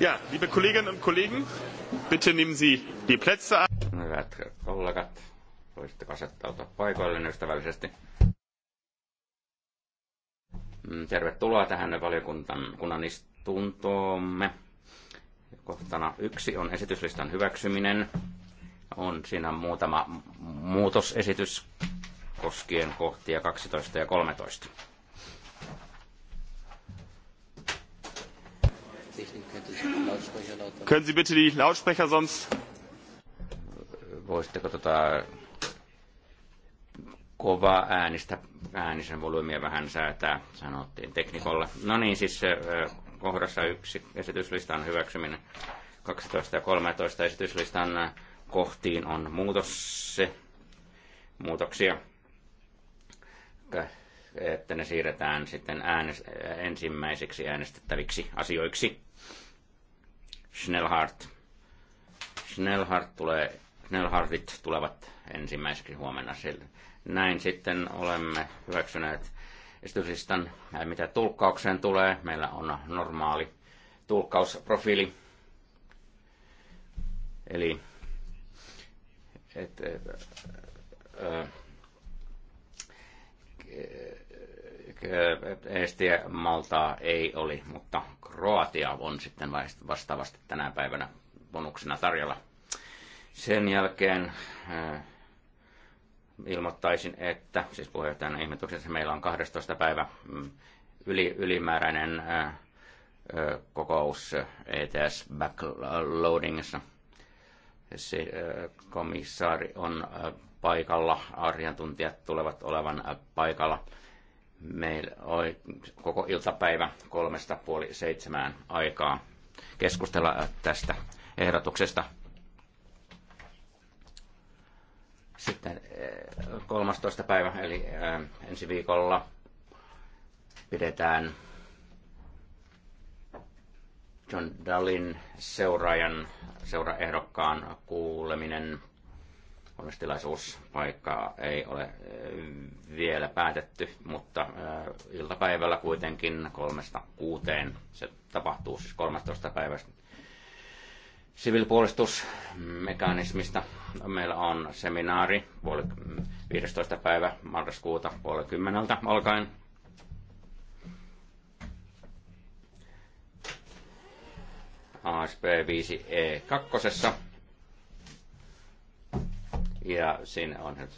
Ja, liebe Kolleginnen und Kollegen, bitte nehmen Sie die Plätze an. Hyvät kollegat, voisitteko asettautua paikoilleen ystävällisesti? Mm, tervetuloa tähän valiokunnan istuntoomme. Kohtana yksi on esityslistan hyväksyminen. On siinä muutama muutosesitys koskien kohtia 12 ja 13. Können Sie bitte die Lautsprecher sonst... Voisitteko tota kovaa äänistä, äänisen volyymia vähän säätää, sanottiin teknikolla. No niin, siis kohdassa yksi esityslistan hyväksyminen 12 ja 13 esityslistan kohtiin on muutos, muutoksia, että ne siirretään sitten äänest, ensimmäiseksi äänestettäviksi asioiksi. Schnellhardt. Schnellhardt tulee, Schnellhardtit tulevat ensimmäiseksi huomenna sille. Näin sitten olemme hyväksyneet esityslistan, mitä tulkkaukseen tulee. Meillä on normaali tulkkausprofiili. Eli et, et, äh, Estiä Maltaa ei oli, mutta Kroatia on sitten vastaavasti tänä päivänä bonuksena tarjolla. Sen jälkeen äh, ilmoittaisin, että siis puheenjohtajana ihmetyksessä meillä on 12. päivä mm, yli, ylimääräinen äh, äh, kokous ETS backloadingissa. Se komissaari on paikalla, asiantuntijat tulevat olevan paikalla meillä oli koko iltapäivä kolmesta puoli seitsemään aikaa keskustella tästä ehdotuksesta. Sitten 13. Eh, päivä, eli eh, ensi viikolla pidetään John Dallin seuraajan, seuraehdokkaan kuuleminen Valmistilaisuuspaikkaa ei ole eh, vielä päätetty, mutta eh, iltapäivällä kuitenkin kolmesta kuuteen. Se tapahtuu siis 13. päivästä siviilipuolustusmekanismista. Meillä on seminaari 15. Mm, päivä marraskuuta puoli kymmeneltä alkaen. ASP 5E2 ja siinä on nyt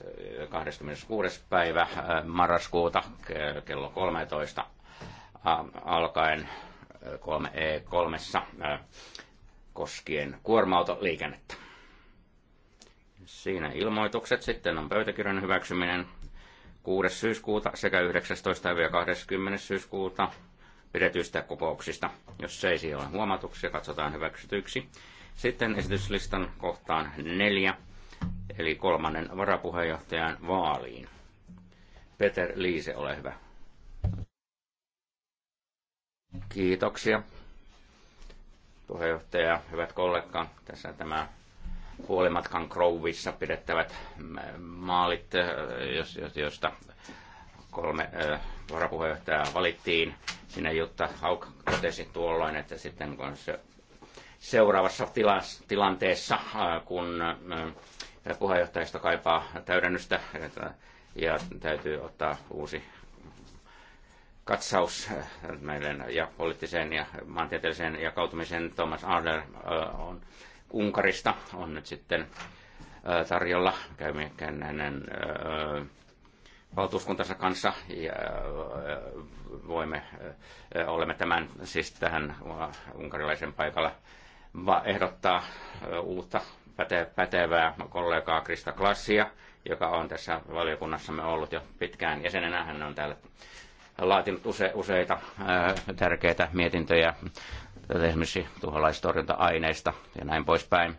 26. Äh, päivä äh, marraskuuta kello 13 äh, alkaen 3 e 3 koskien kuorma liikennettä. Siinä ilmoitukset, sitten on pöytäkirjan hyväksyminen 6. syyskuuta sekä 19. ja 20. syyskuuta pidetyistä kokouksista. Jos se ei siihen ole huomatuksia, katsotaan hyväksytyksi. Sitten esityslistan kohtaan neljä eli kolmannen varapuheenjohtajan vaaliin. Peter Liise, ole hyvä. Kiitoksia. Puheenjohtaja, hyvät kollegat, tässä tämä puolimatkan Crowvissa pidettävät maalit, joista kolme varapuheenjohtajaa valittiin. Sinne Jutta Hauk totesi tuolloin, että sitten kun se seuraavassa tilanteessa, kun puheenjohtajisto kaipaa täydennystä ja täytyy ottaa uusi katsaus äh, meidän ja poliittiseen ja maantieteelliseen jakautumiseen. Thomas Adler äh, on Unkarista on nyt sitten äh, tarjolla. Käymme hänen valtuuskuntansa kanssa ja voimme, olemme tämän siis tähän unkarilaisen paikalla ehdottaa uutta päte, pätevää kollegaa Krista Klassia, joka on tässä valiokunnassamme ollut jo pitkään jäsenenä. Hän on täällä laatinut use, useita ää, tärkeitä mietintöjä, esimerkiksi tuholaistorjunta-aineista ja näin poispäin.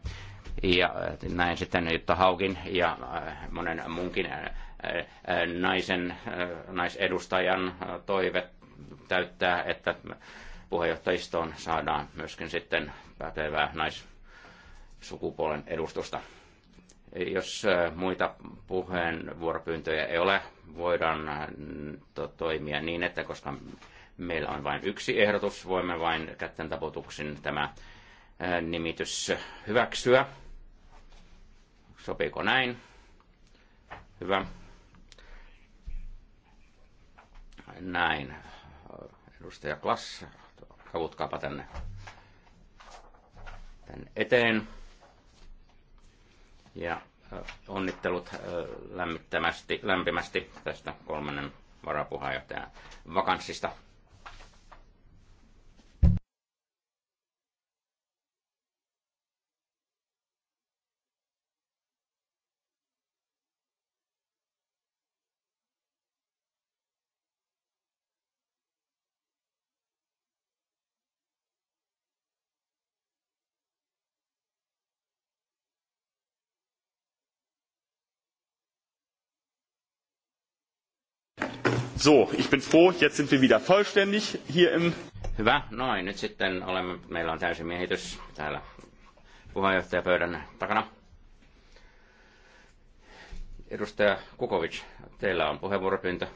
Ja näin sitten Jutta Haukin ja monen munkin naisen, naisedustajan toive täyttää, että puheenjohtajistoon saadaan myöskin sitten pätevää nais sukupuolen edustusta. Jos äh, muita puheenvuoropyyntöjä ei ole, voidaan äh, to- toimia niin, että koska meillä on vain yksi ehdotus, voimme vain kätten taputuksin tämä äh, nimitys hyväksyä. Sopiiko näin? Hyvä. Näin. Edustaja Klass, kavutkaapa tänne, tänne eteen ja onnittelut lämpimästi tästä kolmannen varapuheenjohtajan vakanssista. So, ich bin froh, jetzt sind wir wieder vollständig hier im... Hyvä, noin. Nyt sitten olemme, meillä on täysin miehitys täällä puheenjohtajapöydän takana. Edustaja Kukovic, teillä on puheenvuoropyyntö.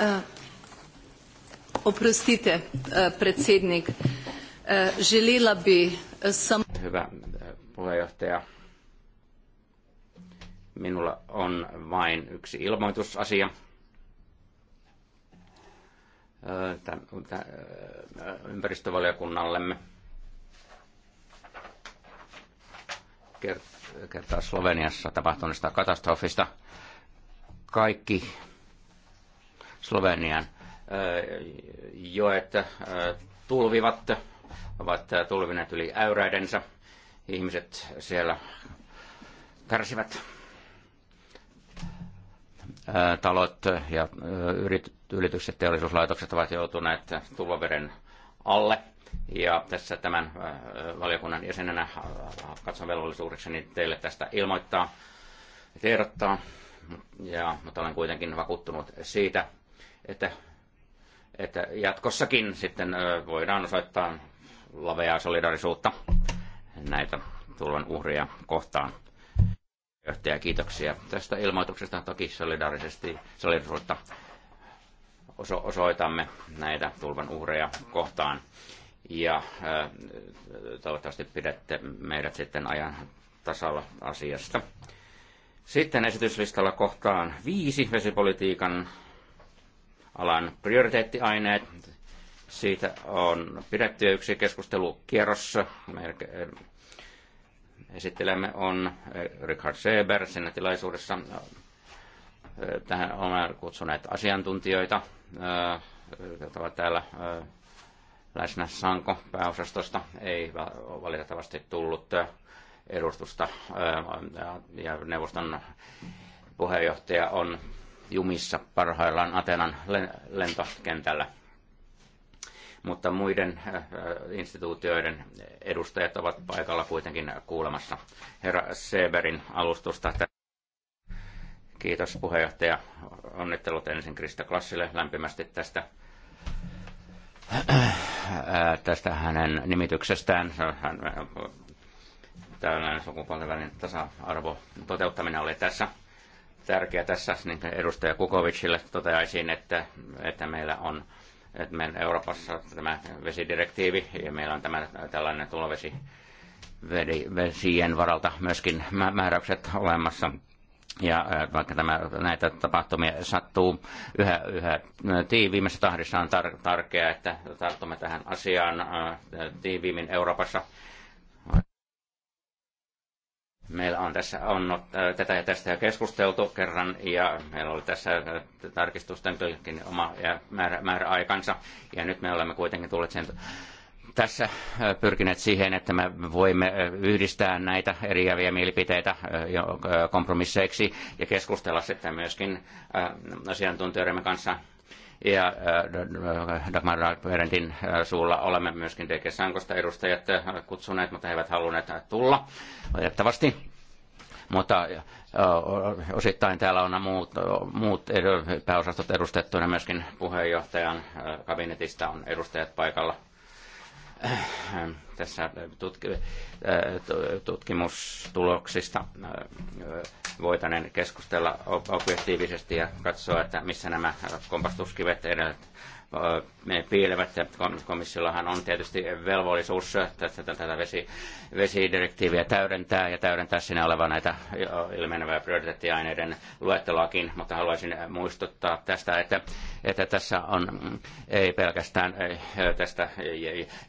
Äh, oprostite, äh, predsednik. Äh, želela bi sam... Hyvä, puheenjohtaja Minulla on vain yksi ilmoitusasia. Ympäristövaliokunnallemme kertaa Sloveniassa tapahtuneesta katastrofista. Kaikki Slovenian joet tulvivat, ovat tulvineet yli äyräidensä. Ihmiset siellä kärsivät talot ja yritykset, teollisuuslaitokset ovat joutuneet tulvaveren alle. Ja tässä tämän valiokunnan jäsenenä katson velvollisuudekseni teille tästä ilmoittaa ja tiedottaa. Ja, mutta olen kuitenkin vakuuttunut siitä, että, että jatkossakin sitten voidaan osoittaa laveaa solidarisuutta näitä tulvan uhria kohtaan puheenjohtaja, kiitoksia tästä ilmoituksesta. Toki solidaarisesti solidaarisuutta osoitamme näitä tulvan uhreja kohtaan. Ja toivottavasti pidätte meidät sitten ajan tasalla asiasta. Sitten esityslistalla kohtaan viisi vesipolitiikan alan prioriteettiaineet. Siitä on pidetty yksi keskustelukierros esittelemme on eh, Richard Seber siinä tilaisuudessa. Eh, eh, tähän olemme kutsuneet asiantuntijoita, jotka ovat täällä läsnä Sanko pääosastosta. Ei valitettavasti tullut edustusta ja neuvoston puheenjohtaja on jumissa parhaillaan Atenan lentokentällä mutta muiden äh, äh, instituutioiden edustajat ovat paikalla kuitenkin kuulemassa herra Seberin alustusta. Kiitos puheenjohtaja. Onnittelut ensin Krista Klassille lämpimästi tästä, äh, tästä hänen nimityksestään. Hän, tällainen sukupuolten välinen tasa-arvo toteuttaminen oli tässä tärkeä tässä, niin edustaja Kukovicille toteaisin, että, että meillä on että meillä Euroopassa tämä vesidirektiivi ja meillä on tämä tällainen tulovesi vesien varalta myöskin määräykset olemassa. Ja äh, vaikka tämä, näitä tapahtumia sattuu yhä, yhä tiiviimmässä tahdissa, on tar- tärkeää, että tartumme tähän asiaan äh, tiiviimmin Euroopassa – Meillä on tässä on äh, tätä ja tästä ja keskusteltu kerran ja meillä oli tässä äh, tarkistusten oma ja määrä, määräaikansa ja nyt me olemme kuitenkin tulleet sen tässä äh, pyrkineet siihen, että me voimme yhdistää näitä eriäviä mielipiteitä kompromisseiksi ja keskustella sitten myöskin asiantuntijoiden kanssa ja äh, Dagmar Berendin äh, suulla olemme myöskin DG Sankosta edustajat äh, kutsuneet, mutta he eivät halunneet tulla valitettavasti. Mutta osittain täällä on muut, muut pääosastot edustettuina myöskin puheenjohtajan kabinetista on edustajat paikalla Äh, äh, tässä äh, tutkimustuloksista voitaneen keskustella objektiivisesti ja katsoa, että missä nämä kompastuskivet edellyttävät piilevät. Komissiollahan on tietysti velvollisuus tätä, tätä vesi, vesidirektiiviä täydentää ja täydentää sinne olevan näitä ilmenevää prioriteettiaineiden luetteloakin, mutta haluaisin muistuttaa tästä, että, että tässä on mm, ei pelkästään tästä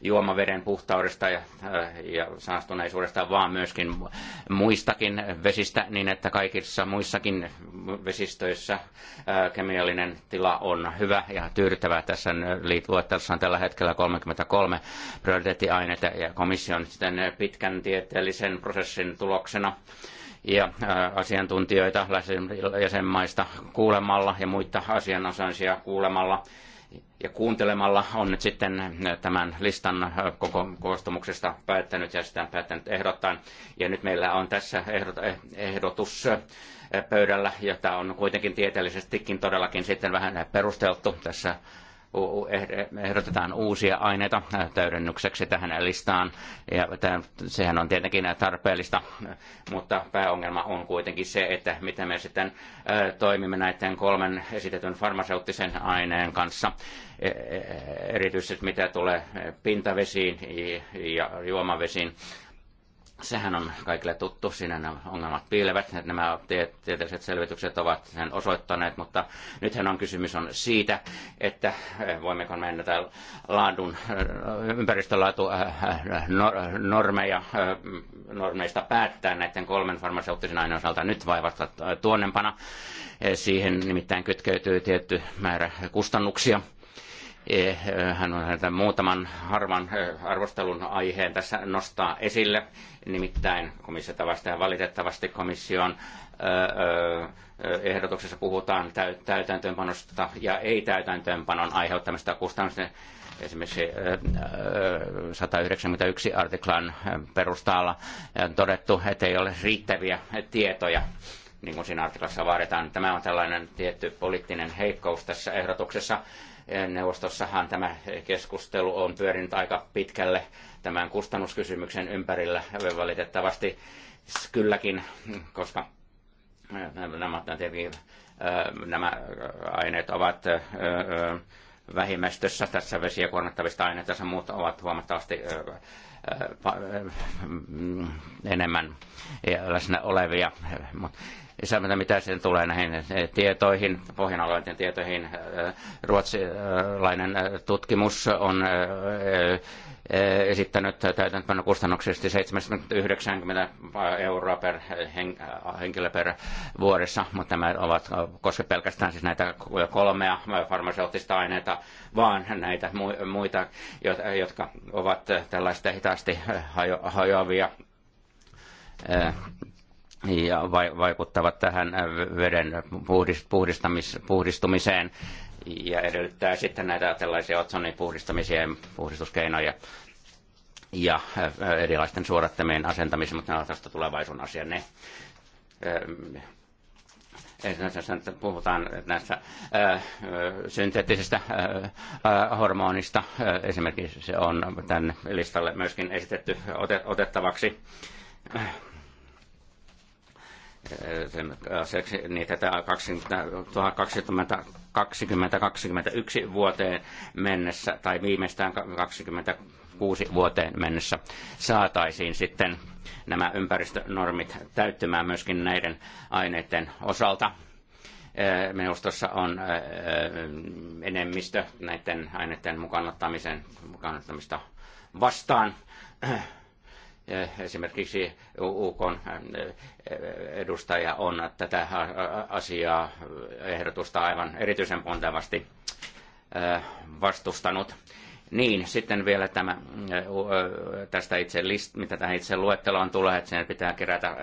juomaveden puhtaudesta ja, ja saastuneisuudesta, vaan myöskin muistakin vesistä, niin että kaikissa muissakin vesistöissä kemiallinen tila on hyvä ja tyydyttävä tässä tässä liittuettelussa on tällä hetkellä 33 prioriteettiaineita ja komission sitten pitkän tieteellisen prosessin tuloksena ja asiantuntijoita jäsenmaista kuulemalla ja muita asianosaisia kuulemalla ja kuuntelemalla on nyt sitten tämän listan koko koostumuksesta päättänyt ja sitä päättänyt ehdottaa. Ja nyt meillä on tässä eh, ehdotus pöydällä, jota on kuitenkin tieteellisestikin todellakin sitten vähän perusteltu tässä ehdotetaan uusia aineita äh, täydennykseksi tähän listaan. Ja tämän, sehän on tietenkin tarpeellista, mutta pääongelma on kuitenkin se, että miten me sitten äh, toimimme näiden kolmen esitetyn farmaseuttisen aineen kanssa, e, e, erityisesti mitä tulee pintavesiin ja juomavesiin Sehän on kaikille tuttu, siinä nämä ongelmat piilevät, että nämä tieteelliset selvitykset ovat sen osoittaneet, mutta nythän on kysymys on siitä, että eh, voimmeko me näitä laadun, eh, ympäristölaatu eh, normeja, normeista päättää näiden kolmen farmaseuttisen aineen osalta nyt vai vasta tuonnempana. Siihen nimittäin kytkeytyy tietty määrä kustannuksia Eh, hän on häntä muutaman harvan eh, arvostelun aiheen tässä nostaa esille. Nimittäin komissiota vastaan valitettavasti komission eh, ehdotuksessa puhutaan täytäntöönpanosta ja ei-täytäntöönpanon aiheuttamista kustannusten esimerkiksi 191 artiklan perustaalla todettu, että ei ole riittäviä tietoja niin kuin siinä artiklassa vaaditaan. Tämä on tällainen tietty poliittinen heikkous tässä ehdotuksessa. Neuvostossahan tämä keskustelu on pyörinyt aika pitkälle tämän kustannuskysymyksen ympärillä valitettavasti kylläkin, koska äh, nämä, äh, nämä aineet ovat äh, vähimmäistössä tässä vesiä kuormittavista aineista, muut ovat huomattavasti enemmän läsnä olevia. Mutta mitä sitten tulee näihin tietoihin, pohjanalueiden tietoihin, ruotsilainen tutkimus on Eh, esittänyt täytäntöpanon kustannuksesti 790 euroa per henkilö per vuodessa, mutta nämä ovat koske pelkästään siis näitä kolmea farmaseuttista aineita, vaan näitä muita, jotka ovat tällaista hitaasti hajoavia eh, ja vaikuttavat tähän veden puhdistumiseen ja edellyttää sitten näitä tällaisia otsonin puhdistamisia ja puhdistuskeinoja ja äh, erilaisten suodattamien asentamisia, mutta nämä on tästä tulevaisuuden asia. Ne, äh, ensinnäkin puhutaan näistä ää, äh, synteettisistä hormonista. Esimerkiksi se on tämän listalle myöskin esitetty otettavaksi sen, se, niin tätä 2020, 2021 vuoteen mennessä tai viimeistään 26 vuoteen mennessä saataisiin sitten nämä ympäristönormit täyttymään myöskin näiden aineiden osalta. Eh, minustossa on eh, eh, enemmistö näiden aineiden mukaan ottamista vastaan Eh, esimerkiksi UK eh, edustaja on tätä asiaa eh, ehdotusta aivan erityisen pontevasti vastustanut. Niin, sitten vielä tämä, tästä itse list, mitä tähän itse luetteloon tulee, että sen pitää kerätä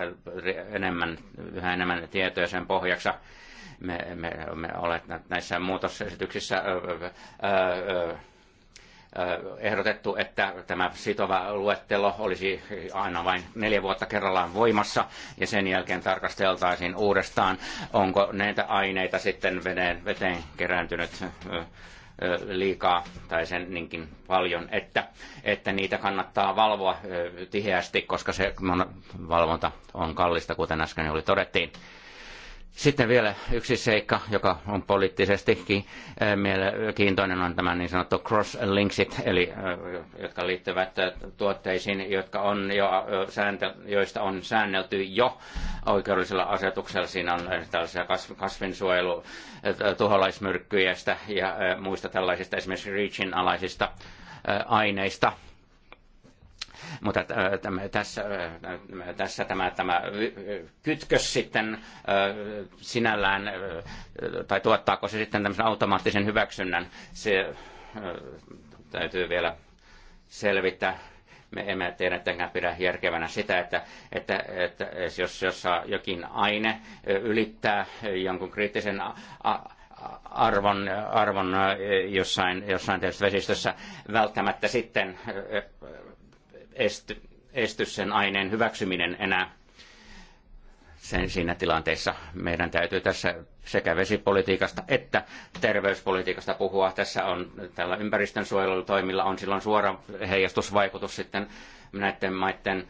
enemmän, yhä enemmän tietoja sen pohjaksi. Me, me, me olet näissä muutosesityksissä ehdotettu, että tämä sitova luettelo olisi aina vain neljä vuotta kerrallaan voimassa ja sen jälkeen tarkasteltaisiin uudestaan, onko näitä aineita sitten veneen, veteen kerääntynyt liikaa tai sen niinkin paljon, että, että niitä kannattaa valvoa tiheästi, koska se valvonta on kallista, kuten äsken oli todettiin. Sitten vielä yksi seikka, joka on poliittisestikin eh, mielenkiintoinen, on tämä niin sanottu cross-linksit, eli eh, jotka liittyvät eh, tuotteisiin, jotka on jo, sääntö, joista on säännelty jo oikeudellisella asetuksella. Siinä on tällaisia kasvinsuojelu, tuholaismyrkkyjästä ja muista tällaisista esimerkiksi REACHin alaisista aineista – mutta äh, tässä, äh, tässä tämä, tämä äh, kytkös sitten sinällään, tai tuottaako se sitten tämmöisen automaattisen hyväksynnän, se täytyy vielä selvittää me emme tietenkään pidä järkevänä sitä, että, että, että jos, jos jokin aine ylittää jonkun kriittisen arvon, arvon jossain, jossain vesistössä, välttämättä sitten esty, esty sen aineen hyväksyminen enää sen, siinä tilanteessa. Meidän täytyy tässä sekä vesipolitiikasta että terveyspolitiikasta puhua. Tässä on tällä ympäristönsuojelutoimilla on silloin suora heijastusvaikutus sitten näiden maiden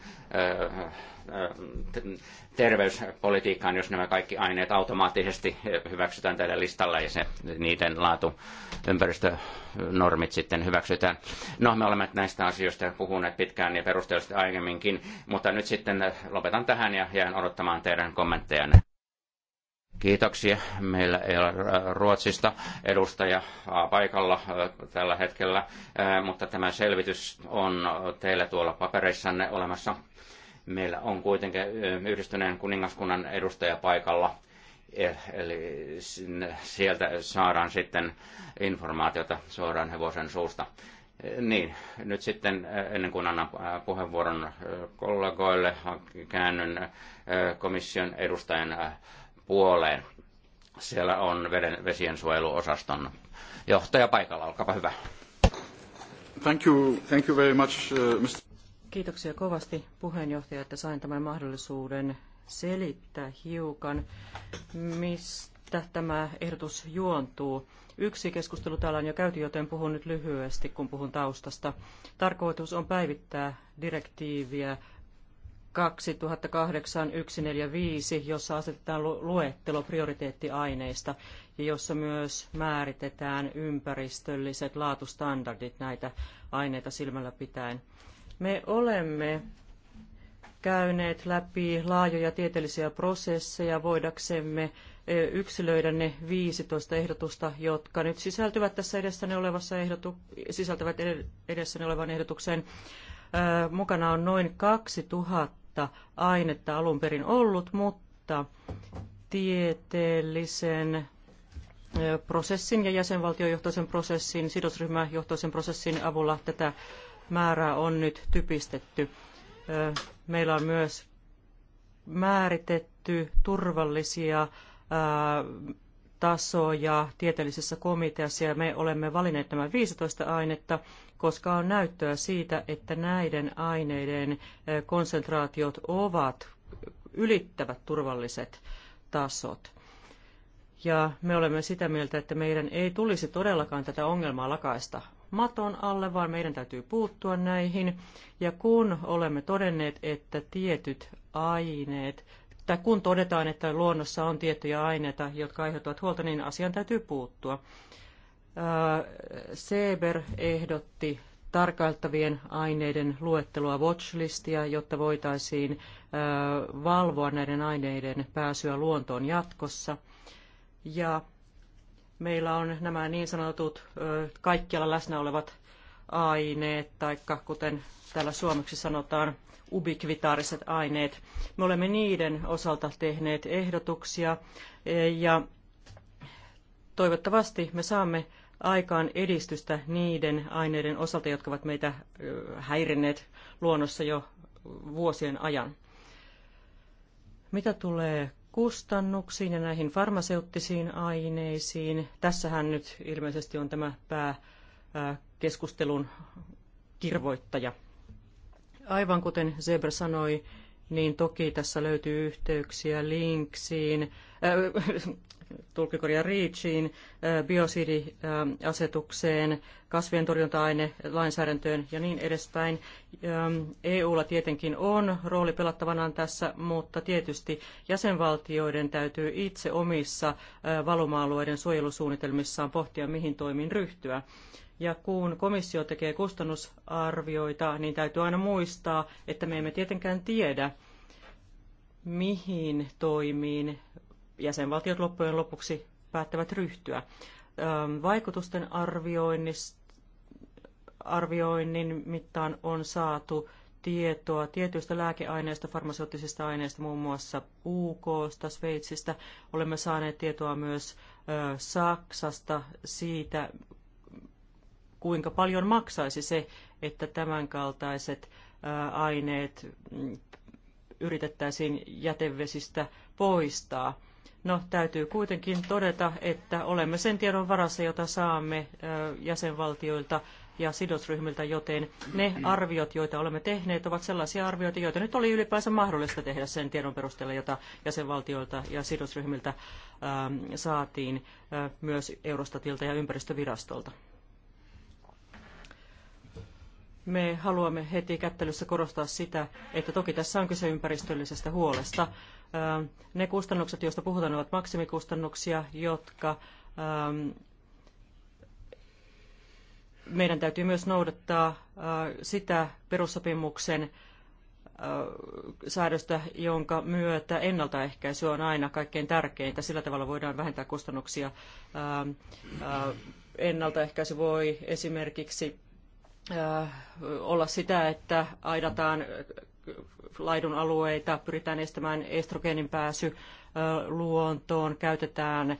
terveyspolitiikkaan, jos nämä kaikki aineet automaattisesti hyväksytään tällä listalla ja se, niiden laatu ympäristönormit sitten hyväksytään. No, me olemme näistä asioista puhuneet pitkään ja perusteellisesti aiemminkin, mutta nyt sitten lopetan tähän ja jään odottamaan teidän kommenttejanne. Kiitoksia. Meillä ei ole Ruotsista edustaja paikalla tällä hetkellä, mutta tämä selvitys on teillä tuolla papereissanne olemassa. Meillä on kuitenkin yhdistyneen kuningaskunnan edustaja paikalla, e, eli sieltä saadaan sitten informaatiota suoraan hevosen suusta. E, niin, nyt sitten ennen kuin annan puheenvuoron kollegoille, käännyn komission edustajan puoleen. Siellä on veden, vesien suojeluosaston johtaja paikalla. Olkaapa hyvä. Thank you, thank you very much, uh, Mr. Kiitoksia kovasti puheenjohtaja, että sain tämän mahdollisuuden selittää hiukan, mistä tämä ehdotus juontuu. Yksi keskustelu täällä on jo käyty, joten puhun nyt lyhyesti, kun puhun taustasta. Tarkoitus on päivittää direktiiviä 2008-145, jossa asetetaan luettelo prioriteettiaineista ja jossa myös määritetään ympäristölliset laatustandardit näitä aineita silmällä pitäen. Me olemme käyneet läpi laajoja tieteellisiä prosesseja voidaksemme e, yksilöidä ne 15 ehdotusta, jotka nyt sisältyvät tässä edessäni, olevassa ehdotu- sisältävät edessäni olevan ehdotukseen. Mukana on noin 2000 uutta ainetta alun perin ollut, mutta tieteellisen prosessin ja jäsenvaltiojohtoisen prosessin, sidosryhmäjohtoisen prosessin avulla tätä määrää on nyt typistetty. Meillä on myös määritetty turvallisia tasoja tieteellisessä komiteassa ja me olemme valinneet nämä 15 ainetta koska on näyttöä siitä, että näiden aineiden konsentraatiot ovat ylittävät turvalliset tasot. Ja me olemme sitä mieltä, että meidän ei tulisi todellakaan tätä ongelmaa lakaista maton alle, vaan meidän täytyy puuttua näihin. Ja kun olemme todenneet, että tietyt aineet, tai kun todetaan, että luonnossa on tiettyjä aineita, jotka aiheuttavat huolta, niin asiaan täytyy puuttua. Seber ehdotti tarkailtavien aineiden luettelua watchlistia, jotta voitaisiin valvoa näiden aineiden pääsyä luontoon jatkossa. Ja meillä on nämä niin sanotut kaikkialla läsnä olevat aineet, tai kuten täällä suomeksi sanotaan, ubiquitaariset aineet. Me olemme niiden osalta tehneet ehdotuksia ja toivottavasti me saamme aikaan edistystä niiden aineiden osalta, jotka ovat meitä häirinneet luonnossa jo vuosien ajan. Mitä tulee kustannuksiin ja näihin farmaseuttisiin aineisiin, tässähän nyt ilmeisesti on tämä pääkeskustelun kirvoittaja. Aivan kuten Zebra sanoi, niin toki tässä löytyy yhteyksiä linksiin, äh, tulkikorja REACHiin, biosidiasetukseen, kasvien torjunta-aine lainsäädäntöön ja niin edespäin. EUlla tietenkin on rooli pelattavanaan tässä, mutta tietysti jäsenvaltioiden täytyy itse omissa valuma-alueiden suojelusuunnitelmissaan pohtia, mihin toimiin ryhtyä. Ja kun komissio tekee kustannusarvioita, niin täytyy aina muistaa, että me emme tietenkään tiedä, mihin toimiin jäsenvaltiot loppujen lopuksi päättävät ryhtyä. Vaikutusten arvioinnin mittaan on saatu tietoa tietyistä lääkeaineista, farmaseuttisista aineista, muun muassa UK, Sveitsistä. Olemme saaneet tietoa myös Saksasta siitä, kuinka paljon maksaisi se, että tämänkaltaiset aineet mm, yritettäisiin jätevesistä poistaa. No, täytyy kuitenkin todeta, että olemme sen tiedon varassa, jota saamme jäsenvaltioilta ja sidosryhmiltä, joten ne arviot, joita olemme tehneet, ovat sellaisia arvioita, joita nyt oli ylipäänsä mahdollista tehdä sen tiedon perusteella, jota jäsenvaltioilta ja sidosryhmiltä saatiin myös Eurostatilta ja ympäristövirastolta. Me haluamme heti kättelyssä korostaa sitä, että toki tässä on kyse ympäristöllisestä huolesta. Ähm, ne kustannukset, joista puhutaan, ovat maksimikustannuksia, jotka ähm, meidän täytyy myös noudattaa äh, sitä perussopimuksen äh, säädöstä, jonka myötä ennaltaehkäisy on aina kaikkein tärkeintä. Sillä tavalla voidaan vähentää kustannuksia. Ähm, äh, ennaltaehkäisy voi esimerkiksi olla sitä, että aidataan laidun alueita, pyritään estämään estrogeenin pääsy luontoon, käytetään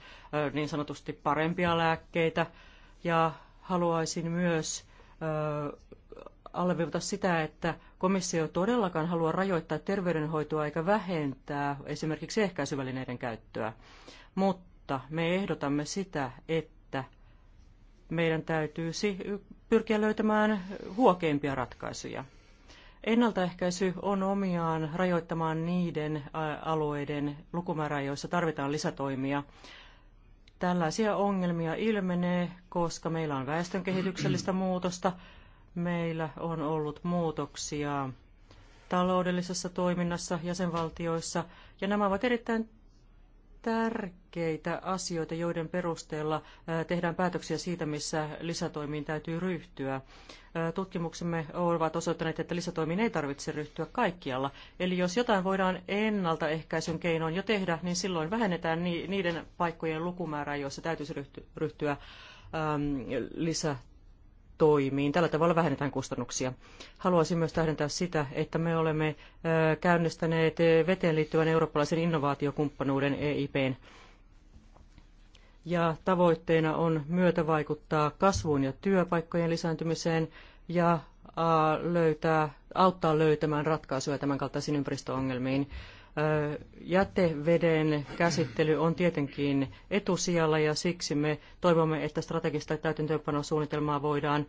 niin sanotusti parempia lääkkeitä. Ja haluaisin myös alleviivata sitä, että komissio ei todellakaan halua rajoittaa terveydenhoitoa eikä vähentää esimerkiksi ehkäisyvälineiden käyttöä. Mutta me ehdotamme sitä, että meidän täytyisi pyrkiä löytämään huokeimpia ratkaisuja. Ennaltaehkäisy on omiaan rajoittamaan niiden alueiden lukumäärää, joissa tarvitaan lisätoimia. Tällaisia ongelmia ilmenee, koska meillä on kehityksellistä muutosta, meillä on ollut muutoksia taloudellisessa toiminnassa jäsenvaltioissa, ja nämä ovat erittäin tärkeitä asioita, joiden perusteella tehdään päätöksiä siitä, missä lisätoimiin täytyy ryhtyä. Tutkimuksemme ovat osoittaneet, että lisätoimiin ei tarvitse ryhtyä kaikkialla. Eli jos jotain voidaan ennaltaehkäisyn keinoin jo tehdä, niin silloin vähennetään niiden paikkojen lukumäärää, joissa täytyisi ryhtyä lisätoimiin toimiin. Tällä tavalla vähennetään kustannuksia. Haluaisin myös tähdentää sitä, että me olemme käynnistäneet veteen liittyvän eurooppalaisen innovaatiokumppanuuden EIPn. Ja tavoitteena on myötävaikuttaa kasvuun ja työpaikkojen lisääntymiseen ja löytää, auttaa löytämään ratkaisuja tämän ympäristöongelmiin jäteveden käsittely on tietenkin etusijalla ja siksi me toivomme, että strategista täytäntöönpanosuunnitelmaa voidaan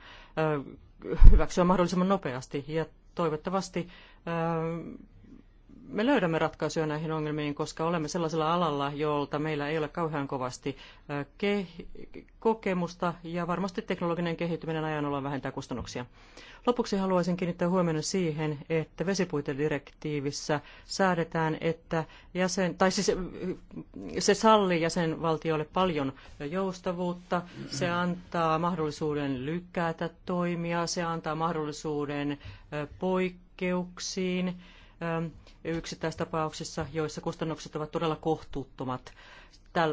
hyväksyä mahdollisimman nopeasti ja toivottavasti me löydämme ratkaisuja näihin ongelmiin, koska olemme sellaisella alalla, jolta meillä ei ole kauhean kovasti kokemusta ja varmasti teknologinen kehittyminen ajan olla vähentää kustannuksia. Lopuksi haluaisin kiinnittää huomioon siihen, että vesipuitedirektiivissä säädetään, että jäsen, tai siis se sallii jäsenvaltioille paljon joustavuutta, se antaa mahdollisuuden lykätä toimia, se antaa mahdollisuuden poikkeuksiin yksittäistapauksissa, joissa kustannukset ovat todella kohtuuttomat.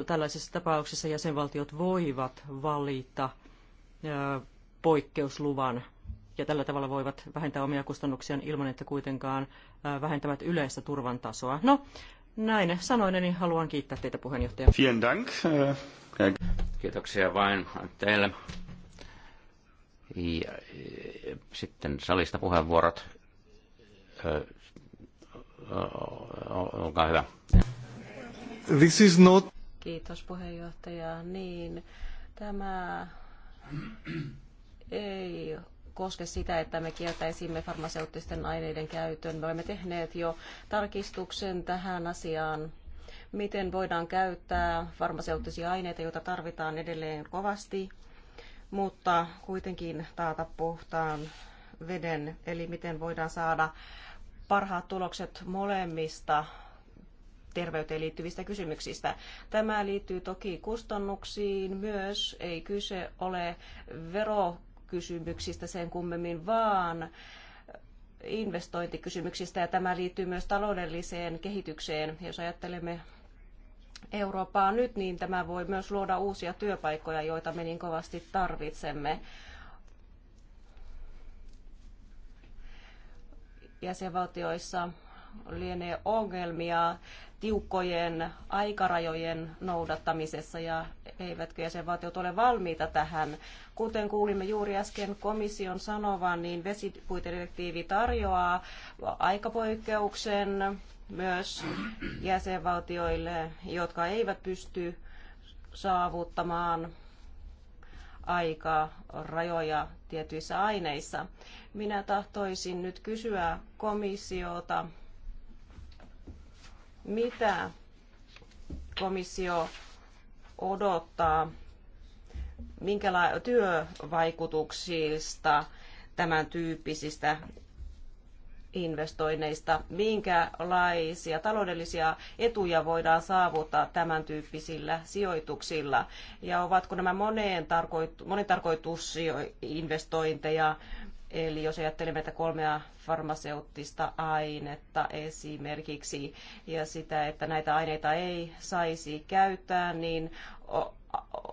Tällaisissa tapauksissa jäsenvaltiot voivat valita poikkeusluvan ja tällä tavalla voivat vähentää omia kustannuksiaan ilman, että kuitenkaan vähentävät yleistä turvan tasoa. No, näin sanoin, niin haluan kiittää teitä puheenjohtaja. Vielen dank. Kiitoksia vain teille. Ja, sitten salista puheenvuorot. Olkaa hyvä. This is not... Kiitos puheenjohtaja. Niin, tämä ei koske sitä, että me kieltäisimme farmaseuttisten aineiden käytön. Me olemme tehneet jo tarkistuksen tähän asiaan miten voidaan käyttää farmaseuttisia aineita, joita tarvitaan edelleen kovasti, mutta kuitenkin taata puhtaan veden, eli miten voidaan saada parhaat tulokset molemmista terveyteen liittyvistä kysymyksistä. Tämä liittyy toki kustannuksiin myös, ei kyse ole verokysymyksistä sen kummemmin, vaan investointikysymyksistä ja tämä liittyy myös taloudelliseen kehitykseen. Jos ajattelemme Eurooppaa nyt, niin tämä voi myös luoda uusia työpaikkoja, joita me niin kovasti tarvitsemme. jäsenvaltioissa lienee ongelmia tiukkojen aikarajojen noudattamisessa ja eivätkö jäsenvaltiot ole valmiita tähän. Kuten kuulimme juuri äsken komission sanovan, niin vesipuitedirektiivi tarjoaa aikapoikkeuksen myös jäsenvaltioille, jotka eivät pysty saavuttamaan aikarajoja tietyissä aineissa. Minä tahtoisin nyt kysyä komissiota, mitä komissio odottaa, minkälaisia työvaikutuksista tämän tyyppisistä investoinneista, minkälaisia taloudellisia etuja voidaan saavuttaa tämän tyyppisillä sijoituksilla ja ovatko nämä moneen tarkoitu, monitarkoitusinvestointeja Eli jos ajattelemme, että kolmea farmaseuttista ainetta esimerkiksi ja sitä, että näitä aineita ei saisi käyttää, niin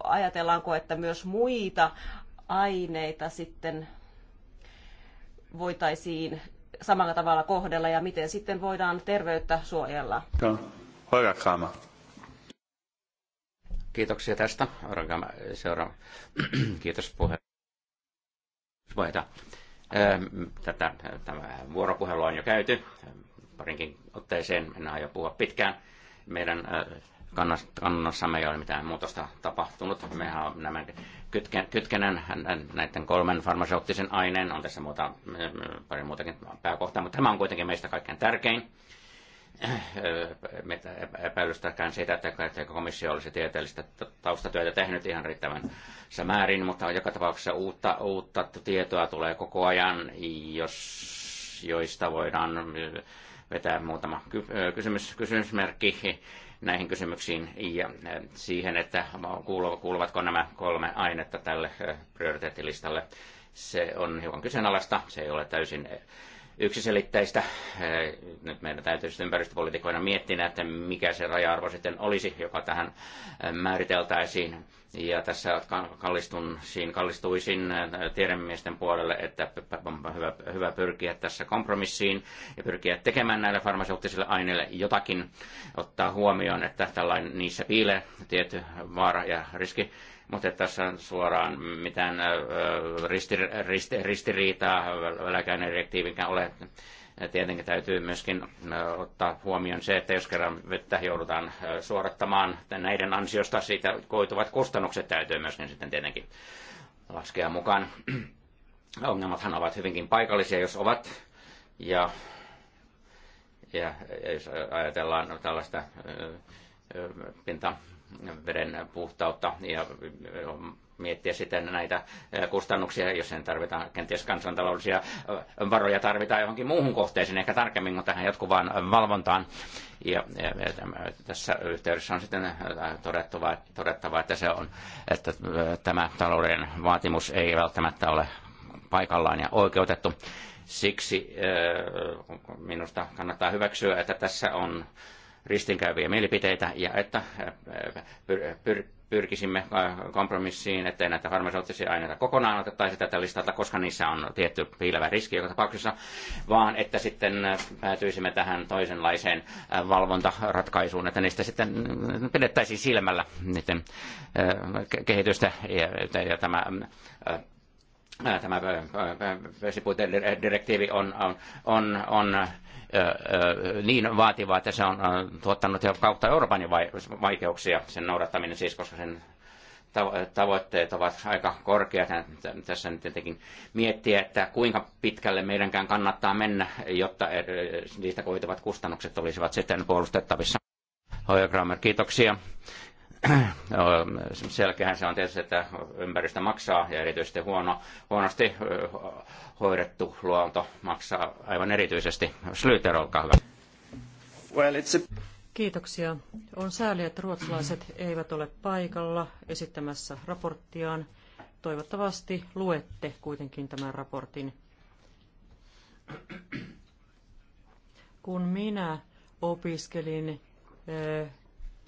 ajatellaanko, että myös muita aineita sitten voitaisiin samalla tavalla kohdella ja miten sitten voidaan terveyttä suojella? Hoivakraama. Kiitoksia tästä. Seuraava. Kiitos puheenjohtaja. Tätä, tämä vuoropuhelu on jo käyty parinkin otteeseen, en aio puhua pitkään. Meidän kannassamme ei ole mitään muutosta tapahtunut. Mehän nämä kytkenen näiden kolmen farmaseuttisen aineen, on tässä muuta, pari muutakin pääkohtaa, mutta tämä on kuitenkin meistä kaikkein tärkein Äh, epäilystäkään sitä, että komissio olisi tieteellistä taustatyötä tehnyt ihan riittävän määrin, mutta joka tapauksessa uutta, uutta tietoa tulee koko ajan, jos, joista voidaan äh, vetää muutama äh, kysymys, kysymysmerkki näihin kysymyksiin ja siihen, että kuuluvatko nämä kolme ainetta tälle prioriteettilistalle. Se on hiukan kyseenalaista, se ei ole täysin yksiselitteistä. Eh, nyt meidän sitten ympäristöpolitiikoina miettiä, että mikä se raja-arvo sitten olisi, joka tähän eh, määriteltäisiin. Ja tässä kallistun, siinä kallistuisin eh, tiedemiesten puolelle, että on hyvä, hyvä pyrkiä tässä kompromissiin ja pyrkiä tekemään näille farmaseuttisille aineille jotakin, ottaa huomioon, että tällainen niissä piilee tietty vaara ja riski mutta tässä on suoraan mitään risti, risti, ristiriitaa lääkäinen direktiivinkään ole. Tietenkin täytyy myöskin ottaa huomioon se, että jos kerran vettä joudutaan suorattamaan näiden ansiosta, siitä koituvat kustannukset täytyy myöskin sitten tietenkin laskea mukaan. Ongelmathan ovat hyvinkin paikallisia, jos ovat. Ja, ja jos ajatellaan tällaista pinta veden puhtautta ja miettiä sitten näitä eh, kustannuksia, jos sen tarvitaan, kenties kansantaloudellisia eh, varoja tarvitaan johonkin muuhun kohteeseen, ehkä tarkemmin kuin tähän jatkuvaan valvontaan. Ja, tässä yhteydessä on sitten eh, todettava, todettava että, se on, että tämä talouden vaatimus ei välttämättä ole paikallaan ja oikeutettu. Siksi minusta kannattaa hyväksyä, että tässä on ristinkäyviä mielipiteitä ja että äh, äh, pyrkisimme äh, kompromissiin, ettei näitä farmaseuttisia aineita kokonaan otettaisi tätä listalta, koska niissä on tietty piilevä riski joka tapauksessa, vaan että sitten päätyisimme tähän toisenlaiseen valvontaratkaisuun, että niistä sitten mm, pidettäisiin silmällä niiden kehitystä ja, ja tämä tämä vesipuitedirektiivi on, on, on, on niin vaativaa, että se on tuottanut jo kautta Euroopan vaikeuksia sen noudattaminen siis, koska sen tavoitteet ovat aika korkeat. Tässä nyt tietenkin miettiä, että kuinka pitkälle meidänkään kannattaa mennä, jotta niistä koituvat kustannukset olisivat sitten puolustettavissa. Hoja Kramer, kiitoksia. Selkeähän se on tietysti, että ympäristö maksaa ja erityisesti huono, huonosti hoidettu luonto maksaa aivan erityisesti. Slyter, olkaa hyvä. Well, it's a... Kiitoksia. On sääli, että ruotsalaiset eivät ole paikalla esittämässä raporttiaan. Toivottavasti luette kuitenkin tämän raportin. Kun minä opiskelin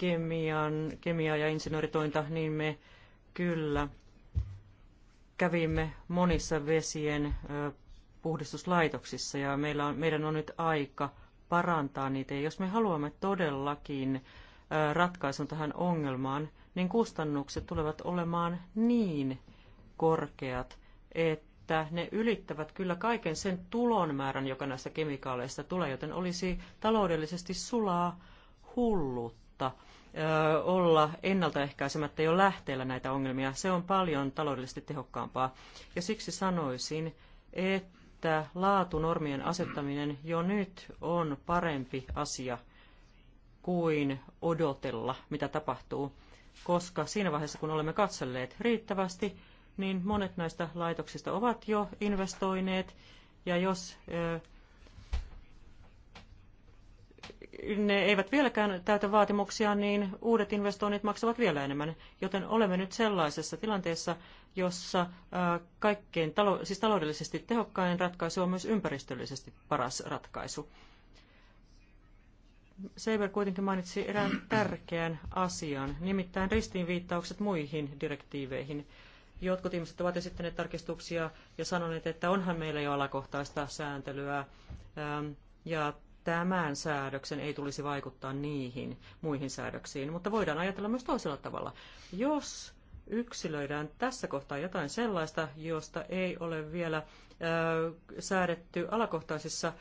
kemian, kemiaa ja insinööritointa, niin me kyllä kävimme monissa vesien puhdistuslaitoksissa ja meillä on, meidän on nyt aika parantaa niitä. Ja jos me haluamme todellakin ratkaisun tähän ongelmaan, niin kustannukset tulevat olemaan niin korkeat, että ne ylittävät kyllä kaiken sen tulon määrän, joka näistä kemikaaleista tulee, joten olisi taloudellisesti sulaa hullutta olla ennaltaehkäisemättä jo lähteellä näitä ongelmia. Se on paljon taloudellisesti tehokkaampaa. Ja siksi sanoisin, että laatunormien asettaminen jo nyt on parempi asia kuin odotella, mitä tapahtuu. Koska siinä vaiheessa, kun olemme katselleet riittävästi, niin monet näistä laitoksista ovat jo investoineet. Ja jos ne eivät vieläkään täytä vaatimuksia, niin uudet investoinnit maksavat vielä enemmän. Joten olemme nyt sellaisessa tilanteessa, jossa äh, kaikkein talo- siis taloudellisesti tehokkain ratkaisu on myös ympäristöllisesti paras ratkaisu. Seiber kuitenkin mainitsi erään tärkeän asian, nimittäin ristiinviittaukset muihin direktiiveihin. Jotkut ihmiset ovat esittäneet tarkistuksia ja sanoneet, että onhan meillä jo alakohtaista sääntelyä ähm, ja tämän säädöksen ei tulisi vaikuttaa niihin muihin säädöksiin, mutta voidaan ajatella myös toisella tavalla. Jos yksilöidään tässä kohtaa jotain sellaista, josta ei ole vielä säädetty alakohtaisissa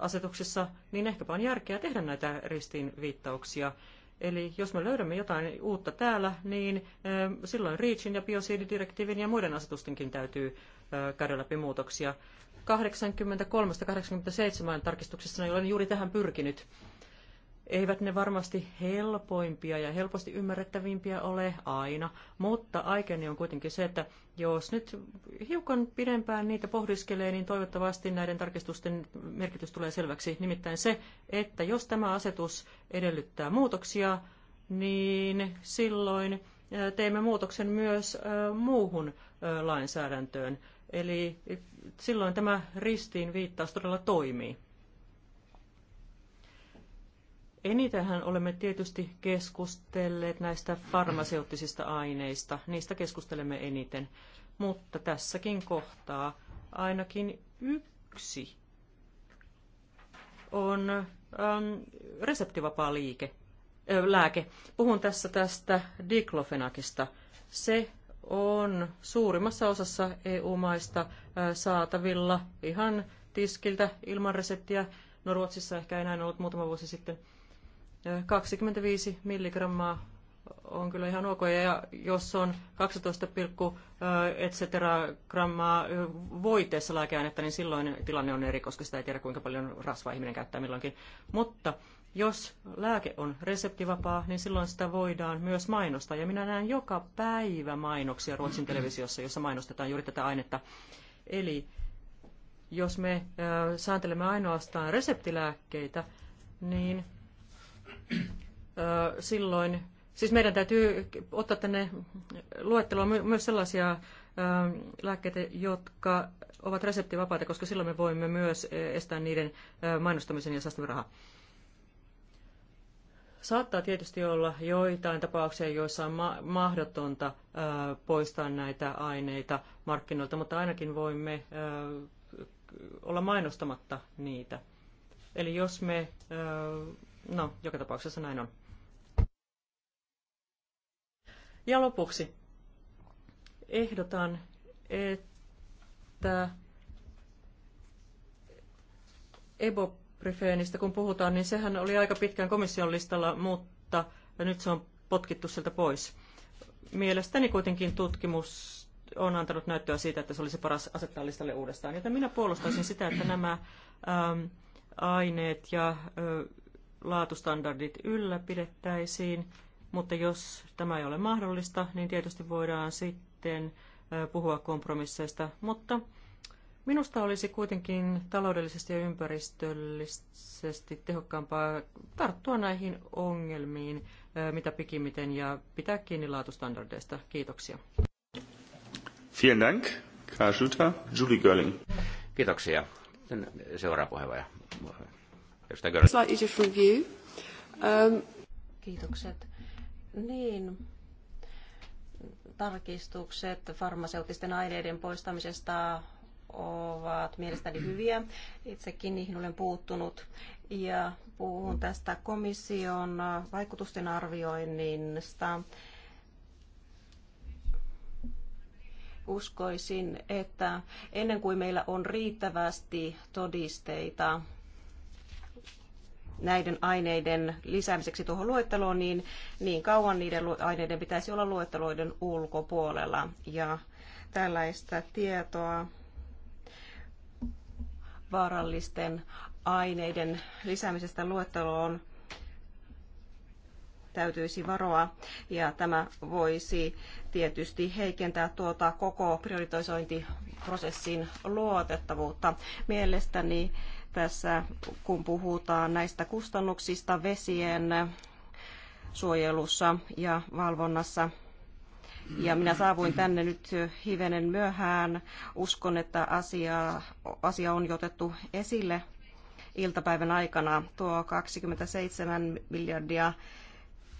asetuksissa, niin ehkäpä on järkeä tehdä näitä ristiinviittauksia. Eli jos me löydämme jotain uutta täällä, niin silloin REACHin ja biosiididirektiivin ja muiden asetustenkin täytyy käydä läpi muutoksia. 83-87 tarkistuksessa niin olen juuri tähän pyrkinyt. Eivät ne varmasti helpoimpia ja helposti ymmärrettävimpiä ole aina, mutta aikeeni on kuitenkin se, että jos nyt hiukan pidempään niitä pohdiskelee, niin toivottavasti näiden tarkistusten merkitys tulee selväksi. Nimittäin se, että jos tämä asetus edellyttää muutoksia, niin silloin eh, teemme muutoksen myös eh, muuhun eh, lainsäädäntöön. Eli silloin tämä ristiin viittaus todella toimii. Enitähän olemme tietysti keskustelleet näistä farmaseuttisista aineista. Niistä keskustelemme eniten. Mutta tässäkin kohtaa ainakin yksi on ähm, reseptivapaa liike, äh, lääke. Puhun tässä tästä diklofenakista. Se on suurimmassa osassa EU-maista saatavilla ihan tiskiltä ilman reseptiä. No Ruotsissa ehkä ei näin ollut muutama vuosi sitten. 25 milligrammaa on kyllä ihan ok. Ja jos on 12, et cetera grammaa voiteessa lääkeainetta, niin silloin tilanne on eri, koska sitä ei tiedä kuinka paljon rasvaa ihminen käyttää milloinkin. Mutta jos lääke on reseptivapaa, niin silloin sitä voidaan myös mainostaa. Ja minä näen joka päivä mainoksia Ruotsin televisiossa, jossa mainostetaan juuri tätä ainetta. Eli jos me sääntelemme ainoastaan reseptilääkkeitä, niin silloin, siis meidän täytyy ottaa tänne luetteloon myös sellaisia lääkkeitä, jotka ovat reseptivapaita, koska silloin me voimme myös estää niiden mainostamisen ja säästämme rahaa. Saattaa tietysti olla joitain tapauksia, joissa on ma- mahdotonta ö, poistaa näitä aineita markkinoilta, mutta ainakin voimme ö, olla mainostamatta niitä. Eli jos me, Ö, no joka tapauksessa näin on. Ja lopuksi ehdotan, että EBOP Gryfeenistä kun puhutaan, niin sehän oli aika pitkään komission listalla, mutta nyt se on potkittu sieltä pois. Mielestäni kuitenkin tutkimus on antanut näyttöä siitä, että se olisi paras asettaa listalle uudestaan. Joten minä puolustaisin sitä, että nämä äm, aineet ja laatustandardit ylläpidettäisiin, mutta jos tämä ei ole mahdollista, niin tietysti voidaan sitten puhua kompromisseista. Mutta Minusta olisi kuitenkin taloudellisesti ja ympäristöllisesti tehokkaampaa tarttua näihin ongelmiin mitä pikimmiten ja pitää kiinni laatustandardeista. Kiitoksia. Vielen Dank, Karl Julie Görling. Kiitoksia. Seuraava puheenjohtaja. Edustaja Görling. Slight issue Um... Kiitokset. Niin, tarkistukset farmaseuttisten aineiden poistamisesta ovat mielestäni hyviä. Itsekin niihin olen puuttunut. Ja puhun tästä komission vaikutusten arvioinnista. Uskoisin, että ennen kuin meillä on riittävästi todisteita näiden aineiden lisäämiseksi tuohon luetteloon, niin niin kauan niiden aineiden pitäisi olla luetteloiden ulkopuolella. Ja tällaista tietoa vaarallisten aineiden lisäämisestä luetteloon täytyisi varoa ja tämä voisi tietysti heikentää tuota koko prioritisointiprosessin luotettavuutta. Mielestäni tässä, kun puhutaan näistä kustannuksista vesien suojelussa ja valvonnassa, ja minä saavuin tänne nyt hivenen myöhään. Uskon, että asia, asia on otettu esille iltapäivän aikana. Tuo 27 miljardia,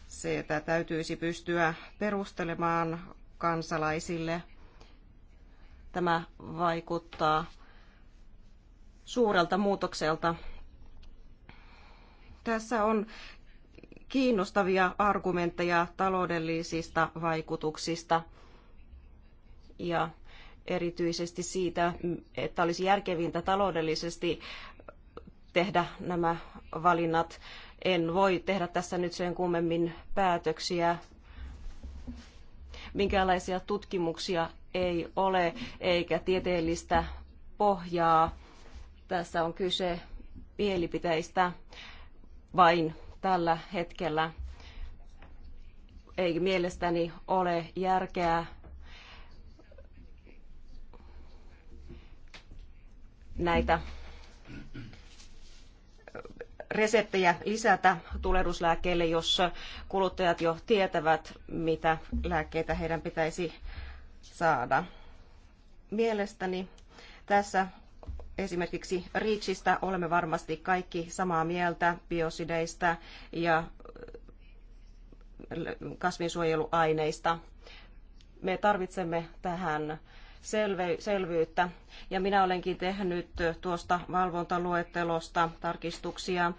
se täytyisi pystyä perustelemaan kansalaisille. Tämä vaikuttaa suurelta muutokselta. Tässä on kiinnostavia argumentteja taloudellisista vaikutuksista ja erityisesti siitä, että olisi järkevintä taloudellisesti tehdä nämä valinnat. En voi tehdä tässä nyt sen kummemmin päätöksiä. Minkälaisia tutkimuksia ei ole eikä tieteellistä pohjaa. Tässä on kyse mielipiteistä vain tällä hetkellä ei mielestäni ole järkeä näitä reseptejä lisätä tulehduslääkkeille, jos kuluttajat jo tietävät, mitä lääkkeitä heidän pitäisi saada. Mielestäni tässä esimerkiksi REACHista olemme varmasti kaikki samaa mieltä biosideistä ja kasvinsuojeluaineista. Me tarvitsemme tähän selvyyttä. Ja minä olenkin tehnyt tuosta valvontaluettelosta tarkistuksia.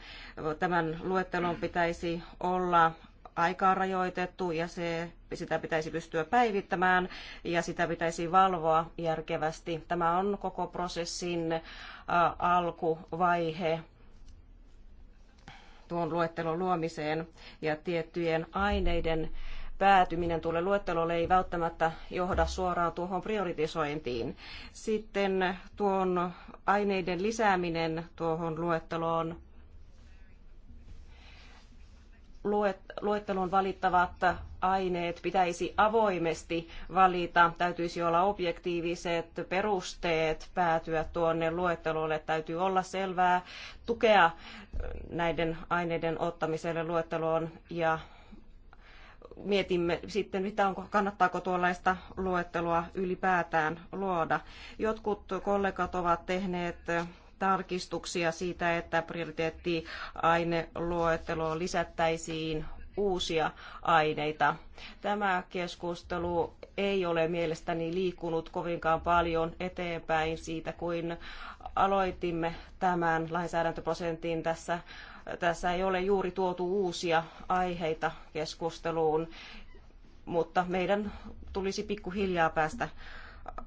Tämän luettelon pitäisi olla aikaa rajoitettu ja se, sitä pitäisi pystyä päivittämään ja sitä pitäisi valvoa järkevästi. Tämä on koko prosessin alkuvaihe tuon luettelon luomiseen ja tiettyjen aineiden päätyminen tuolle luettelolle ei välttämättä johda suoraan tuohon prioritisointiin. Sitten tuon aineiden lisääminen tuohon luetteloon luetteloon valittavat aineet pitäisi avoimesti valita. Täytyisi olla objektiiviset perusteet päätyä tuonne luettelolle. Täytyy olla selvää tukea näiden aineiden ottamiselle luetteloon ja mietimme sitten, mitä onko, kannattaako tuollaista luetteloa ylipäätään luoda. Jotkut kollegat ovat tehneet tarkistuksia siitä, että prioriteettiaineluetteloon lisättäisiin uusia aineita. Tämä keskustelu ei ole mielestäni liikkunut kovinkaan paljon eteenpäin siitä, kuin aloitimme tämän lainsäädäntöprosentin tässä. Tässä ei ole juuri tuotu uusia aiheita keskusteluun, mutta meidän tulisi pikkuhiljaa päästä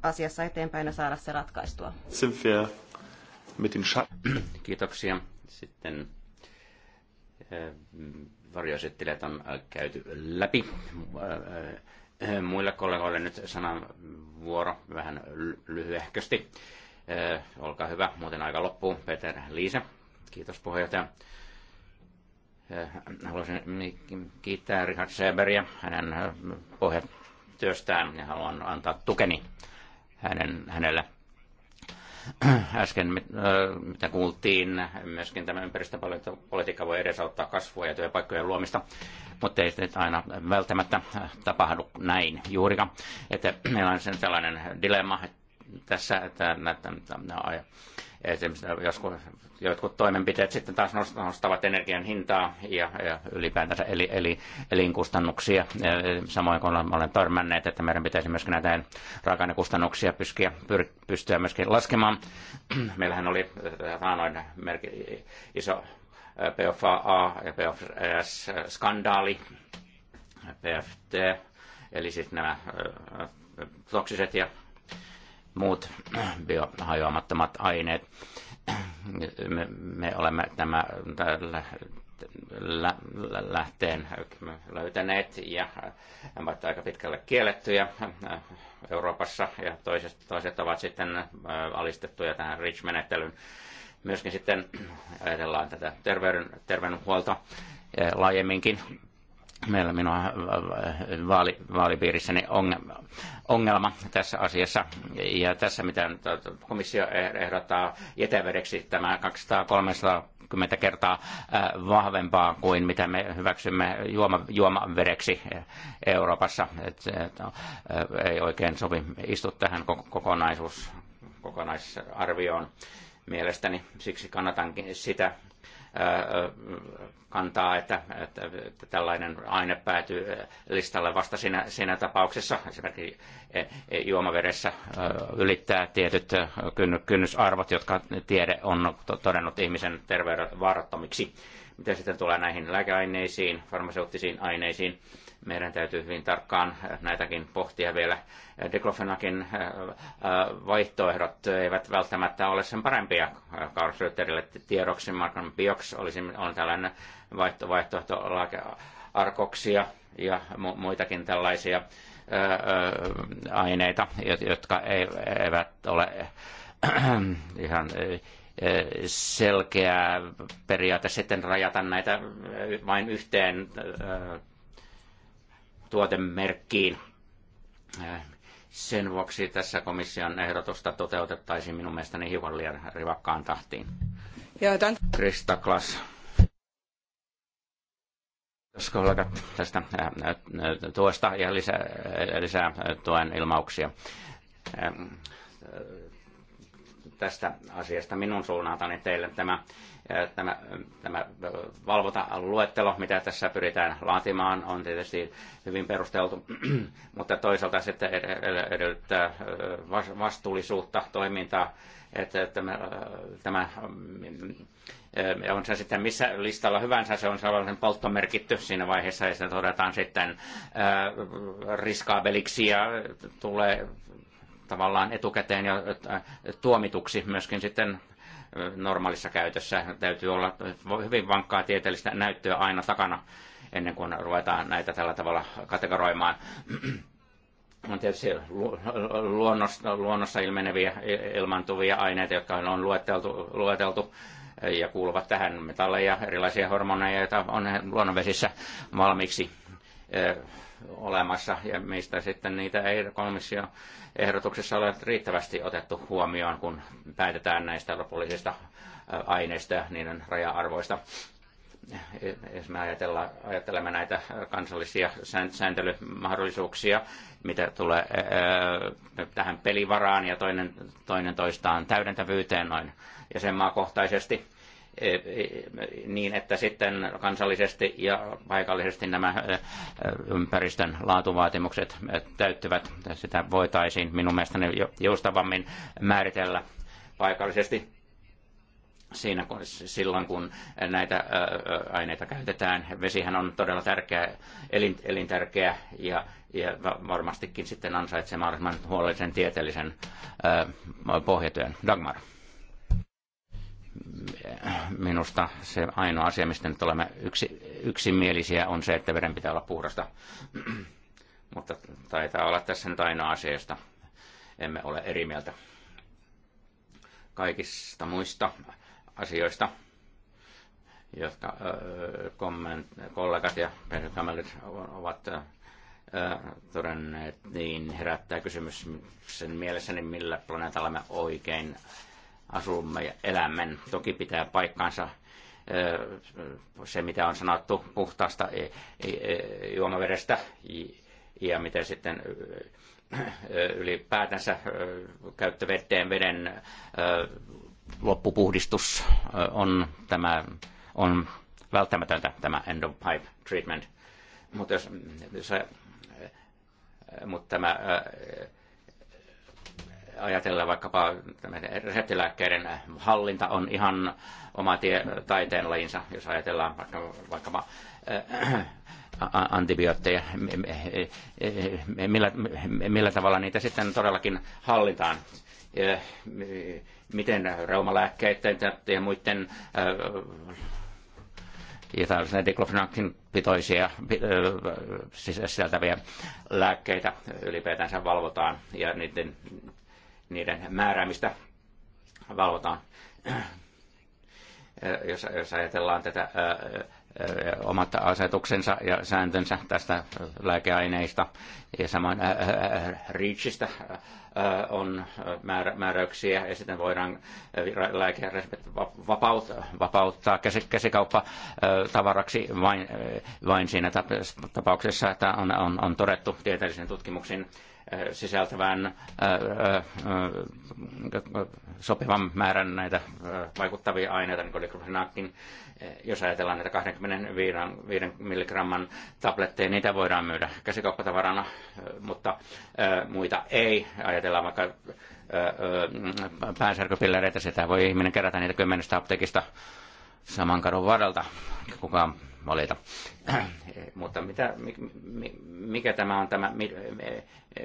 asiassa eteenpäin ja saada se ratkaistua. Sylvia mit den Schatten. Kiitoksia. Sitten eh, varjoesittelijät on äh, käyty läpi. Eh, eh, muille kollegoille nyt sanan vuoro vähän lyhyehkösti. Olkaa hyvä, muuten aika loppuu. Peter Liise, kiitos puheenjohtaja. Haluaisin kiittää Richard Seberia hänen pohjatyöstään ja haluan antaa tukeni hänen, hänelle – äsken, mitä kuultiin, myöskin tämä ympäristöpolitiikka voi edesauttaa kasvua ja työpaikkojen luomista, mutta ei aina välttämättä tapahdu näin juurikaan. Että meillä on sen sellainen dilemma tässä, että näitä, Esimerkiksi joskus, jotkut toimenpiteet sitten taas nostavat energian hintaa ja, ja ylipäätänsä eli, eli, elinkustannuksia. Samoin kuin olen, törmänneet, että meidän pitäisi myöskin näitä raaka-ainekustannuksia pystyä, pystyä myöskin laskemaan. Meillähän oli taanoin äh, iso äh, PFA ja PFS-skandaali, PFT, eli sitten siis nämä äh, toksiset ja muut biohajoamattomat aineet. Me, me olemme tämä lä, lähteen löytäneet ja ovat aika pitkälle kiellettyjä Euroopassa ja toiset, toiset ovat sitten alistettuja tähän REACH-menettelyyn. Myöskin sitten ajatellaan tätä terveyden, terveydenhuolta laajemminkin meillä minua äh, äh, vaali, vaalipiirissäni ongelma tässä asiassa. Ja tässä mitä äh, komissio eh-, ehdottaa jätevedeksi tämä 200 kertaa vahvempaa kuin mitä me hyväksymme juoma, juomavedeksi eh, Euroopassa. Et, eh, et, no, ei oikein sovi istu tähän kokonaisuus, kokonaisarvioon mielestäni. Siksi kannatankin sitä kantaa, että, että, että tällainen aine päätyy listalle vasta siinä, siinä tapauksessa. Esimerkiksi e, e, juomavedessä ylittää tietyt kynnysarvot, jotka tiede on todennut ihmisen terveyden vaarattomiksi. Mitä sitten tulee näihin lääkeaineisiin, farmaseuttisiin aineisiin, meidän täytyy hyvin tarkkaan näitäkin pohtia vielä. Diklofenakin äh, äh, vaihtoehdot eivät välttämättä ole sen parempia. Karl Schröterille tiedoksi Markan Biox olisi, on tällainen vaihto, vaihtoehto arkoksia ja muitakin tällaisia äh, aineita, jotka eivät ole ihan selkeää periaate sitten rajata näitä vain yhteen tuotemerkkiin. Äh, sen vuoksi tässä komission ehdotusta toteutettaisiin minun mielestäni hiukan liian rivakkaan tahtiin. Joitan. Krista Klas. Jos kollegat tästä äh, äh, tuosta ja lisää, lisää tuen ilmauksia ähm, tästä asiasta minun suunnaltani teille tämä, tämä, tämä valvontaluettelo, mitä tässä pyritään laatimaan, on tietysti hyvin perusteltu, mutta toisaalta sitten edellyttää vastuullisuutta, toimintaa, että tämä, tämä on se sitten missä listalla hyvänsä, se on sellainen poltto merkitty siinä vaiheessa ja se todetaan sitten riskaabeliksi ja tulee tavallaan etukäteen ja äh, tuomituksi myöskin sitten äh, normaalissa käytössä. Täytyy olla hyvin vankkaa tieteellistä näyttöä aina takana ennen kuin ruvetaan näitä tällä tavalla kategoroimaan. On tietysti luonnossa, luonnossa ilmeneviä ilmantuvia aineita, jotka on lueteltu, lueteltu ja kuuluvat tähän metalleja, erilaisia hormoneja, joita on luonnonvesissä valmiiksi äh, olemassa, ja mistä sitten niitä ei komissio ehdotuksessa ole riittävästi otettu huomioon, kun päätetään näistä lopullisista aineista ja niiden raja-arvoista. Jos me ajattelemme näitä kansallisia sääntelymahdollisuuksia, mitä tulee tähän pelivaraan ja toinen, toinen toistaan täydentävyyteen noin jäsenmaakohtaisesti, E, e, niin, että sitten kansallisesti ja paikallisesti nämä e, ympäristön laatuvaatimukset täyttyvät. Sitä voitaisiin minun mielestäni joustavammin määritellä paikallisesti siinä, kun, silloin kun näitä aineita käytetään. Vesihän on todella tärkeä, elin, elintärkeä ja, ja varmastikin sitten ansaitsee mahdollisimman huolellisen tieteellisen pohjatyön. Dagmar minusta se ainoa asia, mistä nyt olemme yksi, yksimielisiä, on se, että veren pitää olla puhdasta. Mutta taitaa olla tässä nyt ainoa asia, josta emme ole eri mieltä kaikista muista asioista, jotka komment, kollegat ja perhekamelit ovat äh, todenneet, niin herättää kysymys sen mielessäni, millä planeetalla me oikein asumme ja elämme. Toki pitää paikkansa se, mitä on sanottu puhtaasta e, e, e, juomaverestä ja miten sitten ylipäätänsä käyttövetteen veden loppupuhdistus on, tämä, on välttämätöntä, tämä end of pipe treatment. Mutta jos, mutta tämä ajatella vaikkapa reseptilääkkeiden hallinta on ihan oma tie, taiteenlajinsa, jos ajatellaan vaikka, vaikkapa äh, antibiootteja, eh, eh, millä, millä tavalla niitä sitten todellakin hallitaan. Miten reumalääkkeiden ja muiden ja äh, tällaisia diklofenakin pitoisia äh, sisältäviä lääkkeitä ylipäätänsä valvotaan ja niiden niiden määräämistä valvotaan. Jos, jos ajatellaan tätä omat asetuksensa ja sääntönsä tästä lääkeaineista ja samoin REACHista on määrä, määräyksiä ja sitten voidaan lääkevapaut, vapauttaa käsikauppa tavaraksi vain, vain siinä tapauksessa, että on, on, on todettu tieteellisen tutkimuksen sisältävän sopivan määrän näitä vaikuttavia aineita, niin kuin e, jos ajatellaan näitä 25 milligramman tabletteja, niitä voidaan myydä käsikauppatavarana, mutta muita ei. Ajatellaan vaikka päänsärkypillereitä, sitä voi ihminen kerätä niitä kymmenestä apteekista saman kadun varalta. Kukaan valita. Mutta mitä, mikä tämä on tämä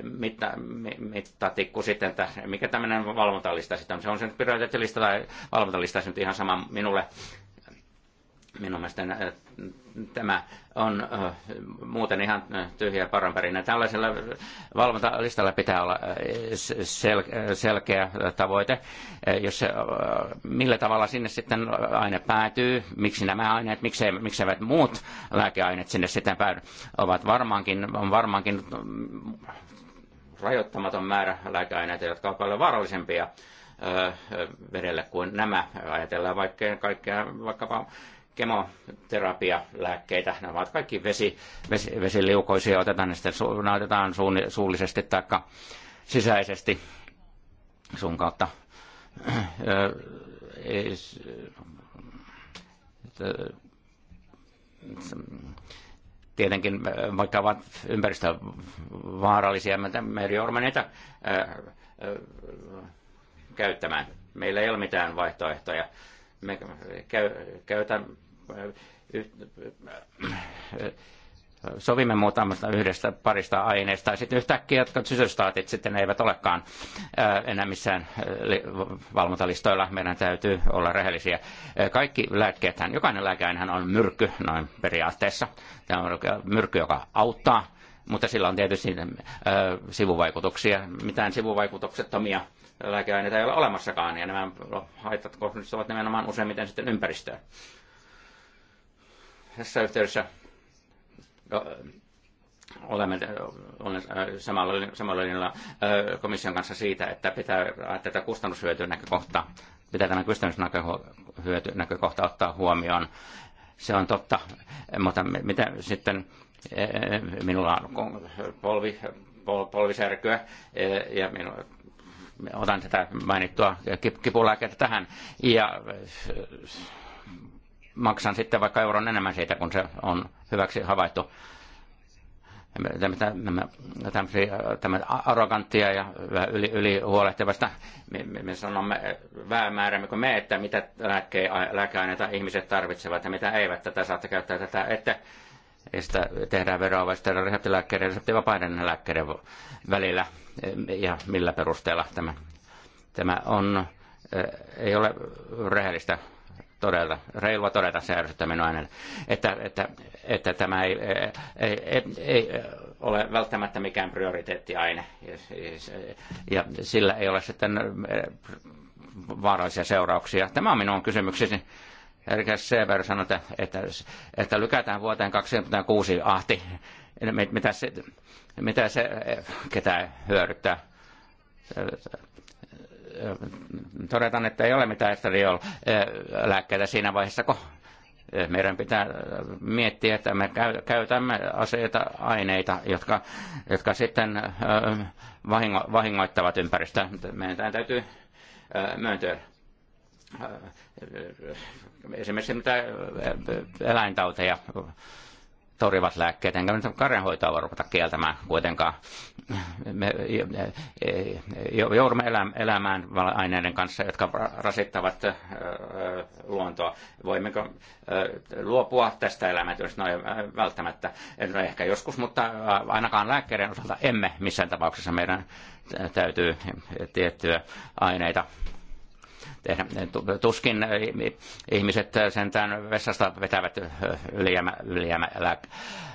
mitta, mittatikku sitten, että mikä tämmöinen valvontalista sitten on? Se on se prioriteettilista tai valvontalista, se nyt ihan sama minulle minun mielestäni tämä on äh, muuten ihan äh, tyhjä paranpärinä. Tällaisella valvontalistalla pitää olla äh, sel- selkeä tavoite, jos se, millä tavalla sinne sitten aine päätyy, miksi nämä aineet, miksei, eivät muut lääkeaineet sinne sitten päädy, ovat varmaankin, on varmaankin mm, rajoittamaton määrä lääkeaineita, jotka ovat paljon vaarallisempia vedelle kuin nämä. Ajatellaan vaikka, kaikkea, vaikkapa kemoterapialääkkeitä. ne ovat kaikki vesi, vesi, vesiliukoisia, otetaan ne sitten näytetään suullisesti tai sisäisesti sun kautta. Tietenkin, vaikka ovat ympäristövaarallisia, me joudumme niitä käyttämään. Meillä ei ole mitään vaihtoehtoja. Me käytämme sovimme muutamasta yhdestä parista aineesta, ja sitten yhtäkkiä jotkut sysystaatit sitten eivät olekaan enää missään valvontalistoilla. Meidän täytyy olla rehellisiä. Kaikki lääkkeethän, jokainen lääkeainehan on myrkky noin periaatteessa. Tämä on myrkky, joka auttaa, mutta sillä on tietysti sivuvaikutuksia. Mitään sivuvaikutuksettomia lääkeaineita ei ole olemassakaan, ja nämä haitat kohdistuvat nimenomaan useimmiten sitten ympäristöön tässä yhteydessä no, olemme, äh, äh, samalla, samalla linjalla äh, komission kanssa siitä, että pitää tätä kustannushyötynäkökohtaa näkökohtaa, pitää tämä kustannushyöty ottaa huomioon. Se on totta, mutta mitä sitten minulla on polvi, pol, polvisärkyä ja minu, otan tätä mainittua kipulääkettä tähän ja maksan sitten vaikka euron enemmän siitä, kun se on hyväksi havaittu. Tämä arroganttia ja yli, yli huolehtivasta, me, me sanomme väämäärämme kuin me, että mitä lääke, lääkeaineita ihmiset tarvitsevat ja mitä eivät. Tätä saatte käyttää tätä, että sitä tehdään veroa vai sitten reseptilääkkeiden ja reseptivapaiden lääkkeiden välillä ja millä perusteella tämä, tämä on, eh, ei ole rehellistä todella, reilua todeta, se ärsyttää aina, että, että, että tämä ei, ei, ei, ei ole välttämättä mikään prioriteettiaine. Ja, ja sillä ei ole sitten eh, vaarallisia seurauksia. Tämä on minun kysymykseni. Erika Seber sanoi, että, että, että lykätään vuoteen 2006 ahti. Mitä se, mitä se eh, ketään hyödyttää? todetaan, että ei ole mitään estradiol-lääkkeitä siinä vaiheessa, kun meidän pitää miettiä, että me käytämme aseita, aineita, jotka, jotka sitten vahingo, vahingoittavat ympäristöä. Meidän täytyy myöntyä esimerkiksi mitä eläintauteja torjuvat lääkkeet, enkä nyt karjanhoitoa voi ruveta kieltämään kuitenkaan me e, e, e, joudumme elämään aineiden kanssa, jotka rasittavat luontoa. Voimmeko luopua tästä elämätyöstä? No ei välttämättä, no ehkä joskus, mutta ainakaan lääkkeiden osalta emme missään tapauksessa. Meidän täytyy tiettyjä aineita tehdä. Tuskin eh, ihmiset sentään vessasta vetävät eh,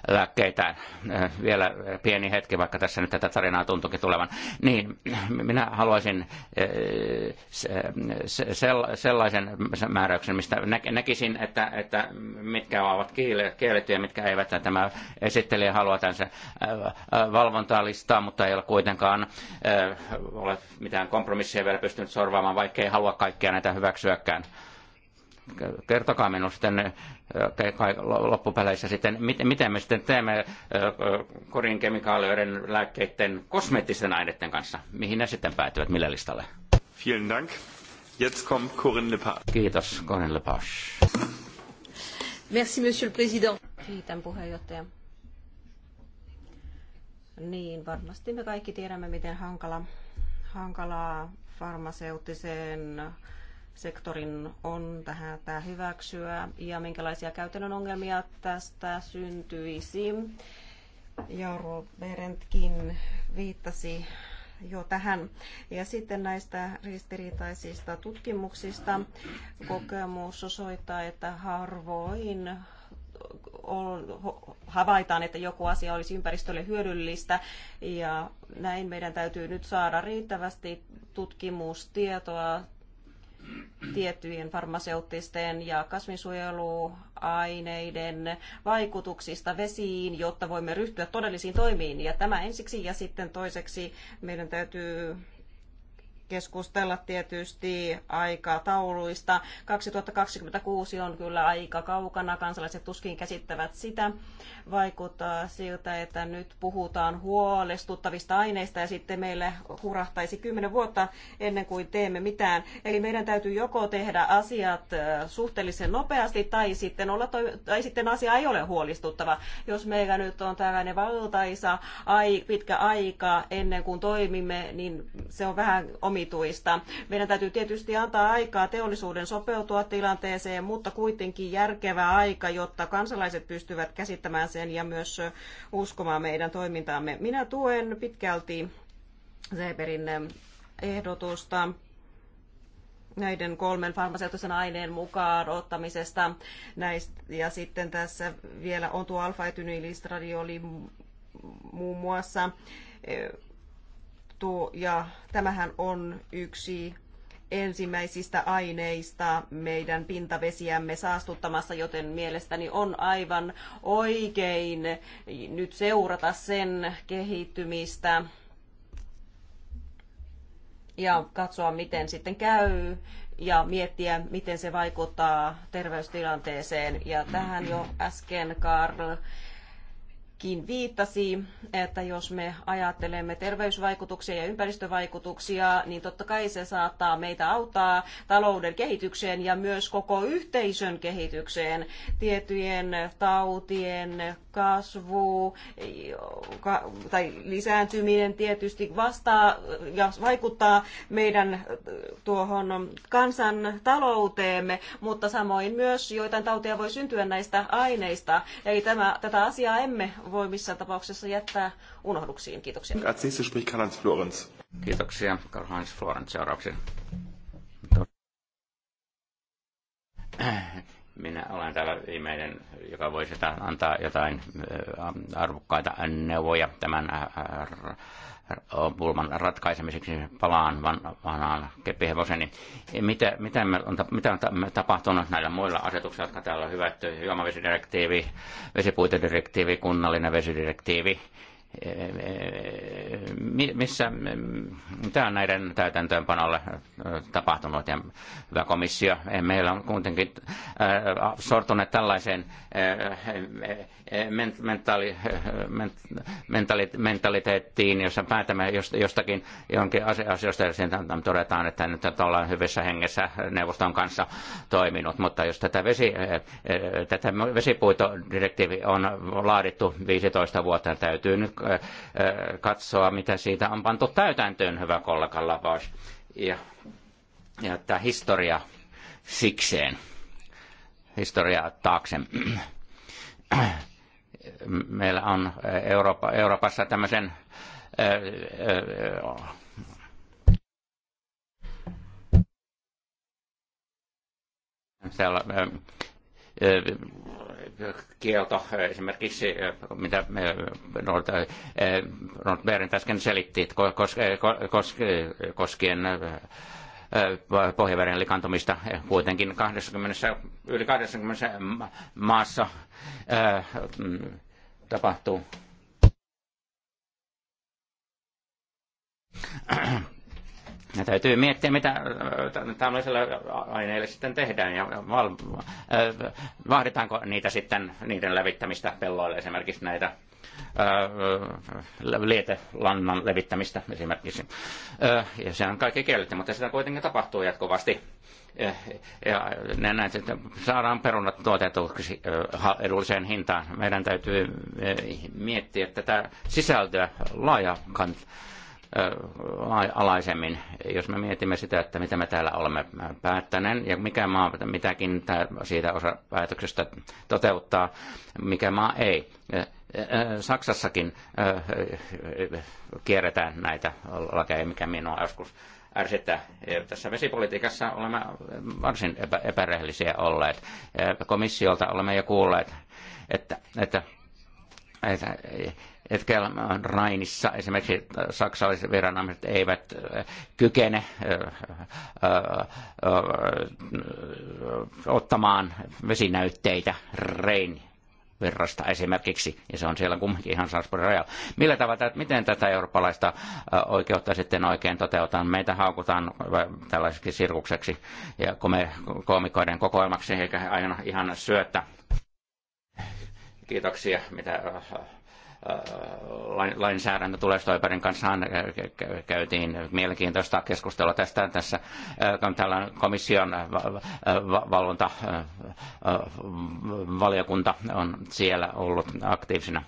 lääkkeitä eh, Vielä pieni hetki, vaikka tässä nyt tätä tarinaa tuntuukin tulevan. Niin, minä haluaisin sellaisen määräyksen, mistä näkisin, että, että mitkä ovat kiellettyjä, mitkä eivät. Tämä esittelijä haluaa tämän valvontaa listaa, mutta ei ole kuitenkaan ole mitään kompromisseja vielä pystynyt sorvaamaan, ei halua kaikki kaikkia näitä hyväksyäkään. Kertokaa minulle sitten äh, loppupeleissä sitten, miten me sitten teemme äh, äh, korin kemikaalioiden, lääkkeiden, kosmeettisten aineiden kanssa. Mihin ne sitten päätyvät, millä listalle? Vielen Dank. Jetzt kommt Corinne Lepage. Kiitos, Corinne Lepage. Merci, Monsieur le Président. Kiitän puheenjohtaja. Niin, varmasti me kaikki tiedämme, miten hankala, hankalaa farmaseuttiseen sektorin on tähän tämä hyväksyä ja minkälaisia käytännön ongelmia tästä syntyisi. Jauro Berentkin viittasi jo tähän. Ja sitten näistä ristiriitaisista tutkimuksista kokemus osoittaa, että harvoin on, havaitaan, että joku asia olisi ympäristölle hyödyllistä ja näin meidän täytyy nyt saada riittävästi tutkimustietoa tiettyjen farmaseuttisten ja kasvinsuojeluaineiden vaikutuksista vesiin, jotta voimme ryhtyä todellisiin toimiin. Ja tämä ensiksi ja sitten toiseksi meidän täytyy keskustella tietysti aikatauluista. 2026 on kyllä aika kaukana, kansalaiset tuskin käsittävät sitä. Vaikuttaa siltä, että nyt puhutaan huolestuttavista aineista ja sitten meille hurahtaisi kymmenen vuotta ennen kuin teemme mitään. Eli meidän täytyy joko tehdä asiat suhteellisen nopeasti tai sitten, olla tai sitten asia ei ole huolestuttava. Jos meillä nyt on tällainen valtaisa ai- pitkä aika ennen kuin toimimme, niin se on vähän omi omituista. Meidän täytyy tietysti antaa aikaa teollisuuden sopeutua tilanteeseen, mutta kuitenkin järkevä aika, jotta kansalaiset pystyvät käsittämään sen ja myös uskomaan meidän toimintaamme. Minä tuen pitkälti Zeberin eh, ehdotusta näiden kolmen farmaseutisen aineen mukaan ottamisesta. Näistä, ja sitten tässä vielä on tuo alfa-etynylistradioli muun muassa eh, tutkittu ja tämähän on yksi ensimmäisistä aineista meidän pintavesiämme saastuttamassa, joten mielestäni on aivan oikein nyt seurata sen kehittymistä ja katsoa, miten sitten käy ja miettiä, miten se vaikuttaa terveystilanteeseen. Ja tähän jo äsken Karl kiin viittasi, että jos me ajattelemme terveysvaikutuksia ja ympäristövaikutuksia, niin totta kai se saattaa meitä auttaa talouden kehitykseen ja myös koko yhteisön kehitykseen. Tiettyjen tautien kasvu tai lisääntyminen tietysti vastaa ja vaikuttaa meidän tuohon kansan talouteemme, mutta samoin myös joitain tauteja voi syntyä näistä aineista. Eli tämä, tätä asiaa emme voi missään tapauksessa jättää unohduksiin. Kiitoksia. Als nächstes Karl-Heinz Florenz. Kiitoksia. Karl-Heinz Florenz seuraavaksi. Minä olen täällä viimeinen, joka voisi antaa jotain arvokkaita neuvoja tämän pulman ratkaisemiseksi palaan van, vanhaan keppihevoseni. Mitä, mitä, me on, mitä on tapahtunut näillä muilla asetuksilla, jotka täällä on hyvätty? Juomavesidirektiivi, vesipuitedirektiivi, kunnallinen vesidirektiivi missä, mitä on näiden täytäntöönpanolle tapahtunut ja hyvä komissio, e, meillä on kuitenkin sortuneet tällaiseen mentaali, mentaali, mentaliteettiin, jossa päätämme jostakin jonkin asioista ja siitä todetaan, että nyt ollaan hyvässä hengessä neuvoston kanssa toiminut, mutta jos tätä, vesi, tätä vesipuitodirektiivi on laadittu 15 vuotta, täytyy nyt katsoa, mitä siitä on pantu täytäntöön, hyvä kollega Lavois. Ja, ja tämä historia sikseen, historiaa taakse. Meillä on Euroopa, Euroopassa tämmöisen siellä kielto esimerkiksi, eh, mitä eh, Nord eh, Berendt äsken selitti, koskien pohjaveren likantumista kuitenkin 20, yli 80 maassa mm, tapahtuu ja täytyy miettiä, mitä äh, tämmöisellä aineelle sitten tehdään ja val- äh, vahditaanko niitä sitten, niiden levittämistä pelloille esimerkiksi näitä äh, lietelannan levittämistä esimerkiksi. Ja se on kaikki kielletty, mutta sitä kuitenkin tapahtuu jatkuvasti. Ja, ja näin, että saadaan perunat tuotetuksi edulliseen hintaan. Meidän täytyy miettiä tätä sisältöä laajakantaa alaisemmin, jos me mietimme sitä, että mitä me täällä olemme päättäneen ja mikä maa mitäkin siitä osa päätöksestä toteuttaa, mikä maa ei. Saksassakin kierretään näitä lakeja, mikä minua joskus ärsyttää. Tässä vesipolitiikassa olemme varsin epä, epärehellisiä olleet. Komissiolta olemme jo kuulleet, että, että, että hetkellä Rainissa esimerkiksi saksalaiset viranomaiset eivät äh, kykene äh, äh, ottamaan vesinäytteitä Rein virrasta esimerkiksi, ja se on siellä kumminkin ihan Salzburgin rajalla. Millä tavalla, miten tätä eurooppalaista oikeutta sitten oikein toteutetaan? Meitä haukutaan tällaiseksi sirkukseksi ja koomikoiden kokoelmaksi, eikä aina ihan syöttä. Kiitoksia, mitä lainsäädäntö tulestoiparin kanssa käytiin mielenkiintoista keskustelua tästä. Tässä tällä komission valvonta valiokunta on siellä ollut aktiivisena.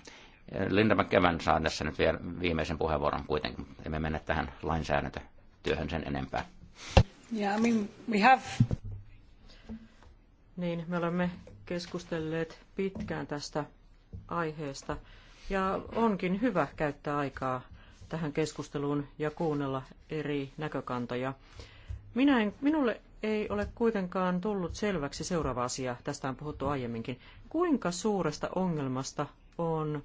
Linda McEwan saa tässä nyt vielä viimeisen puheenvuoron kuitenkin. Emme mennä tähän lainsäädäntötyöhön sen enempää. Yeah, I mean, we have... Niin, me olemme keskustelleet pitkään tästä aiheesta. Ja onkin hyvä käyttää aikaa tähän keskusteluun ja kuunnella eri näkökantoja. Minä en, minulle ei ole kuitenkaan tullut selväksi seuraava asia, tästä on puhuttu aiemminkin. Kuinka suuresta ongelmasta on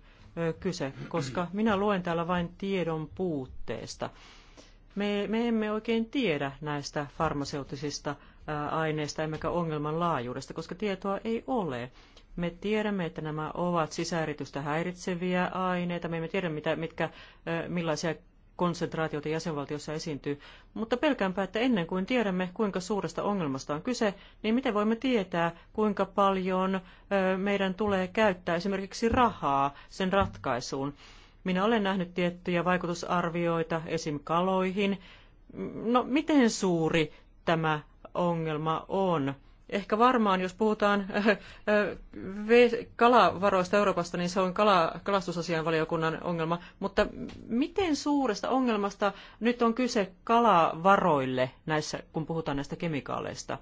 kyse, koska minä luen täällä vain tiedon puutteesta. Me, me emme oikein tiedä näistä farmaseuttisista aineista emmekä ongelman laajuudesta, koska tietoa ei ole. Me tiedämme, että nämä ovat sisäeritystä häiritseviä aineita. Me emme tiedä, mitä, mitkä, millaisia konsentraatioita jäsenvaltiossa esiintyy, mutta pelkäänpä, että ennen kuin tiedämme, kuinka suuresta ongelmasta on kyse, niin miten voimme tietää, kuinka paljon meidän tulee käyttää esimerkiksi rahaa sen ratkaisuun. Minä olen nähnyt tiettyjä vaikutusarvioita esim. kaloihin. No, miten suuri tämä ongelma on? ehkä varmaan, jos puhutaan äh, äh, kalavaroista Euroopasta, niin se on kala, kalastusasianvaliokunnan ongelma. Mutta miten suuresta ongelmasta nyt on kyse kalavaroille, näissä, kun puhutaan näistä kemikaaleista?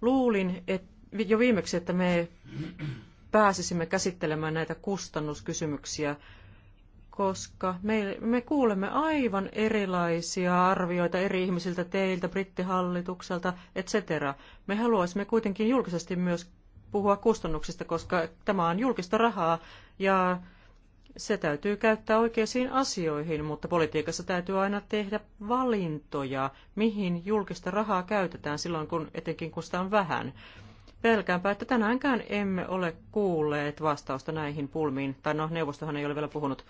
Luulin et, jo viimeksi, että me pääsisimme käsittelemään näitä kustannuskysymyksiä koska me, me kuulemme aivan erilaisia arvioita eri ihmisiltä, teiltä, brittihallitukselta, etc. Me haluaisimme kuitenkin julkisesti myös puhua kustannuksista, koska tämä on julkista rahaa ja se täytyy käyttää oikeisiin asioihin, mutta politiikassa täytyy aina tehdä valintoja, mihin julkista rahaa käytetään silloin, kun, etenkin kun sitä on vähän. Pelkäänpä, että tänäänkään emme ole kuulleet vastausta näihin pulmiin, tai no neuvostohan ei ole vielä puhunut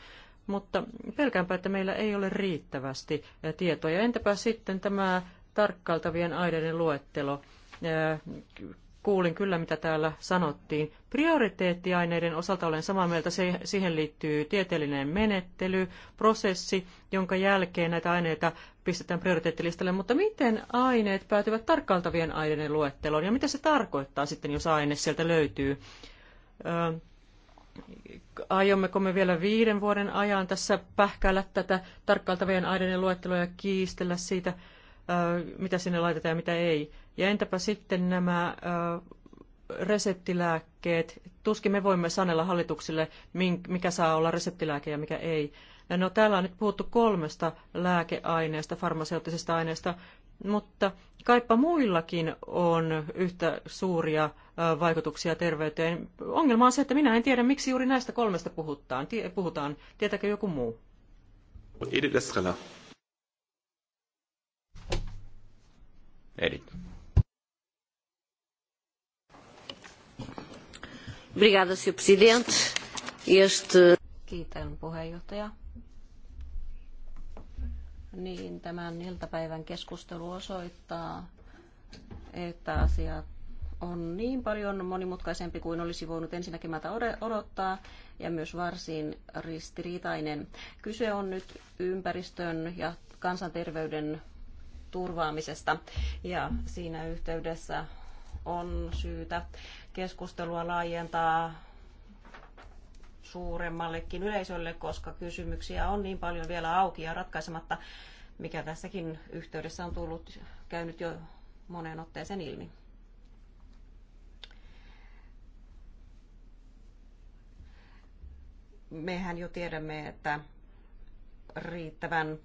mutta pelkäänpä, että meillä ei ole riittävästi tietoja. Entäpä sitten tämä tarkkailtavien aineiden luettelo? Kuulin kyllä, mitä täällä sanottiin. Prioriteettiaineiden osalta olen samaa mieltä. Se, siihen liittyy tieteellinen menettely, prosessi, jonka jälkeen näitä aineita pistetään prioriteettilistalle. Mutta miten aineet päätyvät tarkkailtavien aineiden luetteloon ja mitä se tarkoittaa sitten, jos aine sieltä löytyy? aiommeko me vielä viiden vuoden ajan tässä pähkäillä tätä tarkkailtavien aineiden luetteloa ja kiistellä siitä, mitä sinne laitetaan ja mitä ei. Ja entäpä sitten nämä reseptilääkkeet. Tuskin me voimme sanella hallituksille, mikä saa olla reseptilääke ja mikä ei. No täällä on nyt puhuttu kolmesta lääkeaineesta, farmaseuttisesta aineesta mutta kaipa muillakin on yhtä suuria vaikutuksia terveyteen. Ongelma on se, että minä en tiedä, miksi juuri näistä kolmesta puhutaan. puhutaan. Tietääkö joku muu? Edith Estrella. Edith. Obrigada, Sr. Presidente. Este... Kiitän puheenjohtaja niin tämän iltapäivän keskustelu osoittaa, että asia on niin paljon monimutkaisempi kuin olisi voinut ensinnäkin odottaa ja myös varsin ristiriitainen. Kyse on nyt ympäristön ja kansanterveyden turvaamisesta ja siinä yhteydessä on syytä keskustelua laajentaa suuremmallekin yleisölle, koska kysymyksiä on niin paljon vielä auki ja ratkaisematta, mikä tässäkin yhteydessä on tullut käynyt jo moneen otteeseen ilmi. Mehän jo tiedämme, että riittävän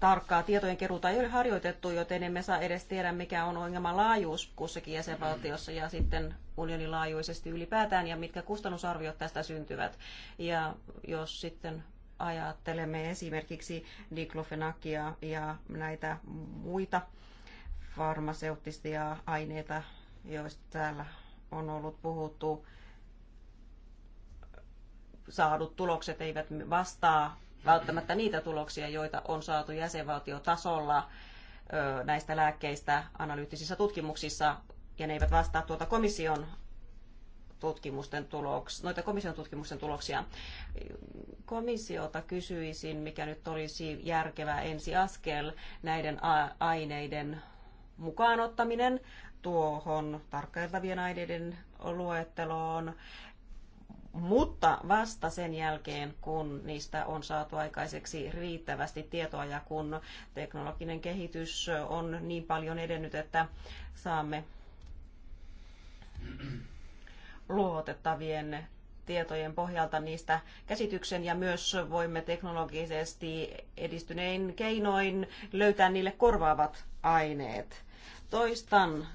tarkkaa tietojen keruuta ei ole harjoitettu, joten emme saa edes tiedä, mikä on ongelman laajuus kussakin jäsenvaltiossa ja sitten unionin laajuisesti ylipäätään ja mitkä kustannusarviot tästä syntyvät. Ja jos sitten ajattelemme esimerkiksi diklofenakia ja näitä muita farmaseuttisia aineita, joista täällä on ollut puhuttu, saadut tulokset eivät vastaa välttämättä niitä tuloksia, joita on saatu jäsenvaltiotasolla näistä lääkkeistä analyyttisissa tutkimuksissa ja ne eivät vastaa tuota komission tutkimusten tuloks, noita komission tutkimusten tuloksia. Komissiota kysyisin, mikä nyt olisi järkevä ensiaskel näiden aineiden mukaanottaminen tuohon tarkkailtavien aineiden luetteloon, mutta vasta sen jälkeen, kun niistä on saatu aikaiseksi riittävästi tietoa ja kun teknologinen kehitys on niin paljon edennyt, että saamme luotettavien tietojen pohjalta niistä käsityksen ja myös voimme teknologisesti edistynein keinoin löytää niille korvaavat aineet. Toistan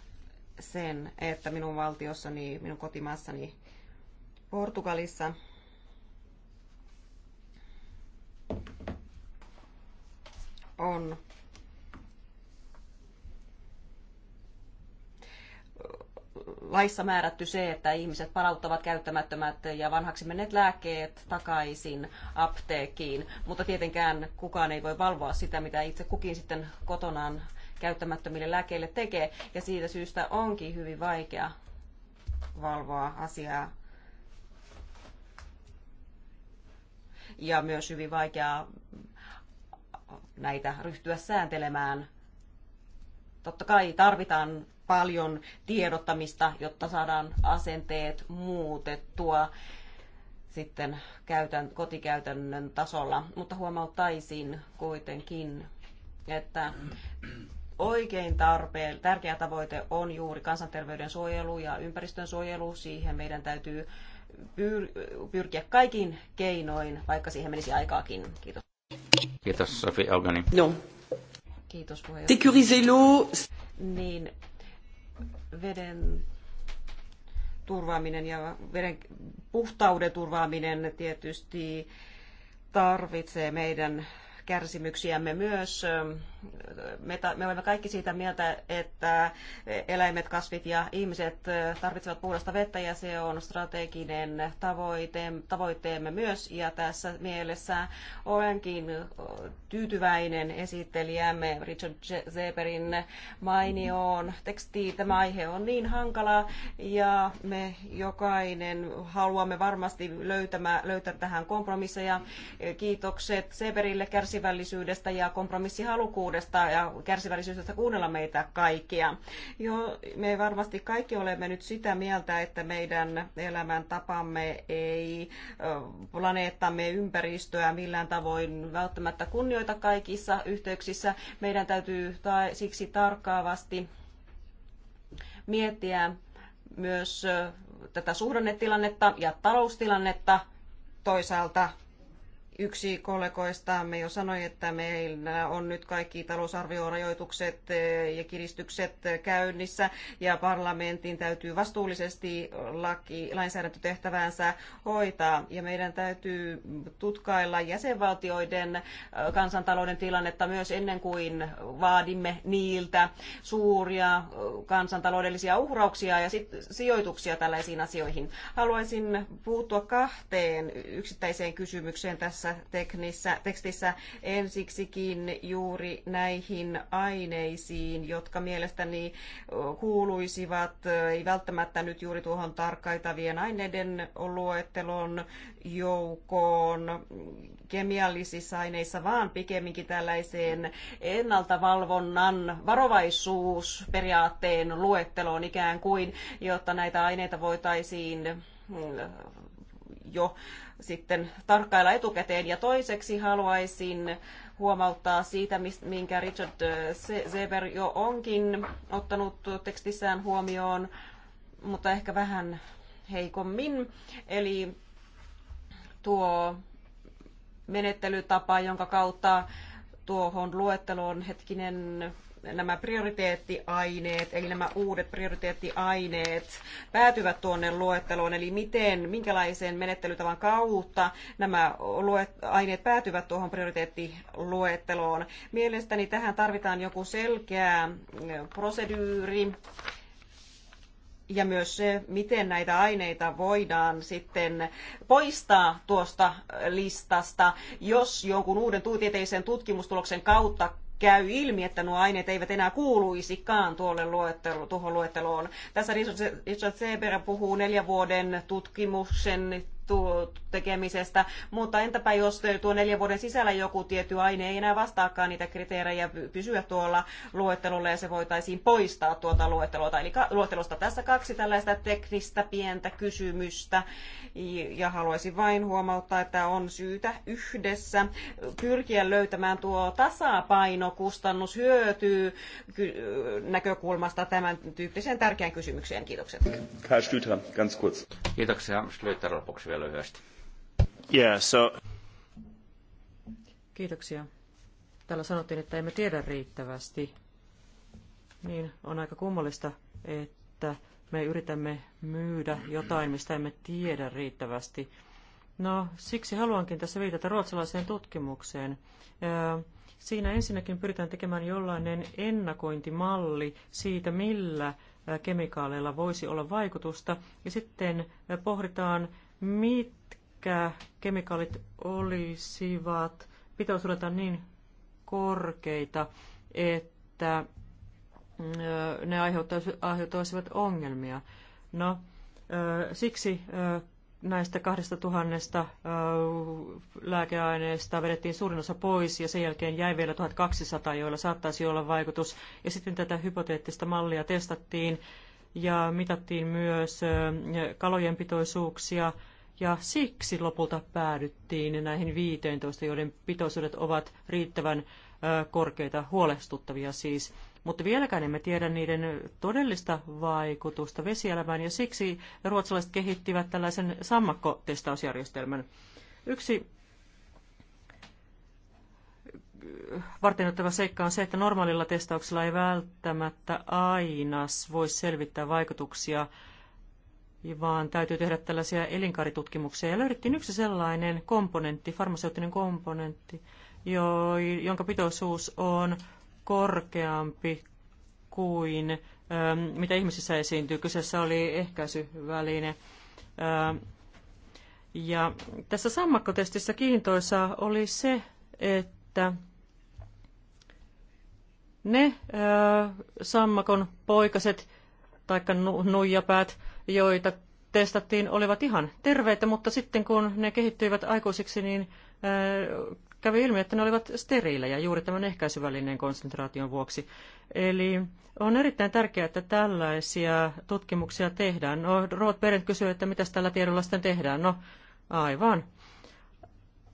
sen, että minun valtiossani, minun kotimaassani Portugalissa on laissa määrätty se, että ihmiset palauttavat käyttämättömät ja vanhaksi menneet lääkkeet takaisin apteekkiin, mutta tietenkään kukaan ei voi valvoa sitä, mitä itse kukin sitten kotonaan käyttämättömille lääkeille tekee, ja siitä syystä onkin hyvin vaikea valvoa asiaa. Ja myös hyvin vaikea näitä ryhtyä sääntelemään Totta kai tarvitaan paljon tiedottamista, jotta saadaan asenteet muutettua sitten käytän, kotikäytännön tasolla, mutta huomauttaisin kuitenkin, että oikein tarpeen, tärkeä tavoite on juuri kansanterveyden suojelu ja ympäristön suojelu. Siihen meidän täytyy pyr- pyrkiä kaikin keinoin, vaikka siihen menisi aikaakin. Kiitos. Kiitos Sofi Augani. No, Kiitos puheenjohtaja. Securiselu. Niin, veden turvaaminen ja veden puhtauden turvaaminen tietysti tarvitsee meidän kärsimyksiämme myös me, me olemme kaikki siitä mieltä, että eläimet, kasvit ja ihmiset tarvitsevat puhdasta vettä ja se on strateginen tavoite, tavoitteemme myös. Ja tässä mielessä olenkin tyytyväinen esittelijämme Richard Zeberin mainioon tekstiin. Tämä aihe on niin hankala ja me jokainen haluamme varmasti löytämä, löytää tähän kompromisseja. Kiitokset Zeberille kärsivällisyydestä ja kompromissihalukkuudesta kuuliaisuudesta ja kärsivällisyydestä kuunnella meitä kaikkia. Jo, me varmasti kaikki olemme nyt sitä mieltä, että meidän elämäntapamme ei planeettamme ympäristöä millään tavoin välttämättä kunnioita kaikissa yhteyksissä. Meidän täytyy ta- siksi tarkkaavasti miettiä myös tätä suhdannetilannetta ja taloustilannetta toisaalta Yksi kollegoistamme jo sanoi, että meillä on nyt kaikki talousarviorajoitukset eh, ja kiristykset käynnissä ja parlamentin täytyy vastuullisesti laki, lainsäädäntötehtäväänsä hoitaa ja meidän täytyy tutkailla jäsenvaltioiden eh, kansantalouden tilannetta myös ennen kuin vaadimme niiltä suuria eh, kansantaloudellisia uhrauksia ja sit sijoituksia tällaisiin asioihin. Haluaisin puuttua kahteen yksittäiseen kysymykseen tässä tässä teknissä, tekstissä ensiksikin juuri näihin aineisiin, jotka mielestäni kuuluisivat, ei välttämättä nyt juuri tuohon tarkkaitavien aineiden luettelon joukoon kemiallisissa aineissa, vaan pikemminkin tällaiseen ennaltavalvonnan varovaisuusperiaatteen luetteloon ikään kuin, jotta näitä aineita voitaisiin mm, jo sitten tarkkailla etukäteen. Ja toiseksi haluaisin huomauttaa siitä, minkä Richard äh, Seber jo onkin ottanut tekstissään huomioon, mutta ehkä vähän heikommin. Eli tuo menettelytapa, jonka kautta tuohon luetteloon hetkinen nämä prioriteettiaineet, eli nämä uudet prioriteettiaineet päätyvät tuonne luetteloon, eli miten, minkälaisen menettelytavan kautta nämä aineet päätyvät tuohon prioriteettiluetteloon. Mielestäni tähän tarvitaan joku selkeä eh, proseduuri, ja myös se, miten näitä aineita voidaan sitten poistaa tuosta listasta, jos jonkun uuden tieteellisen tutkimustuloksen kautta käy ilmi, että nuo aineet eivät enää kuuluisikaan tuolle luettelo, tuohon luetteloon. Tässä Richard Seber puhuu neljän vuoden tutkimuksen tekemisestä, mutta entäpä jos tuo neljän vuoden sisällä joku tietty aine ei enää vastaakaan niitä kriteerejä pysyä tuolla luettelolla ja se voitaisiin poistaa tuota luettelosta. Eli luettelosta tässä kaksi tällaista teknistä pientä kysymystä ja haluaisin vain huomauttaa, että on syytä yhdessä pyrkiä löytämään tuo tasapaino kustannus hyötyy näkökulmasta tämän tyyppiseen tärkeän kysymykseen. Kiitokset. Kiitoksia. Schlöter lopuksi vielä lyhyesti. Yeah, so... Kiitoksia. Täällä sanottiin, että emme tiedä riittävästi. Niin, on aika kummallista, että me yritämme myydä jotain, mistä emme tiedä riittävästi. No, siksi haluankin tässä viitata ruotsalaiseen tutkimukseen. Siinä ensinnäkin pyritään tekemään jollainen ennakointimalli siitä, millä kemikaaleilla voisi olla vaikutusta, ja sitten pohditaan mitkä kemikaalit olisivat pitoisuudeltaan niin korkeita, että ne aiheuttaisivat ongelmia. No, siksi näistä 2000 lääkeaineesta vedettiin suurin osa pois ja sen jälkeen jäi vielä 1200, joilla saattaisi olla vaikutus. Ja sitten tätä hypoteettista mallia testattiin ja mitattiin myös kalojen pitoisuuksia ja siksi lopulta päädyttiin näihin 15, joiden pitoisuudet ovat riittävän korkeita, huolestuttavia siis. Mutta vieläkään emme tiedä niiden todellista vaikutusta vesielämään ja siksi ruotsalaiset kehittivät tällaisen sammakkotestausjärjestelmän. Yksi varteenottava seikka on se, että normaalilla testauksella ei välttämättä aina voi selvittää vaikutuksia vaan täytyy tehdä tällaisia elinkaaritutkimuksia. Ja löydettiin yksi sellainen komponentti, farmaseuttinen komponentti, jo, jonka pitoisuus on korkeampi kuin ö, ähm, mitä ihmisissä esiintyy. Kyseessä oli ehkäisyväline. Ö, ähm, ja tässä sammakkotestissä kiintoisaa oli se, että ne ö, äh, sammakon poikaset, taikka nu, nuijapäät, joita testattiin, olivat ihan terveitä, mutta sitten kun ne kehittyivät aikuisiksi, niin äh, kävi ilmi, että ne olivat steriilejä juuri tämän ehkäisyvälineen konsentraation vuoksi. Eli on erittäin tärkeää, että tällaisia tutkimuksia tehdään. No, Robert Berend kysyi, että mitä tällä tiedolla sitten tehdään. No, aivan.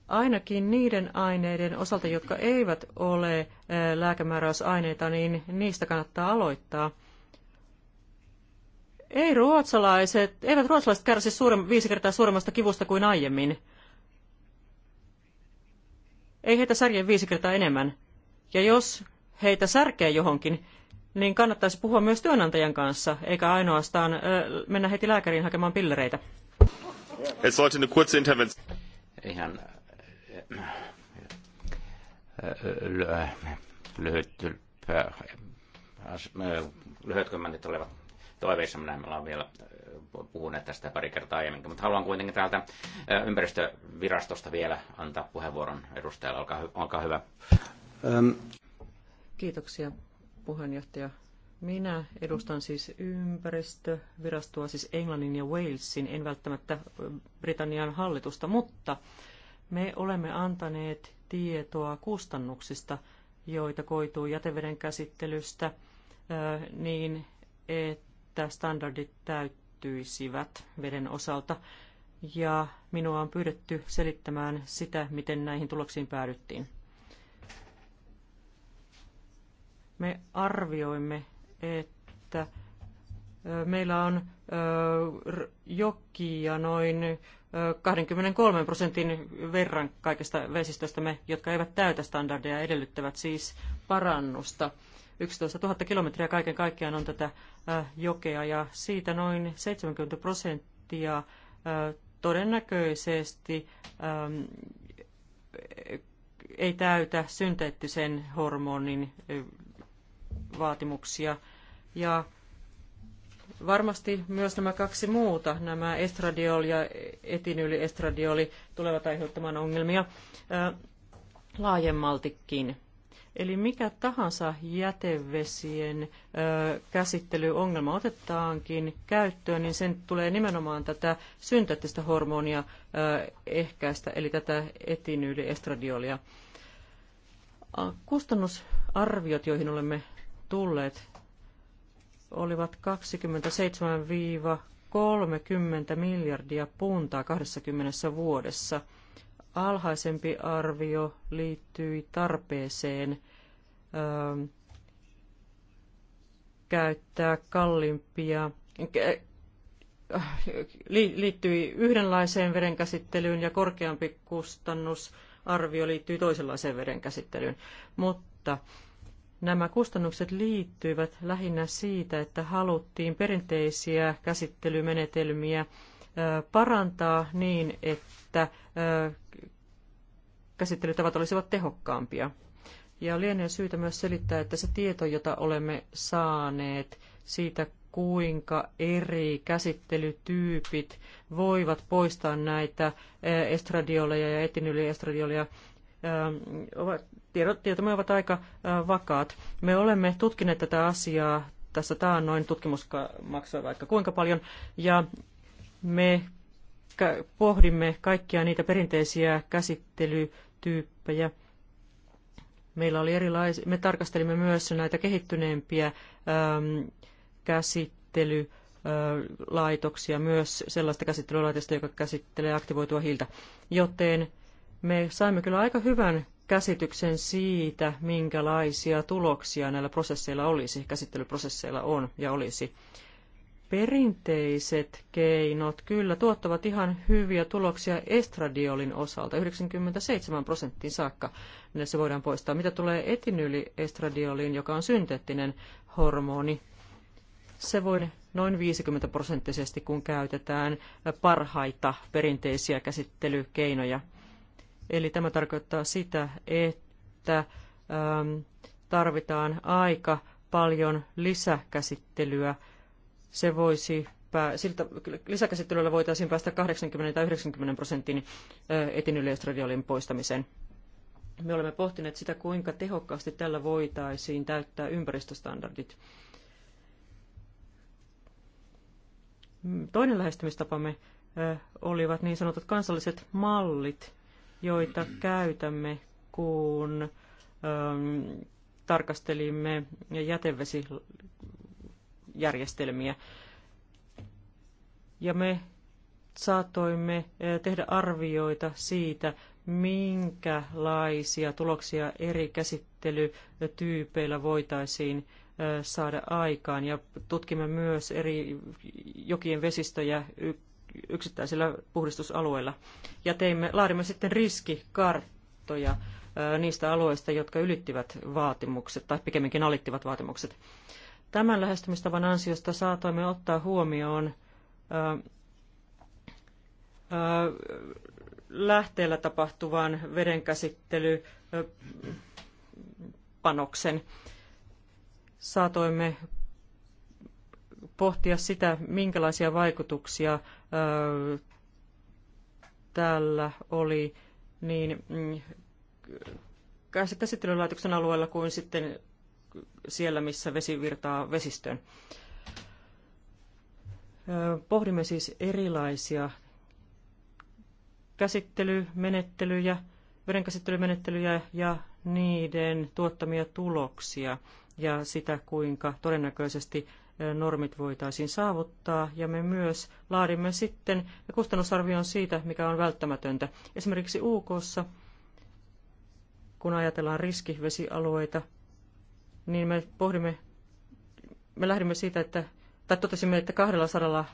Ainakin niiden aineiden osalta, jotka eivät ole äh, lääkemääräysaineita, niin niistä kannattaa aloittaa – ei ruotsalaiset, eivät ruotsalaiset kärsi suurem, viisi kertaa suuremmasta kivusta kuin aiemmin. Ei heitä särje viisi kertaa enemmän. Ja jos heitä särkee johonkin, niin kannattaisi puhua myös työnantajan kanssa, eikä ainoastaan ö, mennä heti lääkäriin hakemaan pillereitä. Es sollte eine kurze Intervention. Ihan lyhyt, lyhyt, lyhyt kommentit olivat toiveissa. Näin me ollaan vielä äh, puhuneet tästä pari kertaa aiemmin, mutta haluan kuitenkin täältä äh, ympäristövirastosta vielä antaa puheenvuoron edustajalle. Olkaa, hy- olkaa hyvä. Öm. Ähm. Kiitoksia puheenjohtaja. Minä edustan siis ympäristövirastoa, siis Englannin ja Walesin, en välttämättä äh, Britannian hallitusta, mutta me olemme antaneet tietoa kustannuksista, joita koituu jäteveden käsittelystä, niin että että standardit täyttyisivät veden osalta. Ja minua on pyydetty selittämään sitä, miten näihin tuloksiin päädyttiin. Me arvioimme, että meillä on jokia noin 23 prosentin verran kaikista vesistöstämme, jotka eivät täytä standardeja, edellyttävät siis parannusta 11 000 kilometriä kaiken kaikkiaan on tätä jokea ja siitä noin 70 prosenttia todennäköisesti ei täytä synteettisen hormonin vaatimuksia. Ja varmasti myös nämä kaksi muuta, nämä estradiol ja etinyliestradioli, tulevat aiheuttamaan ongelmia laajemmaltikin. Eli mikä tahansa jätevesien ö, käsittelyongelma otetaankin käyttöön, niin sen tulee nimenomaan tätä synteettistä hormonia ö, ehkäistä, eli tätä etinyyliestradiolia. Kustannusarviot, joihin olemme tulleet, olivat 27-30 miljardia puntaa 20 vuodessa – alhaisempi arvio liittyi tarpeeseen ö, ähm, käyttää kalliimpia, äh, liittyi yhdenlaiseen vedenkäsittelyyn ja korkeampi kustannusarvio liittyi toisenlaiseen vedenkäsittelyyn. Mutta nämä kustannukset liittyivät lähinnä siitä, että haluttiin perinteisiä käsittelymenetelmiä – parantaa niin, että käsittelytavat olisivat tehokkaampia. Ja lienee syytä myös selittää, että se tieto, jota olemme saaneet siitä, kuinka eri käsittelytyypit voivat poistaa näitä estradioleja ja etinyliestradioleja, tiedot, tietomme ovat aika vakaat. Me olemme tutkineet tätä asiaa tässä noin tutkimus maksoi vaikka kuinka paljon, ja me pohdimme kaikkia niitä perinteisiä käsittelytyyppejä. Meillä oli erilaisia, me tarkastelimme myös näitä kehittyneempiä ähm, käsittelylaitoksia, myös sellaista käsittelylaitosta, joka käsittelee aktivoitua hiiltä. Joten me saimme kyllä aika hyvän käsityksen siitä, minkälaisia tuloksia näillä prosesseilla olisi, käsittelyprosesseilla on ja olisi perinteiset keinot kyllä tuottavat ihan hyviä tuloksia estradiolin osalta, 97 prosenttiin saakka ne se voidaan poistaa. Mitä tulee etinyliestradioliin, joka on synteettinen hormoni, se voi noin 50 prosenttisesti, kun käytetään parhaita perinteisiä käsittelykeinoja. Eli tämä tarkoittaa sitä, että ähm, tarvitaan aika paljon lisäkäsittelyä se voisi siltä lisäkäsittelyllä voitaisiin päästä 80 tai 90 prosentin etinyliestradiolin poistamiseen. Me olemme pohtineet sitä, kuinka tehokkaasti tällä voitaisiin täyttää ympäristöstandardit. Mm, toinen lähestymistapamme olivat niin sanotut kansalliset mallit, joita käytämme, kun tarkastelimme jätevesi järjestelmiä. Ja me saatoimme eh, tehdä arvioita siitä, minkälaisia tuloksia eri käsittelytyypeillä voitaisiin eh, saada aikaan. Ja tutkimme myös eri jokien vesistöjä yksittäisillä puhdistusalueilla. Ja teimme, laadimme sitten riskikarttoja eh, niistä alueista, jotka ylittivät vaatimukset, tai pikemminkin alittivat vaatimukset. Tämän lähestymistavan ansiosta saatoimme ottaa huomioon lähteellä tapahtuvan vedenkäsittelypanoksen. Saatoimme pohtia sitä, minkälaisia vaikutuksia tällä oli niin mm, käsittelylaitoksen alueella kuin sitten siellä, missä vesi virtaa vesistöön. Pohdimme siis erilaisia käsittelymenettelyjä, vedenkäsittelymenettelyjä ja niiden tuottamia tuloksia ja sitä, kuinka todennäköisesti normit voitaisiin saavuttaa, ja me myös laadimme sitten kustannusarvion siitä, mikä on välttämätöntä. Esimerkiksi UKssa, kun ajatellaan riskivesialueita, niin me pohdimme, me lähdimme siitä, että, tai totesimme, että 200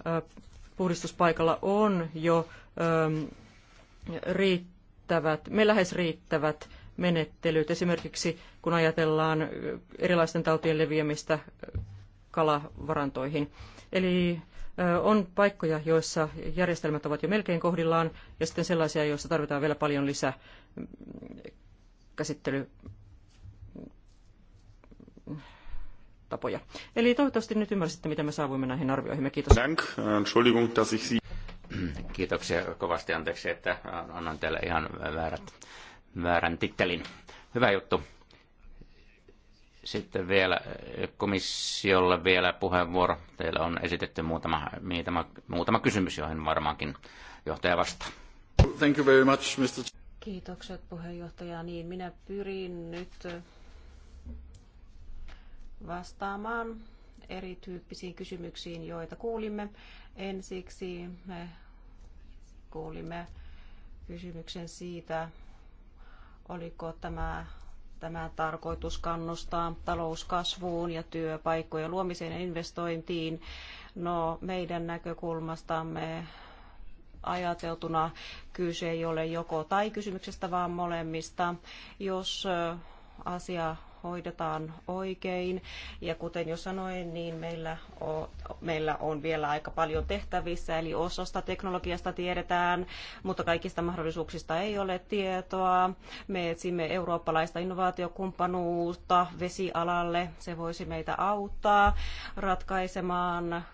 puhdistuspaikalla on jo riittävät, me lähes riittävät menettelyt. Esimerkiksi kun ajatellaan erilaisten tautien leviämistä kalavarantoihin. Eli on paikkoja, joissa järjestelmät ovat jo melkein kohdillaan, ja sitten sellaisia, joissa tarvitaan vielä paljon lisää mm, käsittely, tapoja. Eli toivottavasti nyt ymmärsitte, miten me saavuimme näihin arvioihin. Kiitos. Dank. Entschuldigung, dass ich Sie... Kiitoksia kovasti. Anteeksi, että annan teille ihan väärät, väärän tittelin. Hyvä juttu. Sitten vielä komissiolle vielä puheenvuoro. Teillä on esitetty muutama, muutama, muutama kysymys, joihin varmaankin johtaja vastaa. Thank you very much, Mr. Kiitokset puheenjohtaja. Niin, minä pyrin nyt vastaamaan erityyppisiin kysymyksiin, joita kuulimme. Ensiksi me kuulimme kysymyksen siitä, oliko tämä, tämä tarkoitus kannustaa talouskasvuun ja työpaikkojen luomiseen ja investointiin. No, meidän näkökulmastamme ajateltuna kyse ei ole joko tai kysymyksestä, vaan molemmista. Jos asia hoidetaan oikein. Ja kuten jo sanoin, niin meillä on, meillä on vielä aika paljon tehtävissä, eli osasta teknologiasta tiedetään, mutta kaikista mahdollisuuksista ei ole tietoa. Me etsimme eurooppalaista innovaatiokumppanuutta vesialalle. Se voisi meitä auttaa ratkaisemaan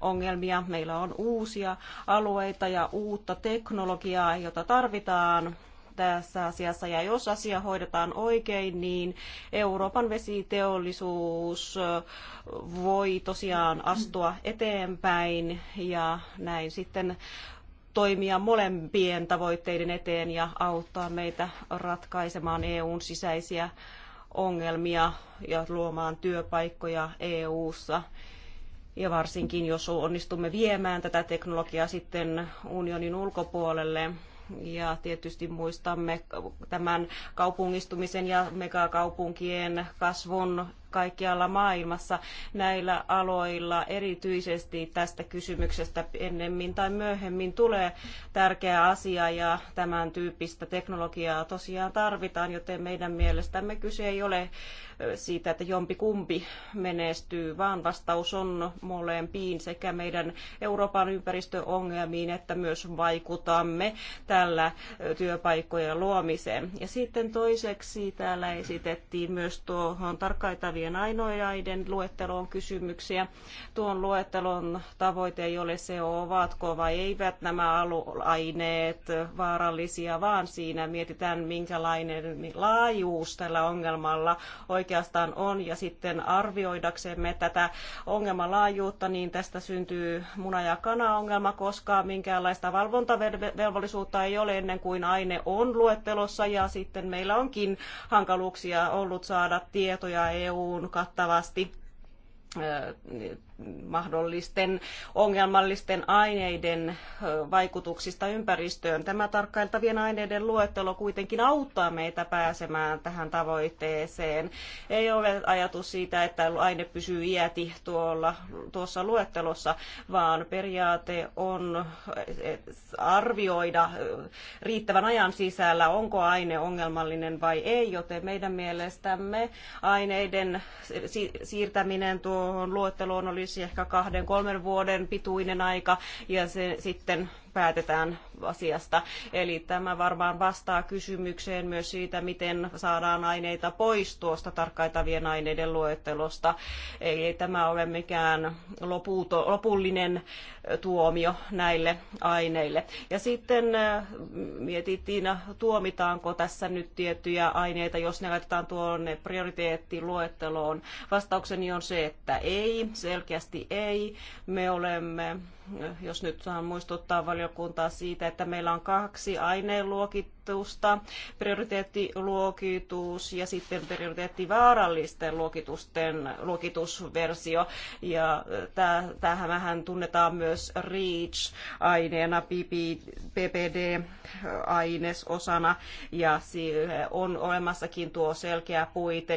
ongelmia. Meillä on uusia alueita ja uutta teknologiaa, jota tarvitaan tässä asiassa. Ja jos asia hoidetaan oikein, niin Euroopan vesiteollisuus voi tosiaan astua eteenpäin ja näin sitten toimia molempien tavoitteiden eteen ja auttaa meitä ratkaisemaan EUn sisäisiä ongelmia ja luomaan työpaikkoja EU:ssa. Ja varsinkin jos onnistumme viemään tätä teknologiaa sitten unionin ulkopuolelle, ja tietysti muistamme tämän kaupungistumisen ja megakaupunkien kasvun kaikkialla maailmassa näillä aloilla. Erityisesti tästä kysymyksestä ennemmin tai myöhemmin tulee tärkeä asia ja tämän tyyppistä teknologiaa tosiaan tarvitaan, joten meidän mielestämme kyse ei ole siitä, että jompi kumpi menestyy, vaan vastaus on molempiin sekä meidän Euroopan ympäristöongelmiin että myös vaikutamme tällä työpaikkojen luomiseen. Ja sitten toiseksi täällä esitettiin myös tuohon tarkkaitavien ainoajaiden luetteloon kysymyksiä. Tuon luettelon tavoite ei ole se, ovatko vai eivät nämä aineet vaarallisia, vaan siinä mietitään, minkälainen laajuus tällä ongelmalla oikein oikeastaan on, ja sitten arvioidaksemme tätä ongelman laajuutta, niin tästä syntyy muna- ja kana-ongelma, koska minkäänlaista valvontavelvollisuutta ei ole ennen kuin aine on luettelossa, ja sitten meillä onkin hankaluuksia ollut saada tietoja EUn kattavasti mahdollisten ongelmallisten aineiden vaikutuksista ympäristöön. Tämä tarkkailtavien aineiden luettelo kuitenkin auttaa meitä pääsemään tähän tavoitteeseen. Ei ole ajatus siitä, että aine pysyy iäti tuolla, tuossa luettelossa, vaan periaate on arvioida riittävän ajan sisällä, onko aine ongelmallinen vai ei, joten meidän mielestämme aineiden siirtäminen tuohon luetteloon olisi olisi ehkä kahden, kolmen vuoden pituinen aika ja se sitten päätetään asiasta. Eli tämä varmaan vastaa kysymykseen myös siitä, miten saadaan aineita pois tuosta tarkkaitavien aineiden luettelosta. Eli tämä ole mikään loputo, lopullinen tuomio näille aineille. Ja sitten mietittiin, no, tuomitaanko tässä nyt tiettyjä aineita, jos ne laitetaan tuonne prioriteettiluetteloon. Vastaukseni on se, että ei, selkeästi ei. Me olemme, jos nyt saan muistuttaa valio henkilökuntaa siitä, että meillä on kaksi aineenluokit luokitusta, prioriteettiluokitus ja sitten prioriteettivaarallisten luokitusten luokitusversio. Ja tämähän tunnetaan myös REACH-aineena, PPD-ainesosana ja on olemassakin tuo selkeä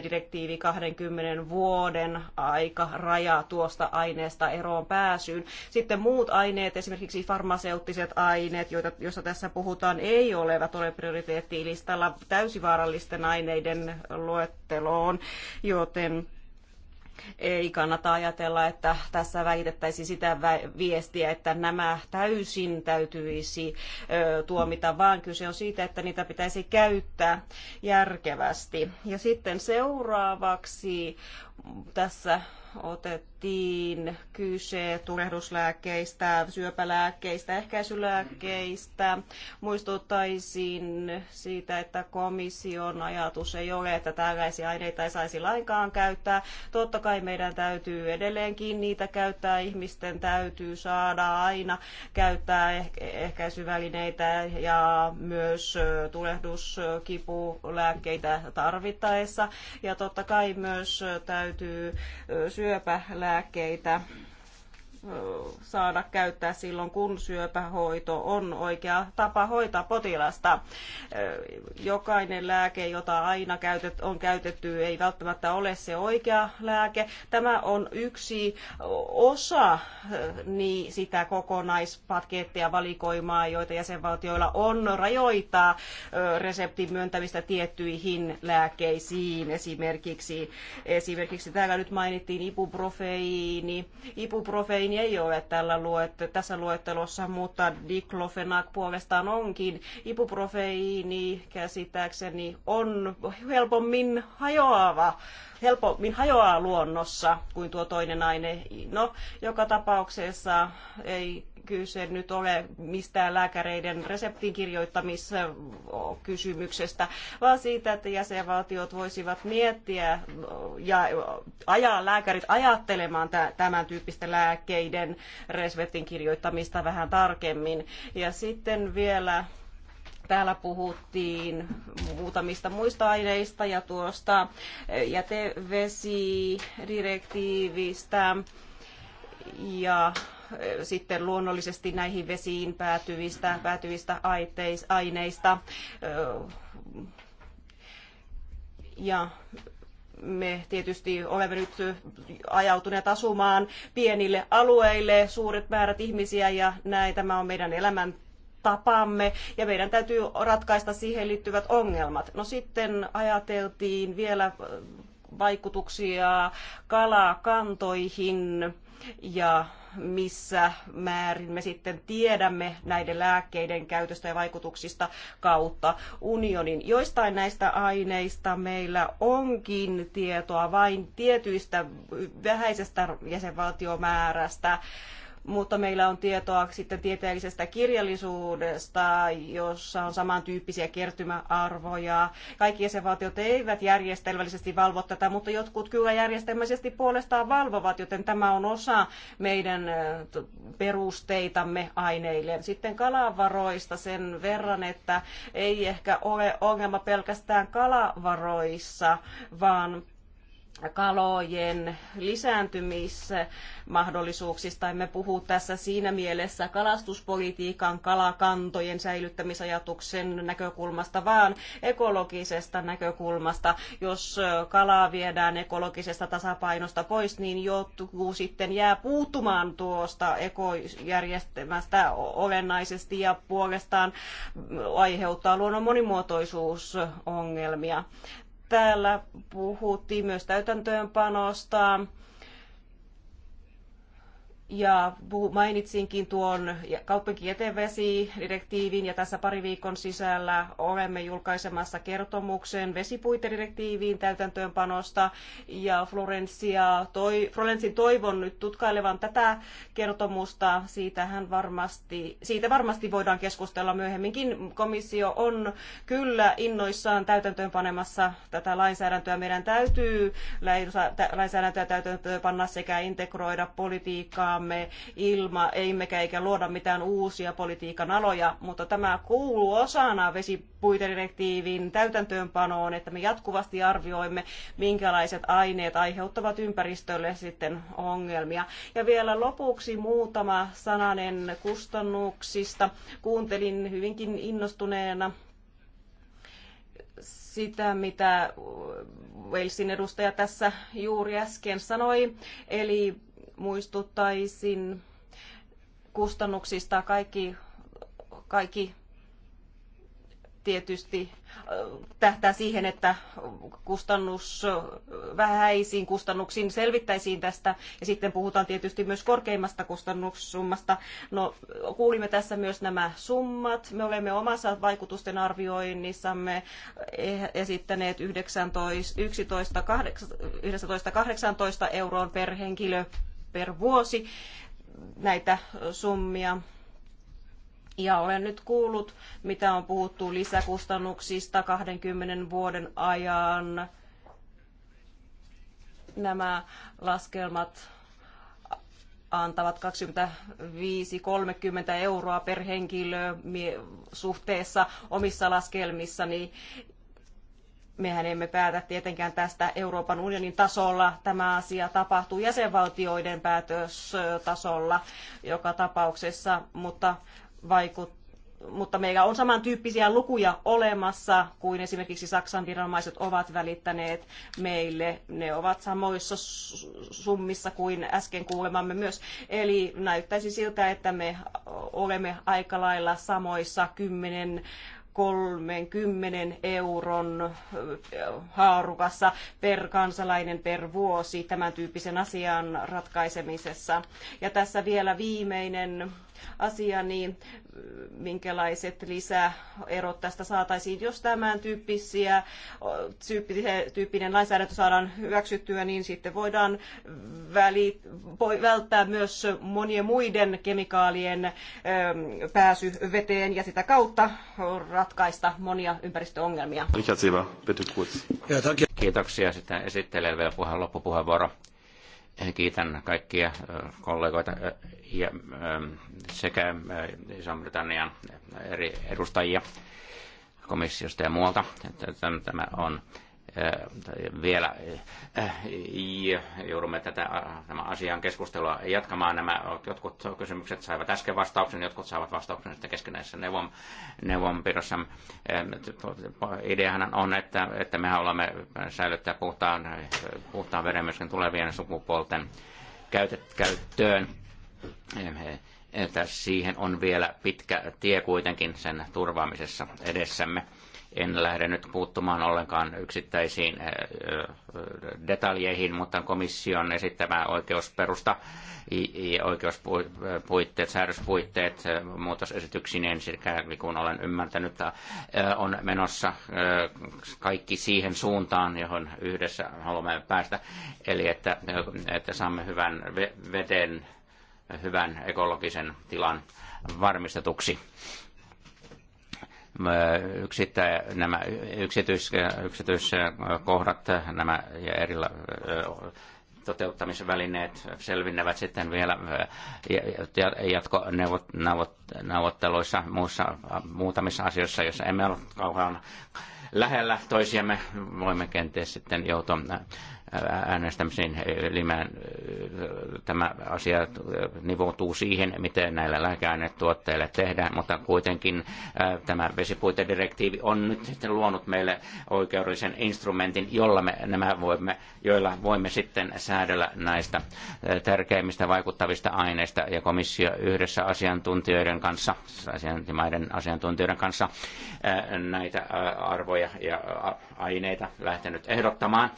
direktiivi 20 vuoden aika raja tuosta aineesta eroon pääsyyn. Sitten muut aineet, esimerkiksi farmaseuttiset aineet, joita, joista tässä puhutaan, ei ole, ole prioriteettilistalla täysivaarallisten aineiden luetteloon, joten ei kannata ajatella, että tässä väitettäisiin sitä viestiä, että nämä täysin täytyisi tuomita, vaan kyse on siitä, että niitä pitäisi käyttää järkevästi. Ja sitten seuraavaksi tässä otetaan puhuttiin kyse tulehduslääkkeistä, syöpälääkkeistä, ehkäisylääkkeistä. Muistuttaisin siitä, että komission ajatus ei ole, että tällaisia aineita ei saisi lainkaan käyttää. Totta kai meidän täytyy edelleenkin niitä käyttää. Ihmisten täytyy saada aina käyttää eh-, ehkäisyvälineitä ja myös tulehduskipulääkkeitä tarvittaessa. Ja totta kai myös täytyy syöpälääkkeitä lääkkeitä saada käyttää silloin, kun syöpähoito on oikea tapa hoitaa potilasta. Jokainen lääke, jota aina on käytetty, ei välttämättä ole se oikea lääke. Tämä on yksi osa niin sitä kokonaispakettia valikoimaa, joita jäsenvaltioilla on rajoittaa reseptin myöntämistä tiettyihin lääkkeisiin. Esimerkiksi, esimerkiksi täällä nyt mainittiin ibuprofeiini, ibuprofeiini niin ei ole tällä luette, tässä luettelossa, mutta diklofenak puolestaan onkin. Ibuprofeiini käsittääkseni on helpommin hajoava helpommin hajoaa luonnossa kuin tuo toinen aine. No, joka tapauksessa ei kyse nyt ole mistään lääkäreiden reseptin kysymyksestä, vaan siitä, että jäsenvaltiot voisivat miettiä ja ajaa lääkärit ajattelemaan tämän tyyppistä lääkkeiden reseptin kirjoittamista vähän tarkemmin. Ja sitten vielä täällä puhuttiin muutamista muista aineista ja tuosta jätevesidirektiivistä ja sitten luonnollisesti näihin vesiin päätyvistä, päätyvistä aiteis, aineista. Ja me tietysti olemme nyt ajautuneet asumaan pienille alueille, suuret määrät ihmisiä ja näin tämä on meidän elämän tapamme ja meidän täytyy ratkaista siihen liittyvät ongelmat. No sitten ajateltiin vielä vaikutuksia kalakantoihin ja missä määrin me sitten tiedämme näiden lääkkeiden käytöstä ja vaikutuksista kautta unionin. Joistain näistä aineista meillä onkin tietoa vain tietyistä vähäisestä jäsenvaltiomäärästä mutta meillä on tietoa sitten tieteellisestä kirjallisuudesta, jossa on samantyyppisiä kertymäarvoja. Kaikki jäsenvaltiot eivät järjestelmällisesti valvo tätä, mutta jotkut kyllä järjestelmällisesti puolestaan valvovat, joten tämä on osa meidän perusteitamme aineille. Sitten kalavaroista sen verran, että ei ehkä ole ongelma pelkästään kalavaroissa, vaan kalojen lisääntymismahdollisuuksista. Emme puhu tässä siinä mielessä kalastuspolitiikan kalakantojen säilyttämisajatuksen näkökulmasta, vaan ekologisesta näkökulmasta. Jos kalaa viedään ekologisesta tasapainosta pois, niin joku sitten jää puuttumaan tuosta ekojärjestelmästä olennaisesti ja puolestaan aiheuttaa luonnon monimuotoisuusongelmia. Täällä puhuttiin myös täytäntöönpanosta ja mainitsinkin tuon kaupunkijätevesidirektiivin ja tässä pari viikon sisällä olemme julkaisemassa kertomuksen vesipuitedirektiiviin täytäntöönpanosta ja Florencia toi, Florensin toivon nyt tutkailevan tätä kertomusta. Siitähän varmasti, siitä varmasti voidaan keskustella myöhemminkin. Komissio on kyllä innoissaan täytäntöönpanemassa tätä lainsäädäntöä. Meidän täytyy lainsäädäntöä täytäntöönpanna sekä integroida politiikkaa politiikkaamme ilma, emmekä eikä luoda mitään uusia politiikan aloja, mutta tämä kuuluu osana vesipuitedirektiivin täytäntöönpanoon, että me jatkuvasti arvioimme, minkälaiset aineet aiheuttavat ympäristölle sitten ongelmia. Ja vielä lopuksi muutama sananen kustannuksista. Kuuntelin hyvinkin innostuneena sitä, mitä Walesin edustaja tässä juuri äsken sanoi. Eli muistuttaisin kustannuksista. Kaikki, kaikki tietysti äh, tähtää siihen, että kustannus, äh, vähäisiin kustannuksiin selvittäisiin tästä. Ja sitten puhutaan tietysti myös korkeimmasta kustannussummasta. No, kuulimme tässä myös nämä summat. Me olemme omassa vaikutusten arvioinnissamme eh, esittäneet 19, 11, 18, 19, 18 euroon per henkilö per vuosi näitä summia. Ja olen nyt kuullut, mitä on puhuttu lisäkustannuksista 20 vuoden ajan. Nämä laskelmat antavat 25-30 euroa per henkilö suhteessa omissa laskelmissani mehän emme päätä tietenkään tästä Euroopan unionin tasolla. Tämä asia tapahtuu jäsenvaltioiden päätöstasolla joka tapauksessa, mutta vaikuttaa mutta meillä on samantyyppisiä lukuja olemassa kuin esimerkiksi Saksan viranomaiset ovat välittäneet meille. Ne ovat samoissa summissa kuin äsken kuulemamme myös. Eli näyttäisi siltä, että me olemme aika lailla samoissa kymmenen 30 euron haarukassa per kansalainen per vuosi tämän tyyppisen asian ratkaisemisessa. Ja tässä vielä viimeinen asia, niin minkälaiset lisäerot tästä saataisiin, jos tämän tyyppisiä, tyyppinen lainsäädäntö saadaan hyväksyttyä, niin sitten voidaan väli, voi välttää myös monien muiden kemikaalien ähm, pääsy veteen ja sitä kautta ratkaista monia ympäristöongelmia. Richard Kiitoksia. sitä esittelevä puheen loppupuheenvuoro. Kiitän kaikkia kollegoita ja sekä Iso-Britannian eri edustajia komissiosta ja muualta. Tämä on Äh, vielä äh, äh, joudumme tätä, tämän asian keskustelua jatkamaan. Nämä jotkut kysymykset saivat äsken vastauksen, jotkut saavat vastauksen sitten keskenäisessä neuvon, neuvonpidossa. Ideahan on, että, että me haluamme säilyttää puhtaan, puhtaan veden myöskin tulevien sukupuolten käyttöön että siihen on vielä pitkä tie kuitenkin sen turvaamisessa edessämme. En lähde nyt puuttumaan ollenkaan yksittäisiin eh, eh, detaljeihin, mutta komission esittämä oikeusperusta ja oikeuspuitteet, säädöspuitteet eh, muutosesityksineen, sikäli kun olen ymmärtänyt, on menossa kaikki siihen suuntaan, johon yhdessä haluamme päästä. Eli että, että saamme hyvän veden, hyvän ekologisen tilan varmistetuksi yksittä, nämä yksityis, yksityiskohdat nämä ja erillä, toteuttamisvälineet selvinnevät sitten vielä jatkoneuvotteluissa muussa, muutamissa asioissa, joissa emme ole kauhean lähellä toisiamme, voimme kenties sitten joutua äänestämisen limään. Äh, tämä asia nivoutuu siihen, miten näillä lääkeainetuotteilla tehdään, mutta kuitenkin äh, tämä vesipuitedirektiivi on nyt sitten luonut meille oikeudellisen instrumentin, jolla me nämä voimme, joilla voimme sitten säädellä näistä äh, tärkeimmistä vaikuttavista aineista ja komissio yhdessä asiantuntijoiden kanssa, asiantimaiden asiantuntijoiden kanssa näitä arvoja ja aineita lähtenyt ehdottamaan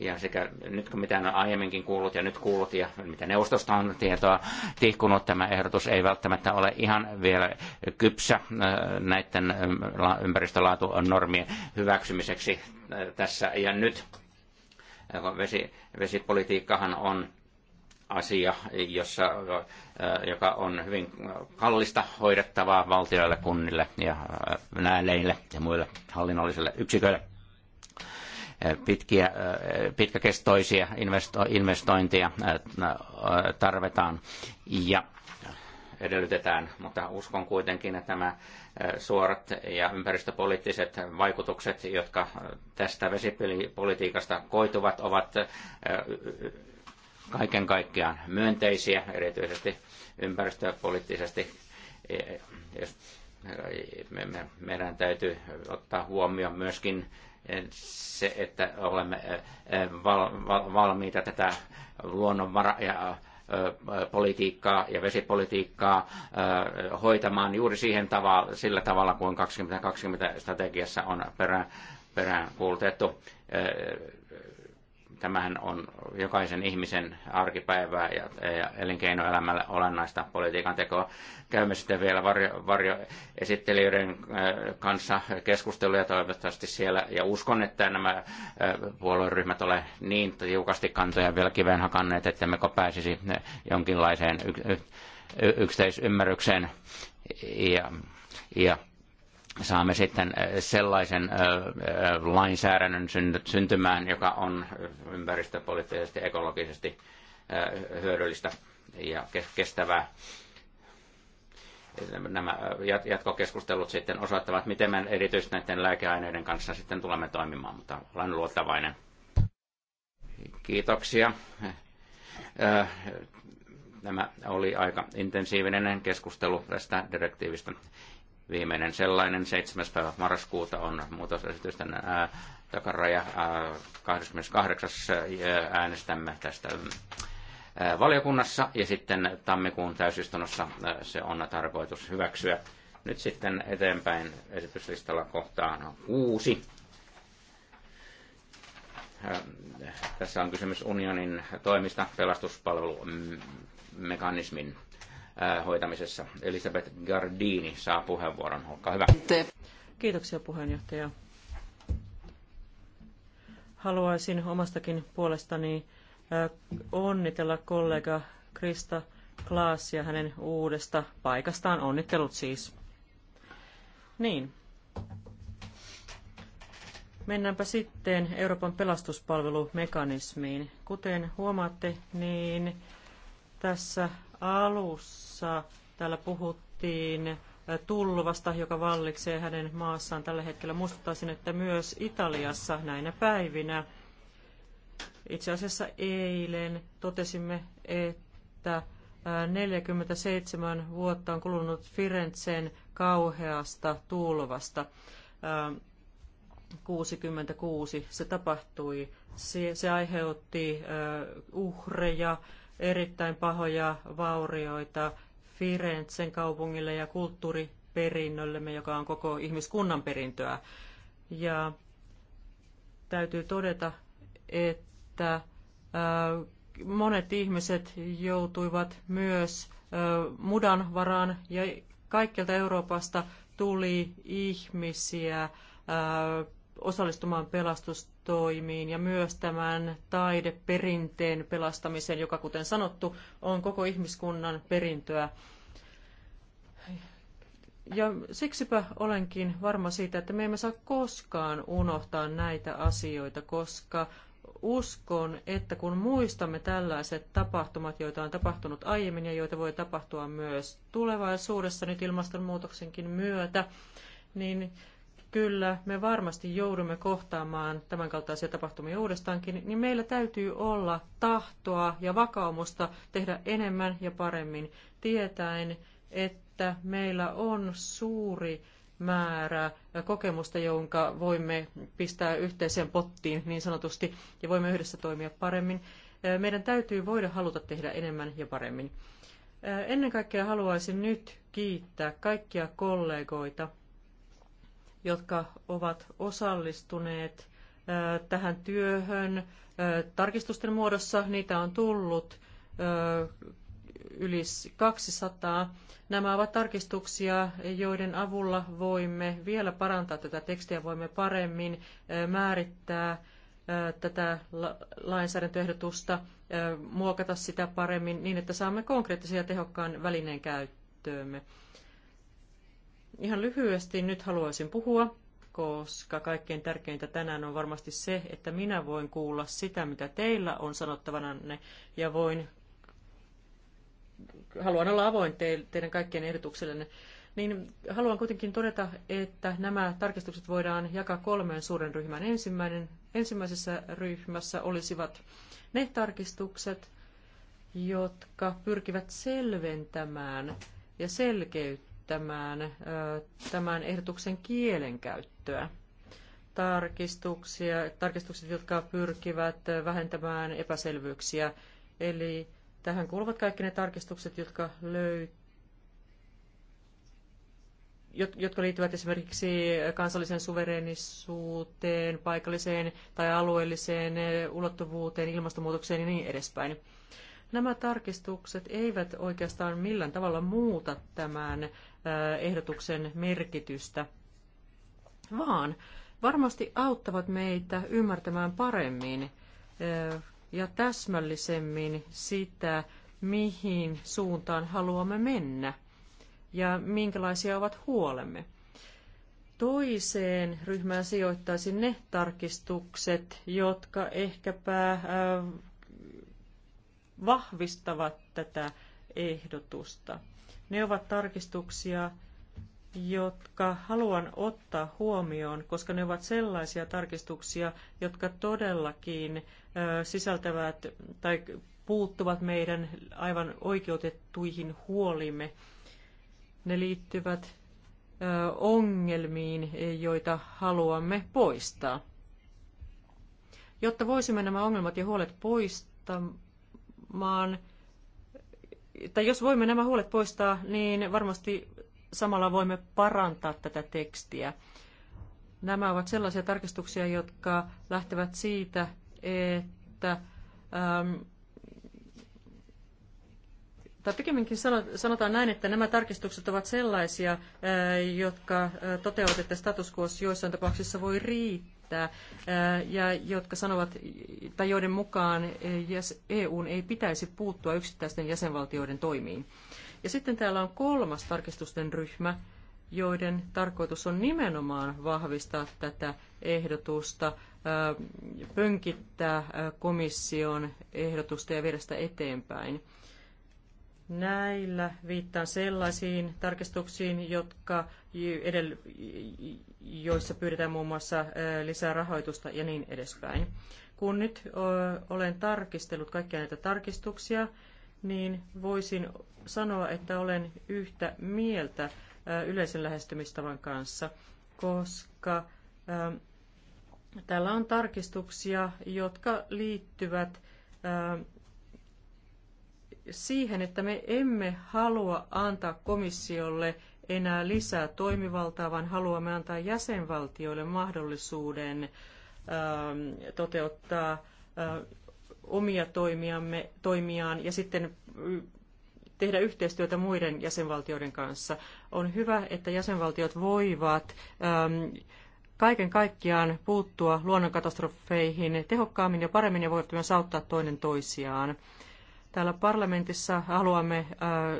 ja sekä nyt kun mitä on aiemminkin kuullut ja nyt kuullut ja mitä neuvostosta on tietoa tihkunut, tämä ehdotus ei välttämättä ole ihan vielä kypsä äh, näiden äh, ympäristölaatunormien hyväksymiseksi äh, tässä ja nyt. Vesi, vesipolitiikkahan on asia, jossa, joka on hyvin kallista hoidettavaa valtioille, kunnille ja näleille ja muille hallinnollisille yksiköille pitkiä, äh, pitkäkestoisia investointeja äh, tarvitaan ja edellytetään, mutta uskon kuitenkin, että nämä äh, suorat ja ympäristöpoliittiset vaikutukset, jotka tästä vesipolitiikasta koituvat, ovat kaiken kaikkiaan myönteisiä, erityisesti ympäristöpoliittisesti meidän täytyy ottaa huomioon myöskin se, että olemme valmiita tätä luonnonvara- ja politiikkaa ja vesipolitiikkaa hoitamaan juuri siihen tavalla, sillä tavalla kuin 2020 strategiassa on perään, perään kuultettu Tämähän on jokaisen ihmisen arkipäivää ja, ja elinkeinoelämälle olennaista politiikan tekoa. Käymme sitten vielä varjo, varjoesittelijöiden äh, kanssa keskusteluja toivottavasti siellä. Ja uskon, että nämä äh, puolueryhmät ole niin tiukasti kantoja vielä kiveen hakanneet, että me pääsisi äh, jonkinlaiseen y- y- yksiteisymmärrykseen. Ja, ja saamme sitten äh, sellaisen äh, äh, lainsäädännön syntymään, joka on ympäristöpoliittisesti, ekologisesti hyödyllistä ja kestävää. Nämä jatkokeskustelut sitten osoittavat, miten me erityisesti näiden lääkeaineiden kanssa sitten tulemme toimimaan, mutta olen luottavainen. Kiitoksia. Tämä oli aika intensiivinen keskustelu tästä direktiivistä Viimeinen sellainen 7. päivä marraskuuta on muutosesitysten ää, takaraja. Ää, 28. äänestämme tästä ää, valiokunnassa ja sitten tammikuun täysistunnossa ää, se on tarkoitus hyväksyä. Nyt sitten eteenpäin esityslistalla kohtaan kuusi. Tässä on kysymys unionin toimista pelastuspalvelumekanismin hoitamisessa. Elisabeth Gardini saa puheenvuoron. Olkaa hyvä. Kiitoksia puheenjohtaja. Haluaisin omastakin puolestani onnitella kollega Krista Klaasia hänen uudesta paikastaan. Onnittelut siis. Niin. Mennäänpä sitten Euroopan pelastuspalvelumekanismiin. Kuten huomaatte, niin tässä alussa täällä puhuttiin tulvasta, joka vallitsee hänen maassaan tällä hetkellä. Muistuttaisin, että myös Italiassa näinä päivinä, itse asiassa eilen, totesimme, että 47 vuotta on kulunut Firenzen kauheasta tulvasta. 66 se tapahtui. Se, se aiheutti uhreja, erittäin pahoja vaurioita Firenzen kaupungille ja kulttuuriperinnöllemme, joka on koko ihmiskunnan perintöä. Ja täytyy todeta, että äh, monet ihmiset joutuivat myös äh, mudan varaan ja kaikkelta Euroopasta tuli ihmisiä äh, osallistumaan pelastus toimiin ja myös tämän taideperinteen pelastamiseen, joka kuten sanottu on koko ihmiskunnan perintöä. Ja siksipä olenkin varma siitä, että me emme saa koskaan unohtaa näitä asioita, koska uskon, että kun muistamme tällaiset tapahtumat, joita on tapahtunut aiemmin ja joita voi tapahtua myös tulevaisuudessa nyt ilmastonmuutoksenkin myötä, niin kyllä me varmasti joudumme kohtaamaan tämänkaltaisia tapahtumia uudestaankin, niin meillä täytyy olla tahtoa ja vakaumusta tehdä enemmän ja paremmin, tietäen, että meillä on suuri määrä kokemusta, jonka voimme pistää yhteiseen pottiin niin sanotusti, ja voimme yhdessä toimia paremmin. Meidän täytyy voida haluta tehdä enemmän ja paremmin. Ennen kaikkea haluaisin nyt kiittää kaikkia kollegoita jotka ovat osallistuneet tähän työhön tarkistusten muodossa. Niitä on tullut yli 200. Nämä ovat tarkistuksia, joiden avulla voimme vielä parantaa tätä tekstiä, voimme paremmin määrittää tätä lainsäädäntöehdotusta, muokata sitä paremmin niin, että saamme konkreettisia tehokkaan välineen käyttöömme. Ihan lyhyesti nyt haluaisin puhua, koska kaikkein tärkeintä tänään on varmasti se, että minä voin kuulla sitä, mitä teillä on sanottavananne, ja voin, haluan olla avoin teidän kaikkien ehdotuksellenne niin haluan kuitenkin todeta, että nämä tarkistukset voidaan jakaa kolmeen suuren ryhmään. Ensimmäinen, ensimmäisessä ryhmässä olisivat ne tarkistukset, jotka pyrkivät selventämään ja selkeyttämään selkeyttämään tämän ehdotuksen kielenkäyttöä. Tarkistuksia, tarkistukset, jotka pyrkivät vähentämään epäselvyyksiä. Eli tähän kuuluvat kaikki ne tarkistukset, jotka löytyvät jotka liittyvät esimerkiksi kansalliseen suvereenisuuteen, paikalliseen tai alueelliseen ulottuvuuteen, ilmastonmuutokseen ja niin edespäin. Nämä tarkistukset eivät oikeastaan millään tavalla muuta tämän ehdotuksen merkitystä, vaan varmasti auttavat meitä ymmärtämään paremmin ja täsmällisemmin sitä, mihin suuntaan haluamme mennä ja minkälaisia ovat huolemme. Toiseen ryhmään sijoittaisin ne tarkistukset, jotka ehkäpä vahvistavat tätä ehdotusta. Ne ovat tarkistuksia, jotka haluan ottaa huomioon, koska ne ovat sellaisia tarkistuksia, jotka todellakin sisältävät tai puuttuvat meidän aivan oikeutettuihin huolimme. Ne liittyvät ongelmiin, joita haluamme poistaa. Jotta voisimme nämä ongelmat ja huolet poistaa, varmaan, tai jos voimme nämä huolet poistaa, niin varmasti samalla voimme parantaa tätä tekstiä. Nämä ovat sellaisia tarkistuksia, jotka lähtevät siitä, että ähm, tai pikemminkin sanotaan näin, että nämä tarkistukset ovat sellaisia, äh, jotka äh, toteavat, että status quo joissain tapauksissa voi riittää esittää ja jotka sanovat, tai joiden mukaan EUn ei pitäisi puuttua yksittäisten jäsenvaltioiden toimiin. Ja sitten täällä on kolmas tarkistusten ryhmä, joiden tarkoitus on nimenomaan vahvistaa tätä ehdotusta, pönkittää komission ehdotusta ja viedä sitä eteenpäin. Näillä viittaan sellaisiin tarkistuksiin, jotka edellä, joissa pyydetään muun muassa lisää rahoitusta ja niin edespäin. Kun nyt olen tarkistellut kaikkia näitä tarkistuksia, niin voisin sanoa, että olen yhtä mieltä yleisen lähestymistavan kanssa, koska täällä on tarkistuksia, jotka liittyvät siihen, että me emme halua antaa komissiolle enää lisää toimivaltaa, vaan haluamme antaa jäsenvaltioille mahdollisuuden ähm, toteuttaa äh, omia toimiamme, toimiaan ja sitten äh, tehdä yhteistyötä muiden jäsenvaltioiden kanssa. On hyvä, että jäsenvaltiot voivat ähm, kaiken kaikkiaan puuttua luonnonkatastrofeihin tehokkaammin ja paremmin ja voivat myös auttaa toinen toisiaan. Täällä parlamentissa haluamme äh,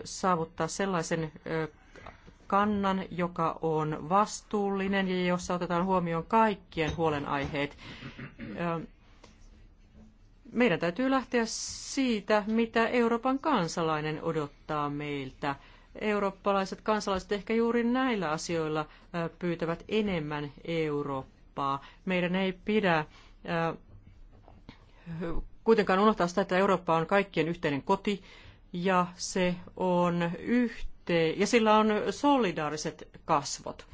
saavuttaa sellaisen äh, kannan, joka on vastuullinen ja jossa otetaan huomioon kaikkien huolenaiheet. Äh, meidän täytyy lähteä siitä, mitä Euroopan kansalainen odottaa meiltä. Eurooppalaiset kansalaiset ehkä juuri näillä asioilla pyytävät enemmän Eurooppaa. Meidän ei pidä kuitenkaan unohtaa sitä, että Eurooppa on kaikkien yhteinen koti ja se on yhte ja sillä on solidaariset kasvot.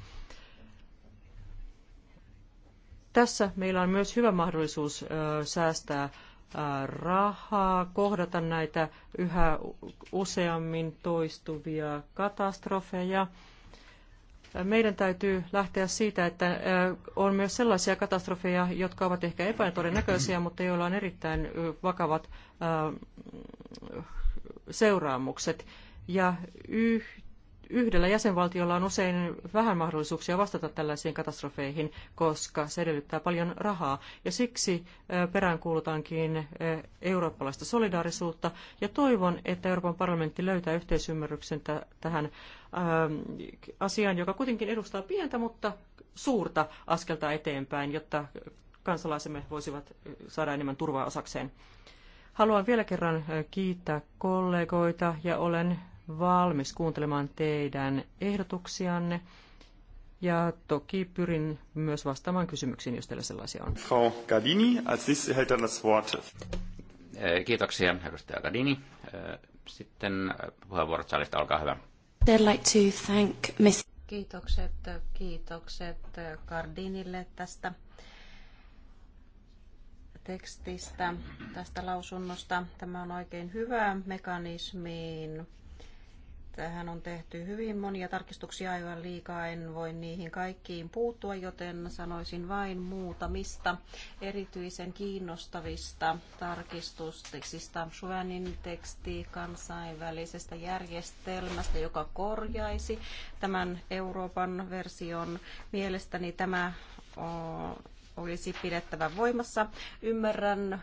Tässä meillä on myös hyvä mahdollisuus säästää rahaa, kohdata näitä yhä useammin toistuvia katastrofeja – meidän täytyy lähteä siitä, että on myös sellaisia katastrofeja, jotka ovat ehkä epätodennäköisiä, mutta joilla on erittäin vakavat seuraamukset. Ja yh yhdellä jäsenvaltiolla on usein vähän mahdollisuuksia vastata tällaisiin katastrofeihin, koska se edellyttää paljon rahaa. Ja siksi peräänkuulutankin eurooppalaista solidaarisuutta ja toivon, että Euroopan parlamentti löytää yhteisymmärryksen tähän asiaan, joka kuitenkin edustaa pientä, mutta suurta askelta eteenpäin, jotta kansalaisemme voisivat saada enemmän turvaa osakseen. Haluan vielä kerran kiittää kollegoita ja olen valmis kuuntelemaan teidän ehdotuksianne. Ja toki pyrin myös vastaamaan kysymyksiin, jos teillä sellaisia on. Frau Gardini, als nächstes hält er das Wort. Eh, kiitoksia, edustaja Gardini. Eh, sitten puheenvuorot salista, olkaa hyvä. like to thank Miss... Kiitokset, kiitokset Gardinille tästä tekstistä, tästä lausunnosta. Tämä on oikein hyvä mekanismiin Tähän on tehty hyvin monia tarkistuksia aivan liikaa, en voi niihin kaikkiin puuttua, joten sanoisin vain muutamista erityisen kiinnostavista tarkistuksista. Suvanin teksti kansainvälisestä järjestelmästä, joka korjaisi tämän Euroopan version. Mielestäni tämä olisi pidettävä voimassa. Ymmärrän,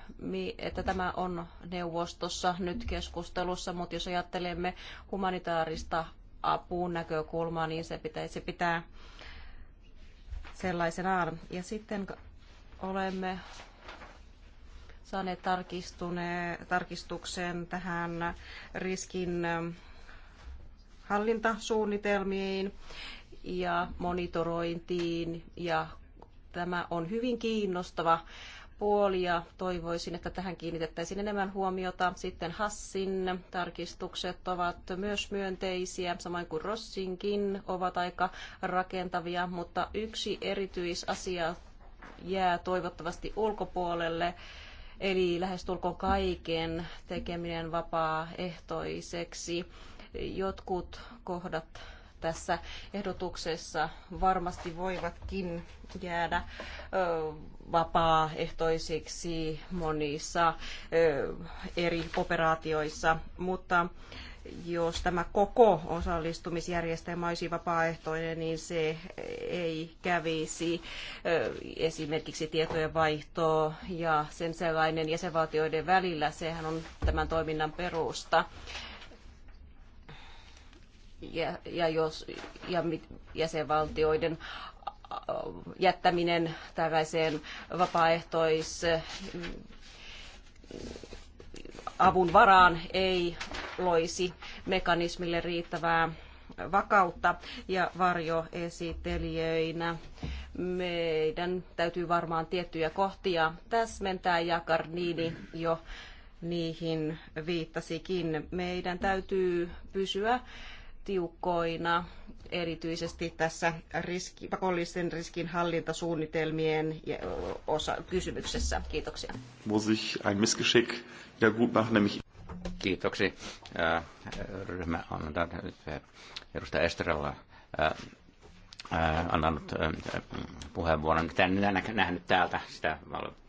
että tämä on neuvostossa nyt keskustelussa, mutta jos ajattelemme humanitaarista apuun näkökulmaa, niin se pitäisi pitää sellaisenaan. Ja sitten olemme saaneet tarkistuksen tähän riskin ähm, hallintasuunnitelmiin ja monitorointiin ja Tämä on hyvin kiinnostava puoli ja toivoisin, että tähän kiinnitettäisiin enemmän huomiota. Sitten Hassin tarkistukset ovat myös myönteisiä, samoin kuin Rossinkin ovat aika rakentavia, mutta yksi erityisasia jää toivottavasti ulkopuolelle. Eli lähestulkoon kaiken tekeminen vapaaehtoiseksi. Jotkut kohdat tässä ehdotuksessa varmasti voivatkin jäädä vapaaehtoisiksi monissa eri operaatioissa, mutta jos tämä koko osallistumisjärjestelmä olisi vapaaehtoinen, niin se ei kävisi esimerkiksi tietojen vaihtoa ja sen sellainen jäsenvaltioiden välillä. Sehän on tämän toiminnan perusta ja, ja, jos, ja jäsenvaltioiden jättäminen tällaiseen vapaaehtois mm, avun varaan ei loisi mekanismille riittävää vakautta ja varjoesittelijöinä. Meidän täytyy varmaan tiettyjä kohtia täsmentää ja Karniini jo niihin viittasikin. Meidän täytyy pysyä tiukkoina, erityisesti tässä riski, pakollisten hallintasuunnitelmien osa, kysymyksessä. Kiitoksia. Muss ich ein Missgeschick ja gut machen, nämlich... Äh, ryhmä on äh, edustaja Estrella äh, annanut puheenvuoron. En nähnyt täältä sitä,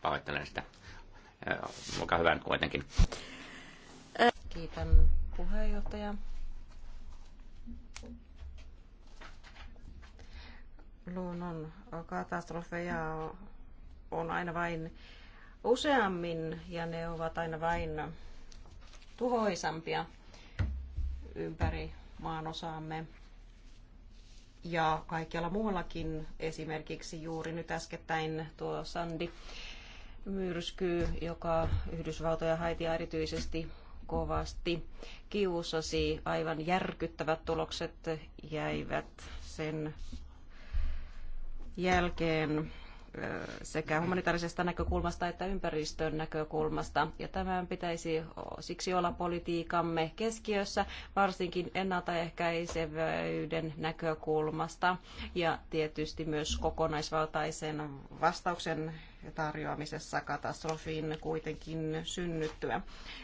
pahoittelen sitä. Olkaa hyvä kuitenkin. Kiitän puheenjohtaja. luonnon katastrofeja on aina vain useammin ja ne ovat aina vain tuhoisampia ympäri maanosaamme ja kaikkialla muuallakin, esimerkiksi juuri nyt äskettäin tuo Sandi myrsky, joka Yhdysvaltoja haitia erityisesti kovasti kiusasi. Aivan järkyttävät tulokset jäivät sen jälkeen sekä humanitaarisesta näkökulmasta että ympäristön näkökulmasta. Ja tämän pitäisi siksi olla politiikamme keskiössä, varsinkin ennaltaehkäisevyyden näkökulmasta ja tietysti myös kokonaisvaltaisen vastauksen tarjoamisessa katastrofin kuitenkin synnyttyä.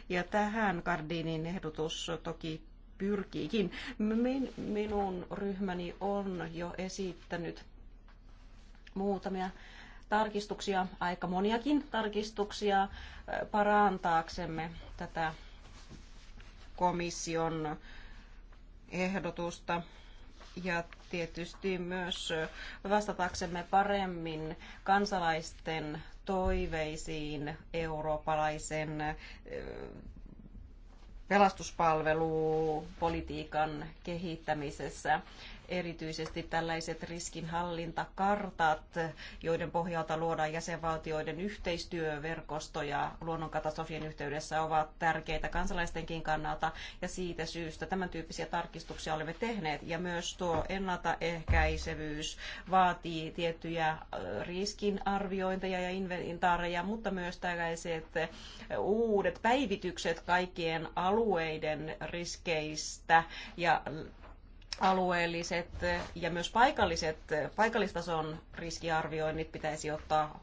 Ja tähän Gardinin ehdotus toki pyrkiikin. Minun ryhmäni on jo esittänyt muutamia tarkistuksia, aika moniakin tarkistuksia parantaaksemme tätä komission ehdotusta ja tietysti myös vastataksemme paremmin kansalaisten toiveisiin eurooppalaisen pelastuspalvelupolitiikan kehittämisessä erityisesti tällaiset riskinhallintakartat, joiden pohjalta luodaan jäsenvaltioiden yhteistyöverkostoja luonnonkatastrofien yhteydessä ovat tärkeitä kansalaistenkin kannalta ja siitä syystä tämän tyyppisiä tarkistuksia olemme tehneet ja myös tuo ennaltaehkäisevyys vaatii tiettyjä äh, riskinarviointeja ja inventaareja, mutta myös tällaiset äh, uudet päivitykset kaikkien alueiden riskeistä ja alueelliset ja myös paikalliset, paikallistason riskiarvioinnit pitäisi ottaa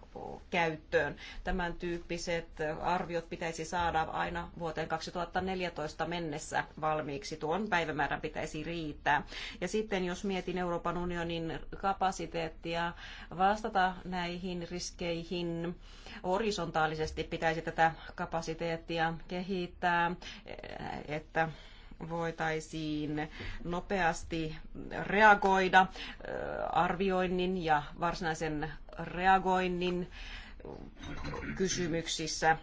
käyttöön. Tämän tyyppiset arviot pitäisi saada aina vuoteen 2014 mennessä valmiiksi. Tuon päivämäärän pitäisi riittää. Ja sitten jos mietin Euroopan unionin kapasiteettia vastata näihin riskeihin, horisontaalisesti pitäisi tätä kapasiteettia kehittää, että voitaisiin nopeasti reagoida arvioinnin ja varsinaisen reagoinnin kysymyksissä.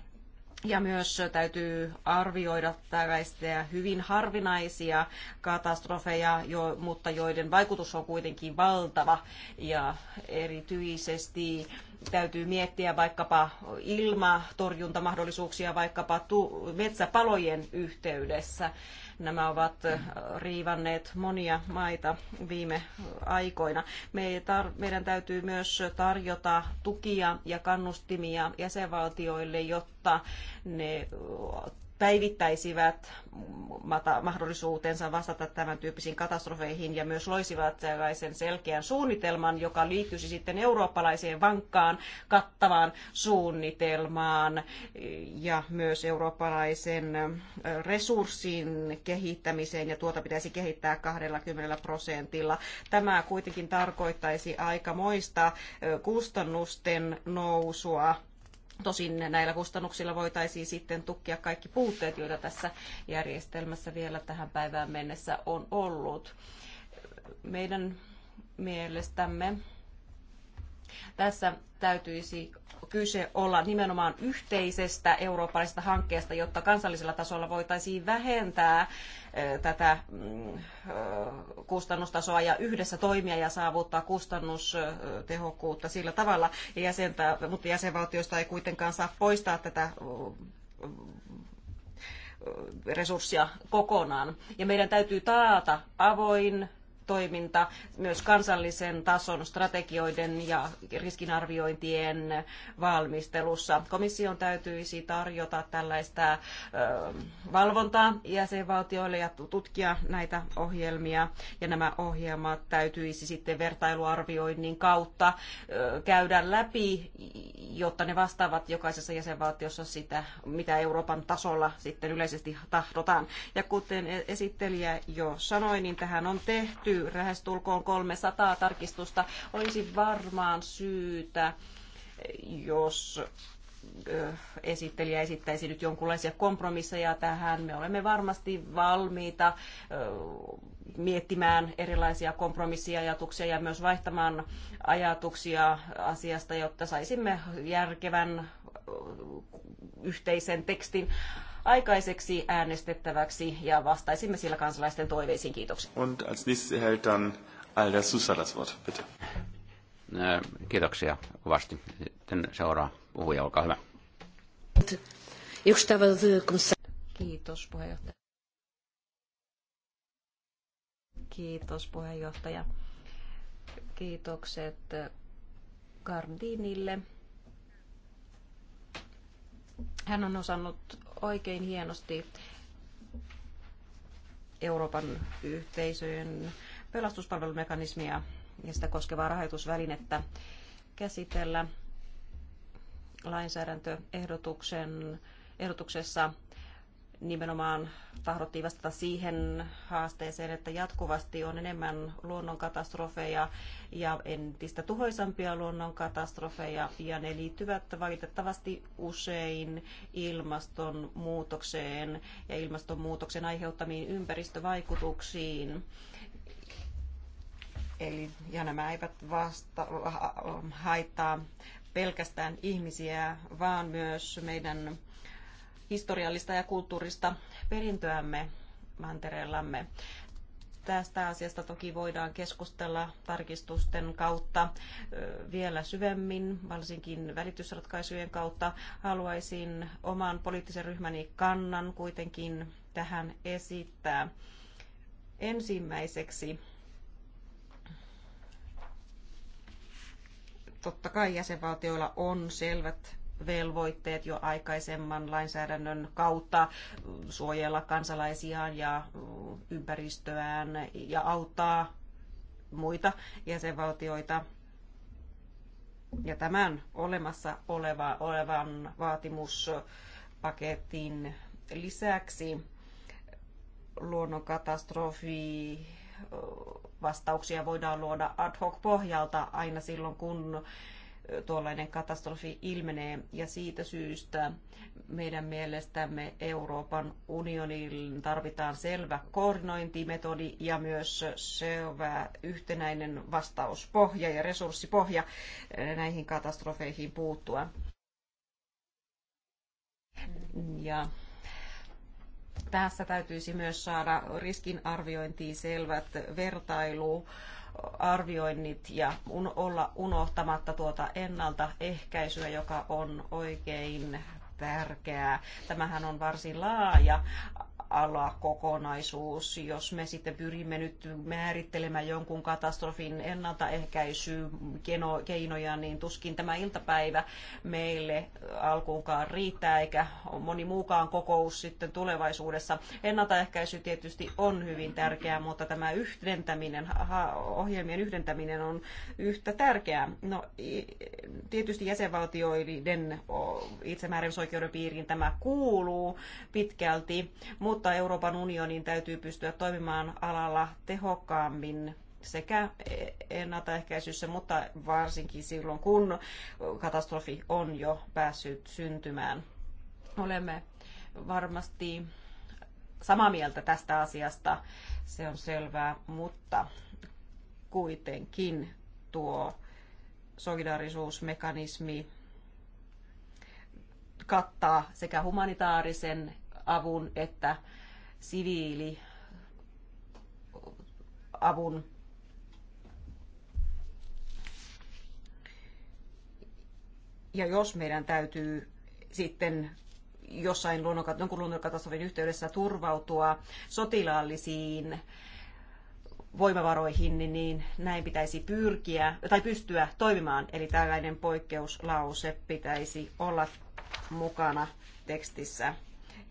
Ja myös täytyy arvioida tällaisia hyvin harvinaisia katastrofeja, jo, mutta joiden vaikutus on kuitenkin valtava. Ja erityisesti Täytyy miettiä vaikkapa ilmatorjuntamahdollisuuksia vaikkapa tu- metsäpalojen yhteydessä. Nämä ovat äh, riivanneet monia maita viime aikoina. meidän täytyy myös tarjota tukia ja kannustimia jäsenvaltioille, jotta ne päivittäisivät mahdollisuutensa vastata tämän tyyppisiin katastrofeihin ja myös loisivat sellaisen selkeän suunnitelman, joka liittyisi sitten eurooppalaiseen vankkaan kattavaan suunnitelmaan ja myös eurooppalaisen resurssin kehittämiseen ja tuota pitäisi kehittää 20 prosentilla. Tämä kuitenkin tarkoittaisi aikamoista kustannusten nousua Tosin näillä kustannuksilla voitaisiin sitten tukkia kaikki puutteet, joita tässä järjestelmässä vielä tähän päivään mennessä on ollut. Meidän mielestämme tässä täytyisi kyse olla nimenomaan yhteisestä eurooppalaisesta hankkeesta, jotta kansallisella tasolla voitaisiin vähentää tätä mm, kustannustasoa ja yhdessä toimia ja saavuttaa kustannustehokkuutta sillä tavalla, ja mutta jäsenvaltioista ei kuitenkaan saa poistaa tätä resurssia kokonaan. Ja meidän täytyy taata avoin toiminta myös kansallisen tason strategioiden ja riskinarviointien valmistelussa. Komission täytyisi tarjota tällaista valvontaa jäsenvaltioille ja tutkia näitä ohjelmia. Ja nämä ohjelmat täytyisi sitten vertailuarvioinnin kautta käydä läpi, jotta ne vastaavat jokaisessa jäsenvaltiossa sitä, mitä Euroopan tasolla sitten yleisesti tahdotaan. Ja kuten e-, esittelijä jo sanoi, niin tähän on tehty lähestulkoon 300 tarkistusta, olisi varmaan syytä, jos esittelijä esittäisi nyt jonkinlaisia kompromisseja tähän. Me olemme varmasti valmiita miettimään erilaisia kompromissiajatuksia ja myös vaihtamaan ajatuksia asiasta, jotta saisimme järkevän yhteisen tekstin aikaiseksi äänestettäväksi ja vastaisimme sillä kansalaisten toiveisiin. Kiitoksia. Und als nächstes erhält dann Alda Susa das Wort, bitte. Kiitoksia kovasti. Sitten seuraa puhuja, olkaa hyvä. Kiitos puheenjohtaja. Kiitos puheenjohtaja. Kiitokset Gardinille hän on osannut oikein hienosti Euroopan yhteisöjen pelastuspalvelumekanismia ja sitä koskevaa rahoitusvälinettä käsitellä lainsäädäntöehdotuksen ehdotuksessa nimenomaan tahdottiin vastata siihen haasteeseen, että jatkuvasti on enemmän luonnonkatastrofeja ja entistä tuhoisampia luonnonkatastrofeja ja ne liittyvät valitettavasti usein ilmastonmuutokseen ja ilmastonmuutoksen aiheuttamiin ympäristövaikutuksiin. Eli, ja nämä eivät vasta, haittaa pelkästään ihmisiä, vaan myös meidän historiallista ja kulttuurista perintöämme mantereellamme. Tästä asiasta toki voidaan keskustella tarkistusten kautta vielä syvemmin, varsinkin välitysratkaisujen kautta. Haluaisin oman poliittisen ryhmäni kannan kuitenkin tähän esittää. Ensimmäiseksi totta kai jäsenvaltioilla on selvät velvoitteet jo aikaisemman lainsäädännön kautta suojella kansalaisiaan ja ympäristöään ja auttaa muita jäsenvaltioita. Ja tämän olemassa oleva, olevan vaatimuspaketin lisäksi luonnonkatastrofi vastauksia voidaan luoda ad hoc pohjalta aina silloin, kun tuollainen katastrofi ilmenee ja siitä syystä meidän mielestämme Euroopan unionin tarvitaan selvä koordinointimetodi ja myös selvä yhtenäinen vastauspohja ja resurssipohja eh, näihin katastrofeihin puuttua. Ja tässä täytyisi myös saada riskinarviointiin selvät vertailu arvioinnit ja olla unohtamatta tuota ennaltaehkäisyä, joka on oikein tärkeää. Tämähän on varsin laaja alakokonaisuus. Jos me sitten pyrimme nyt määrittelemään jonkun katastrofin ennaltaehkäisykeinoja, niin tuskin tämä iltapäivä meille alkuunkaan riittää, eikä moni muukaan kokous sitten tulevaisuudessa. Ennaltaehkäisy tietysti on hyvin tärkeää, mutta tämä yhdentäminen, ohjelmien yhdentäminen on yhtä tärkeää. No, tietysti jäsenvaltioiden itsemääräämisoikeuden piiriin tämä kuuluu pitkälti, mutta mutta Euroopan unionin täytyy pystyä toimimaan alalla tehokkaammin sekä ennaltaehkäisyssä, mutta varsinkin silloin, kun katastrofi on jo päässyt syntymään. Olemme varmasti samaa mieltä tästä asiasta, se on selvää, mutta kuitenkin tuo solidarisuusmekanismi kattaa sekä humanitaarisen avun että siviiliavun. Ja jos meidän täytyy sitten jossain luonnonkatastrofin yhteydessä turvautua sotilaallisiin voimavaroihin, niin, niin näin pitäisi pyrkiä tai pystyä toimimaan. Eli tällainen poikkeuslause pitäisi olla mukana tekstissä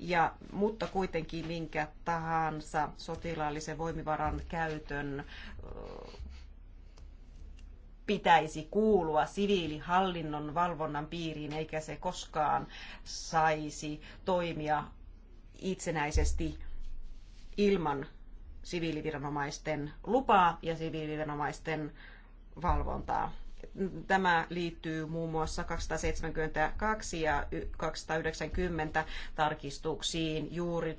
ja, mutta kuitenkin minkä tahansa sotilaallisen voimivaran käytön pitäisi kuulua siviilihallinnon valvonnan piiriin, eikä se koskaan saisi toimia itsenäisesti ilman siviiliviranomaisten lupaa ja siviiliviranomaisten valvontaa. Tämä liittyy muun muassa 272 ja 290 tarkistuksiin juuri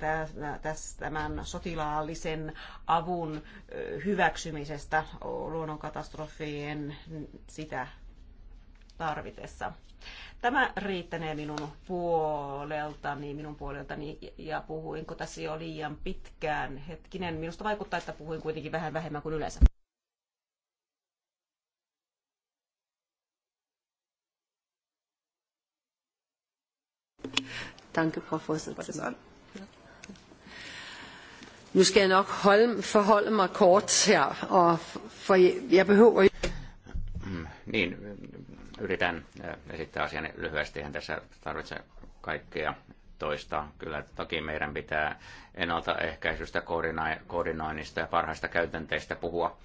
tämän sotilaallisen avun hyväksymisestä luonnonkatastrofien sitä tarvitessa. Tämä riittänee minun puoleltani, minun puoleltani, ja puhuinko tässä jo liian pitkään. Hetkinen, minusta vaikuttaa, että puhuin kuitenkin vähän vähemmän kuin yleensä. Danke, Frau Vorsitzende. Nu skal jeg nok holde, forholde mig kort her, og for jeg behøver... Mm, niin, yritän äh, esittää asian lyhyesti. Eihän tässä tarvitse kaikkea toista. Kyllä toki meidän pitää ennaltaehkäisystä, koordinoinnista ja parhaista käytänteistä puhua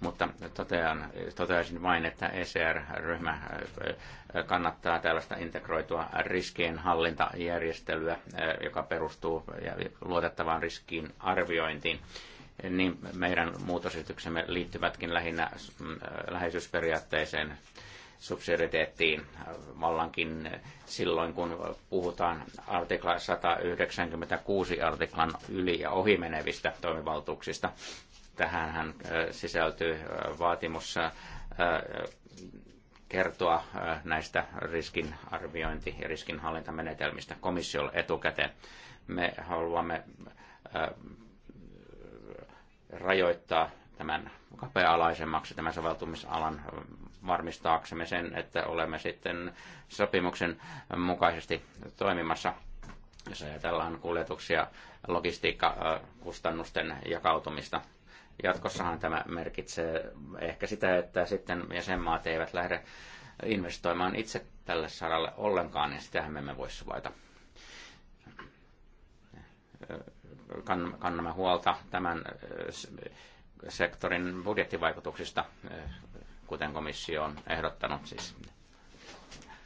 mutta totean, toteaisin vain, että ECR-ryhmä kannattaa tällaista integroitua riskienhallintajärjestelyä, joka perustuu luotettavaan riskiin arviointiin niin meidän muutosesityksemme liittyvätkin lähinnä mm, läheisyysperiaatteeseen subsidiariteettiin vallankin silloin, kun puhutaan artikla 196 artiklan yli ja ohimenevistä toimivaltuuksista. Tähän hän äh, sisältyy äh, vaatimus äh, kertoa näistä riskinarviointi- ja riskinhallintamenetelmistä komissiolle etukäteen. Me haluamme rajoittaa tämän kapea-alaisemmaksi tämän soveltumisalan varmistaaksemme sen, että olemme sitten sopimuksen mukaisesti toimimassa. Jos ajatellaan kuljetuksia, logistiikkakustannusten jakautumista Jatkossahan tämä merkitsee ehkä sitä, että sitten jäsenmaat eivät lähde investoimaan itse tälle saralle ollenkaan, niin sitähän me emme voi suvaita. Kannamme huolta tämän äh, sektorin budjettivaikutuksista, äh, kuten komissio on ehdottanut. Siis äh,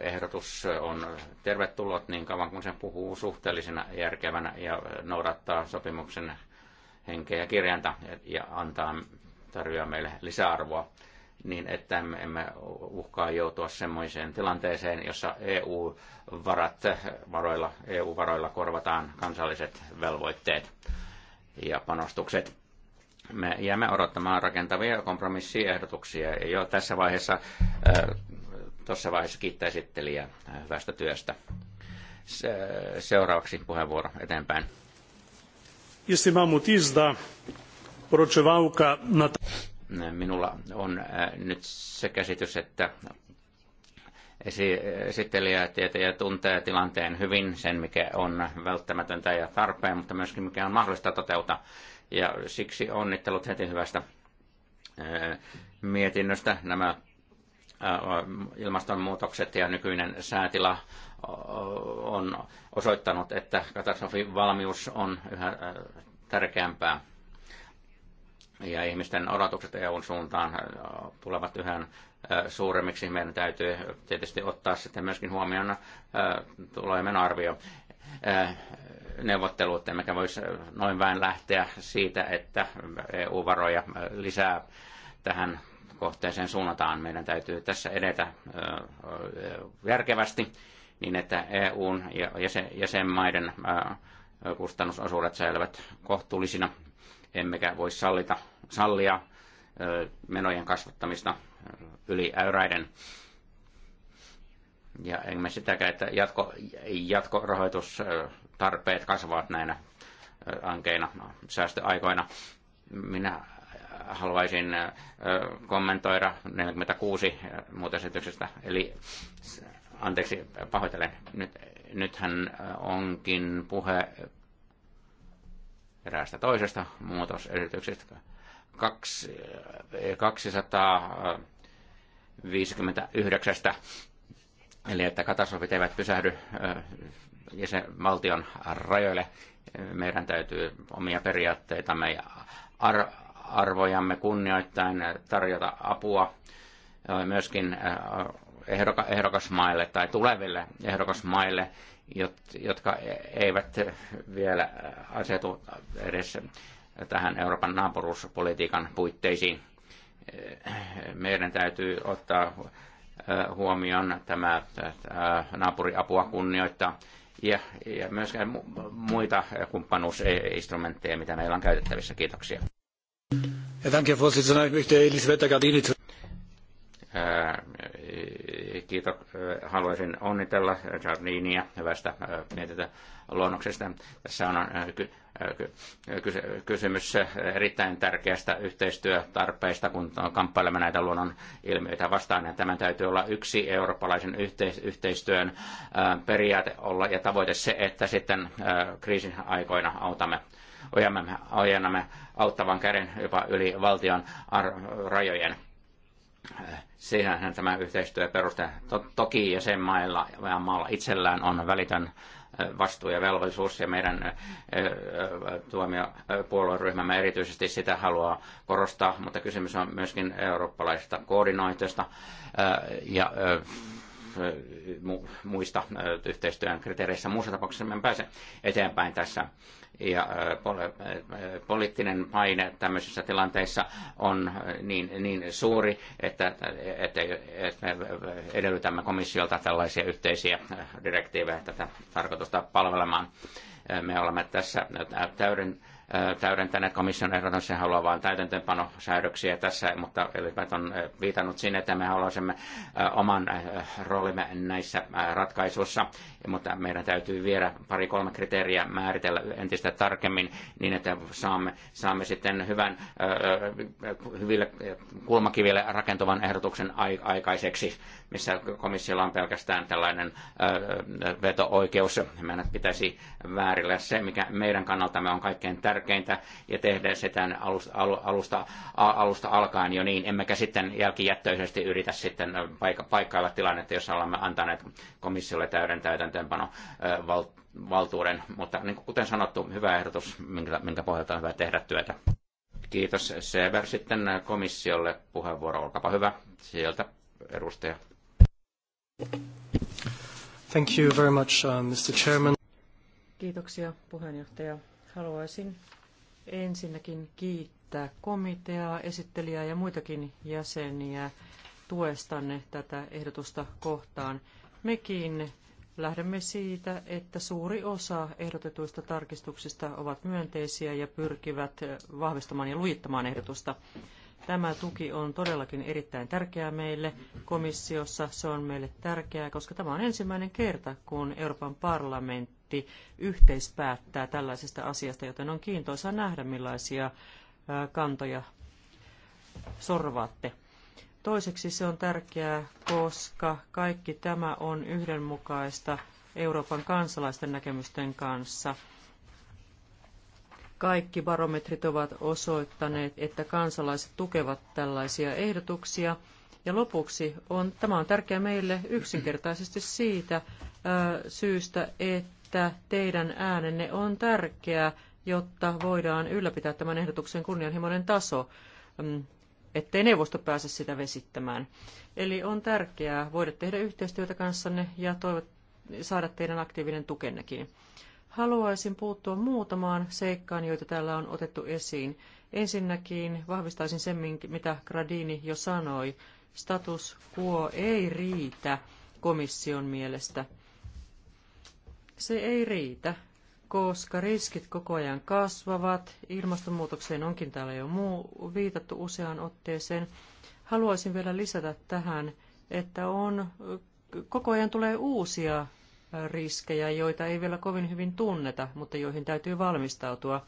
ehdotus on tervetullut niin kauan kuin se puhuu suhteellisena järkevänä ja noudattaa sopimuksen henkeä ja kirjainta ja antaa tarjoaa meille lisäarvoa niin että emme uhkaa joutua semmoiseen tilanteeseen, jossa EU-varat varoilla, EU-varoilla korvataan kansalliset velvoitteet ja panostukset. Me jäämme odottamaan rakentavia kompromissiehdotuksia. Jo tässä vaiheessa, äh, tuossa vaiheessa kiittää esittelijää äh, hyvästä työstä. Äh, seuraavaksi puheenvuoro eteenpäin. Minulla on äh, nyt se käsitys, että esittelijä tietäjä tuntee tilanteen hyvin, sen mikä on välttämätöntä ja tarpeen, mutta myöskin mikä on mahdollista toteuttaa. Ja siksi onnittelut heti hyvästä äh, mietinnöstä nämä äh, ilmastonmuutokset ja nykyinen säätila on osoittanut, että katastrofin valmius on yhä äh, tärkeämpää. Ja ihmisten odotukset EUn suuntaan äh, tulevat yhä äh, suuremmiksi. Meidän täytyy tietysti ottaa sitten myöskin huomioon tulojen arvio neuvottelut, emmekä voisi noin vain lähteä siitä, että EU-varoja lisää tähän kohteeseen suunnataan. Meidän täytyy tässä edetä järkevästi niin että EUn ja jäsenmaiden kustannusosuudet säilyvät kohtuullisina, emmekä voi sallita, sallia menojen kasvattamista yli äyräiden. Ja emme sitäkään, että jatko, jatkorahoitustarpeet kasvavat näinä ankeina säästöaikoina. Minä haluaisin kommentoida 46 muutosesityksestä, eli Anteeksi, pahoitelen Nyt, nythän äh, onkin puhe eräästä toisesta muutosesityksestä. 259. Äh, Eli että katastrofit eivät pysähdy äh, valtion rajoille. Meidän täytyy omia periaatteitamme ja ar- arvojamme kunnioittain tarjota apua myöskin ehdoka, ehdokasmaille tai tuleville ehdokasmaille, jotka e-, eivät vielä asetu edes tähän Euroopan naapuruuspolitiikan puitteisiin. Meidän täytyy ottaa huomioon tämä, naapuriapua kunnioittaa ja, ja myöskään muita kumppanuusinstrumentteja, mitä meillä on käytettävissä. Kiitoksia. Ja danke, kiitos, haluaisin onnitella Jardinia hyvästä mietitä luonnoksesta. Tässä on kysymys erittäin tärkeästä yhteistyötarpeesta, kun kamppailemme näitä luonnon ilmiöitä vastaan. Ja tämän täytyy olla yksi eurooppalaisen yhteistyön periaate olla ja tavoite se, että sitten kriisin aikoina autamme ojennamme auttavan käden jopa yli valtion rajojen Siihenhän tämä yhteistyö perustaa. Toki jäsenmailla ja maalla itsellään on välitön vastuu ja velvollisuus ja meidän tuomiopuolueryhmämme erityisesti sitä haluaa korostaa, mutta kysymys on myöskin eurooppalaisesta koordinointista ja muista yhteistyön kriteereissä. Muussa tapauksessa me pääse eteenpäin tässä ja äh, äh, poliittinen paine tämmöisissä tilanteissa on äh, niin, niin suuri, että, että, että me edellytämme komissiolta tällaisia yhteisiä direktiivejä tätä tarkoitusta palvelemaan. Me olemme tässä täyden täydentäneet komission ehdotuksen vain täytäntöönpanosäädöksiä tässä, mutta Elipät on viitannut sinne, että me haluaisimme oman roolimme näissä ratkaisuissa, mutta meidän täytyy vielä pari-kolme kriteeriä määritellä entistä tarkemmin niin, että saamme, saamme sitten hyvän, hyville kulmakiville rakentuvan ehdotuksen aikaiseksi, missä komissiolla on pelkästään tällainen veto-oikeus. Meidän pitäisi väärillä se, mikä meidän kannaltamme on kaikkein tärkeää tärkeintä ja tehdä tämän alusta, alusta, alusta alkaen jo niin, emmekä sitten jälkijättöisesti yritä sitten paikka, paikkailla tilannetta, jossa olemme antaneet komissiolle täyden täytäntöönpano val, valtuuden, mutta niin kuten sanottu, hyvä ehdotus, minkä, minkä pohjalta on hyvä tehdä työtä. Kiitos Sever. Sitten komissiolle puheenvuoro, Olkapa hyvä. Sieltä edustaja. Thank you very much, uh, Mr. Chairman. Kiitoksia puheenjohtaja. Haluaisin ensinnäkin kiittää komiteaa, esittelijää ja muitakin jäseniä tuestanne tätä ehdotusta kohtaan. Mekin lähdemme siitä, että suuri osa ehdotetuista tarkistuksista ovat myönteisiä ja pyrkivät vahvistamaan ja lujittamaan ehdotusta. Tämä tuki on todellakin erittäin tärkeää meille komissiossa. Se on meille tärkeää, koska tämä on ensimmäinen kerta, kun Euroopan parlamentti parlamentti yhteispäättää tällaisesta asiasta, joten on kiintoisa nähdä, millaisia kantoja sorvaatte. Toiseksi se on tärkeää, koska kaikki tämä on yhdenmukaista Euroopan kansalaisten näkemysten kanssa. Kaikki barometrit ovat osoittaneet, että kansalaiset tukevat tällaisia ehdotuksia. Ja lopuksi on, tämä on tärkeää meille yksinkertaisesti siitä ää, syystä, että että teidän äänenne on tärkeä, jotta voidaan ylläpitää tämän ehdotuksen kunnianhimoinen taso, mm, ettei neuvosto pääse sitä vesittämään. Eli on tärkeää voida tehdä yhteistyötä kanssanne ja toivot, saada teidän aktiivinen tukennekin. Haluaisin puuttua muutamaan seikkaan, joita täällä on otettu esiin. Ensinnäkin vahvistaisin sen, mitä Gradini jo sanoi. Status quo ei riitä komission mielestä. Se ei riitä, koska riskit koko ajan kasvavat. Ilmastonmuutokseen onkin täällä jo muu viitattu useaan otteeseen. Haluaisin vielä lisätä tähän, että on, koko ajan tulee uusia riskejä, joita ei vielä kovin hyvin tunneta, mutta joihin täytyy valmistautua.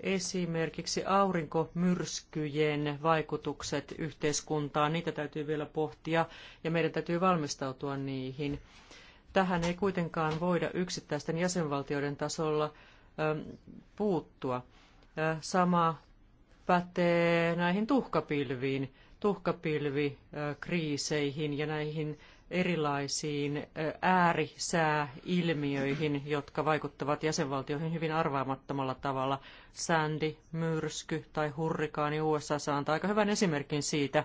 Esimerkiksi aurinkomyrskyjen vaikutukset yhteiskuntaan, niitä täytyy vielä pohtia ja meidän täytyy valmistautua niihin. Tähän ei kuitenkaan voida yksittäisten jäsenvaltioiden tasolla puuttua. Sama pätee näihin tuhkapilviin, tuhkapilvikriiseihin ja näihin erilaisiin äärisääilmiöihin, jotka vaikuttavat jäsenvaltioihin hyvin arvaamattomalla tavalla. Sandy, myrsky tai hurrikaani USA antaa aika hyvän esimerkin siitä,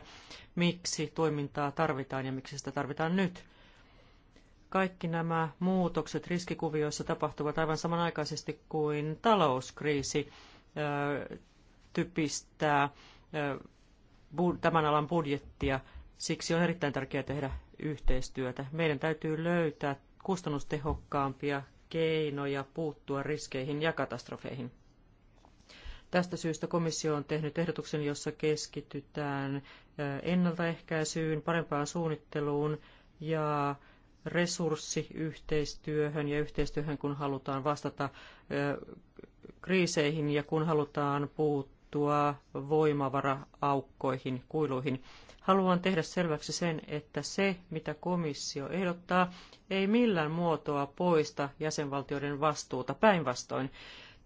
miksi toimintaa tarvitaan ja miksi sitä tarvitaan nyt kaikki nämä muutokset riskikuvioissa tapahtuvat aivan samanaikaisesti kuin talouskriisi typistää tämän alan budjettia. Siksi on erittäin tärkeää tehdä yhteistyötä. Meidän täytyy löytää kustannustehokkaampia keinoja puuttua riskeihin ja katastrofeihin. Tästä syystä komissio on tehnyt ehdotuksen, jossa keskitytään ennaltaehkäisyyn, parempaan suunnitteluun ja resurssiyhteistyöhön ja yhteistyöhön, kun halutaan vastata kriiseihin ja kun halutaan puuttua voimavaraaukkoihin kuiluihin. Haluan tehdä selväksi sen, että se, mitä komissio ehdottaa, ei millään muotoa poista jäsenvaltioiden vastuuta. Päinvastoin,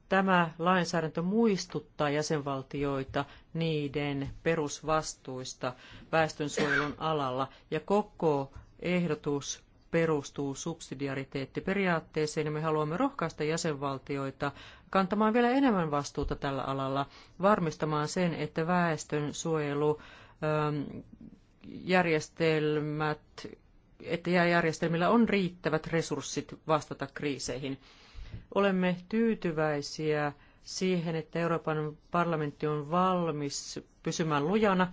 tämä lainsäädäntö muistuttaa jäsenvaltioita niiden perusvastuista väestönsuojelun alalla ja koko ehdotus perustuu subsidiariteettiperiaatteeseen ja me haluamme rohkaista jäsenvaltioita kantamaan vielä enemmän vastuuta tällä alalla, varmistamaan sen, että väestön suojelu ähm, järjestelmät, että järjestelmillä on riittävät resurssit vastata kriiseihin. Olemme tyytyväisiä siihen, että Euroopan parlamentti on valmis pysymään lujana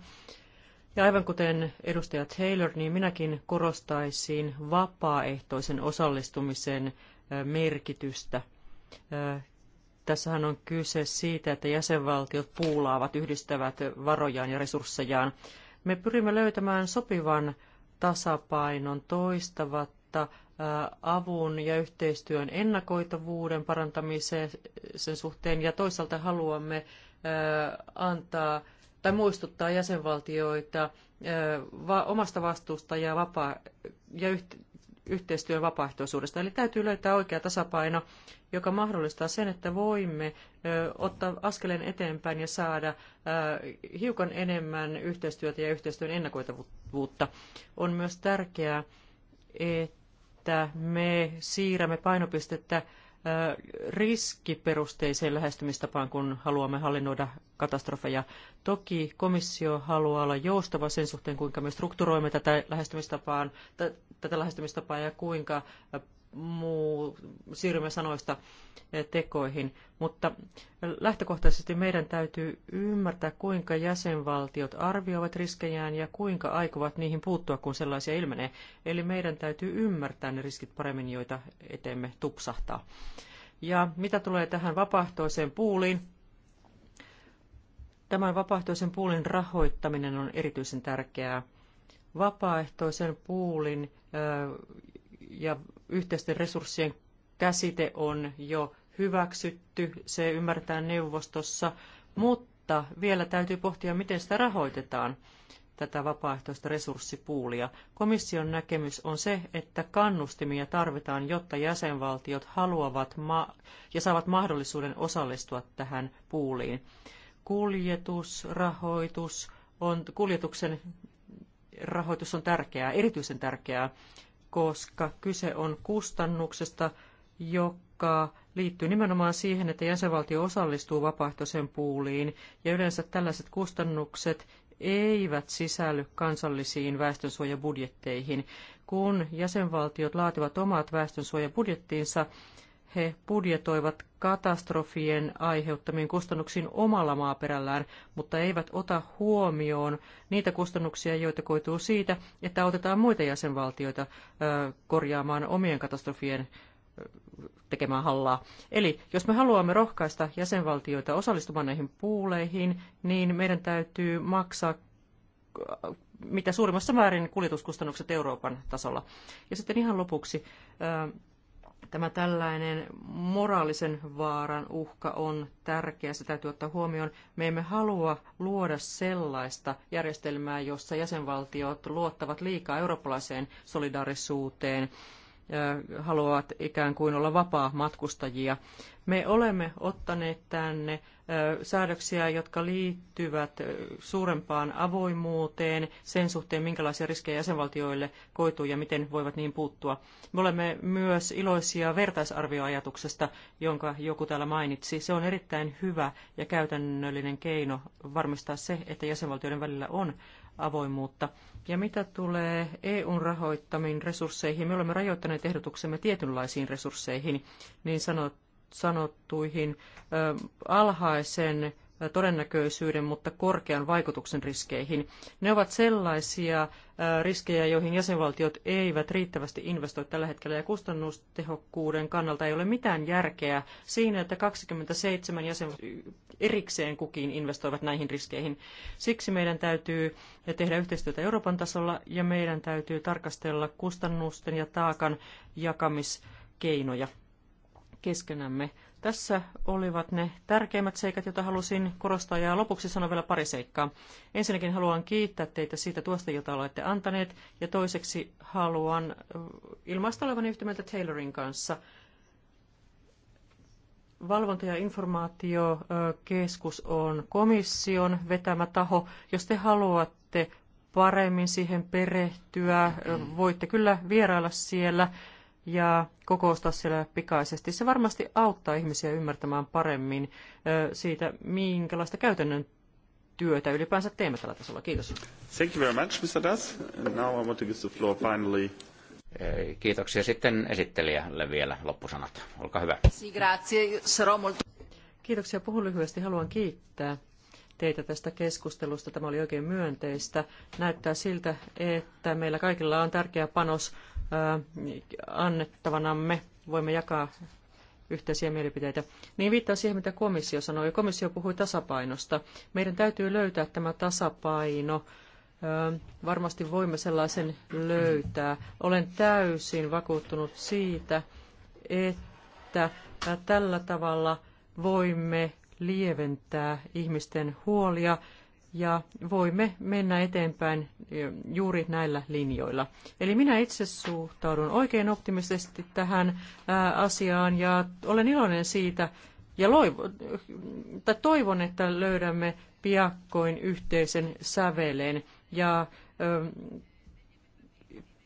ja aivan kuten edustaja Taylor, niin minäkin korostaisin vapaaehtoisen osallistumisen merkitystä. Tässähän on kyse siitä, että jäsenvaltiot puulaavat, yhdistävät varojaan ja resurssejaan. Me pyrimme löytämään sopivan tasapainon toistavatta avun ja yhteistyön ennakoitavuuden parantamisen suhteen ja toisaalta haluamme antaa tai muistuttaa jäsenvaltioita omasta vastuusta ja, vapaa, ja yhteistyön vapaaehtoisuudesta. Eli täytyy löytää oikea tasapaino, joka mahdollistaa sen, että voimme ottaa askeleen eteenpäin ja saada hiukan enemmän yhteistyötä ja yhteistyön ennakoitavuutta. On myös tärkeää, että me siirrämme painopistettä riskiperusteiseen lähestymistapaan, kun haluamme hallinnoida katastrofeja. Toki komissio haluaa olla joustava sen suhteen, kuinka me strukturoimme tätä lähestymistapaa, tätä lähestymistapaa ja kuinka äh, muu, siirrymme sanoista äh, tekoihin. Mutta äh, lähtökohtaisesti meidän täytyy ymmärtää, kuinka jäsenvaltiot arvioivat riskejään ja kuinka aikovat niihin puuttua, kun sellaisia ilmenee. Eli meidän täytyy ymmärtää ne riskit paremmin, joita eteemme tupsahtaa. Ja mitä tulee tähän vapaaehtoiseen puuliin, Tämän vapaaehtoisen puulin rahoittaminen on erityisen tärkeää. Vapaaehtoisen puulin ja yhteisten resurssien käsite on jo hyväksytty, se ymmärretään neuvostossa, mutta vielä täytyy pohtia, miten sitä rahoitetaan, tätä vapaaehtoista resurssipuulia. Komission näkemys on se, että kannustimia tarvitaan, jotta jäsenvaltiot haluavat ja saavat mahdollisuuden osallistua tähän puuliin kuljetusrahoitus on, kuljetuksen rahoitus on tärkeää, erityisen tärkeää, koska kyse on kustannuksesta, joka liittyy nimenomaan siihen, että jäsenvaltio osallistuu vapaaehtoisen puuliin, ja yleensä tällaiset kustannukset eivät sisälly kansallisiin väestönsuojabudjetteihin. Kun jäsenvaltiot laativat omat väestönsuojabudjettiinsa, he budjetoivat katastrofien aiheuttamien kustannuksiin omalla maaperällään, mutta eivät ota huomioon niitä kustannuksia, joita koituu siitä, että autetaan muita jäsenvaltioita korjaamaan omien katastrofien tekemään hallaa. Eli jos me haluamme rohkaista jäsenvaltioita osallistumaan näihin puuleihin, niin meidän täytyy maksaa mitä suurimmassa määrin kuljetuskustannukset Euroopan tasolla. Ja sitten ihan lopuksi Tämä tällainen moraalisen vaaran uhka on tärkeä, se täytyy ottaa huomioon. Me emme halua luoda sellaista järjestelmää, jossa jäsenvaltiot luottavat liikaa eurooppalaiseen solidaarisuuteen haluavat ikään kuin olla vapaa matkustajia. Me olemme ottaneet tänne säädöksiä, jotka liittyvät suurempaan avoimuuteen sen suhteen, minkälaisia riskejä jäsenvaltioille koituu ja miten voivat niin puuttua. Me olemme myös iloisia vertaisarvioajatuksesta, jonka joku täällä mainitsi. Se on erittäin hyvä ja käytännöllinen keino varmistaa se, että jäsenvaltioiden välillä on avoimuutta. Ja mitä tulee EUn rahoittamiin resursseihin, me olemme rajoittaneet ehdotuksemme tietynlaisiin resursseihin, niin sanottuihin alhaisen todennäköisyyden, mutta korkean vaikutuksen riskeihin. Ne ovat sellaisia äh, riskejä, joihin jäsenvaltiot eivät riittävästi investoi tällä hetkellä, ja kustannustehokkuuden kannalta ei ole mitään järkeä siinä, että 27 jäsenvaltiota erikseen kukin investoivat näihin riskeihin. Siksi meidän täytyy tehdä yhteistyötä Euroopan tasolla, ja meidän täytyy tarkastella kustannusten ja taakan jakamiskeinoja keskenämme. Tässä olivat ne tärkeimmät seikat, joita halusin korostaa, ja lopuksi sanon vielä pari seikkaa. Ensinnäkin haluan kiittää teitä siitä tuosta, jota olette antaneet, ja toiseksi haluan äh, ilmaista olevan yhtä mieltä Taylorin kanssa. Valvonta- ja informaatiokeskus on komission vetämä taho. Jos te haluatte paremmin siihen perehtyä, äh, voitte kyllä vierailla siellä ja kokoustaa siellä pikaisesti. Se varmasti auttaa ihmisiä ymmärtämään paremmin siitä, minkälaista käytännön työtä ylipäänsä teemme tällä tasolla. Kiitos. Thank you very much, Mr. Das. And now I want to give the floor finally. Kiitoksia sitten esittelijälle vielä loppusanat. Olkaa hyvä. Kiitoksia. Puhun lyhyesti. Haluan kiittää teitä tästä keskustelusta. Tämä oli oikein myönteistä. Näyttää siltä, että meillä kaikilla on tärkeä panos annettavanamme. Voimme jakaa yhteisiä mielipiteitä. Niin viittaa siihen, mitä komissio sanoi. Komissio puhui tasapainosta. Meidän täytyy löytää tämä tasapaino. Varmasti voimme sellaisen löytää. Olen täysin vakuuttunut siitä, että tällä tavalla voimme lieventää ihmisten huolia ja voimme mennä eteenpäin e, juuri näillä linjoilla. Eli minä itse suhtaudun oikein optimistisesti tähän asiaan ja olen iloinen siitä ja toivon, että löydämme piakkoin yhteisen säveleen ja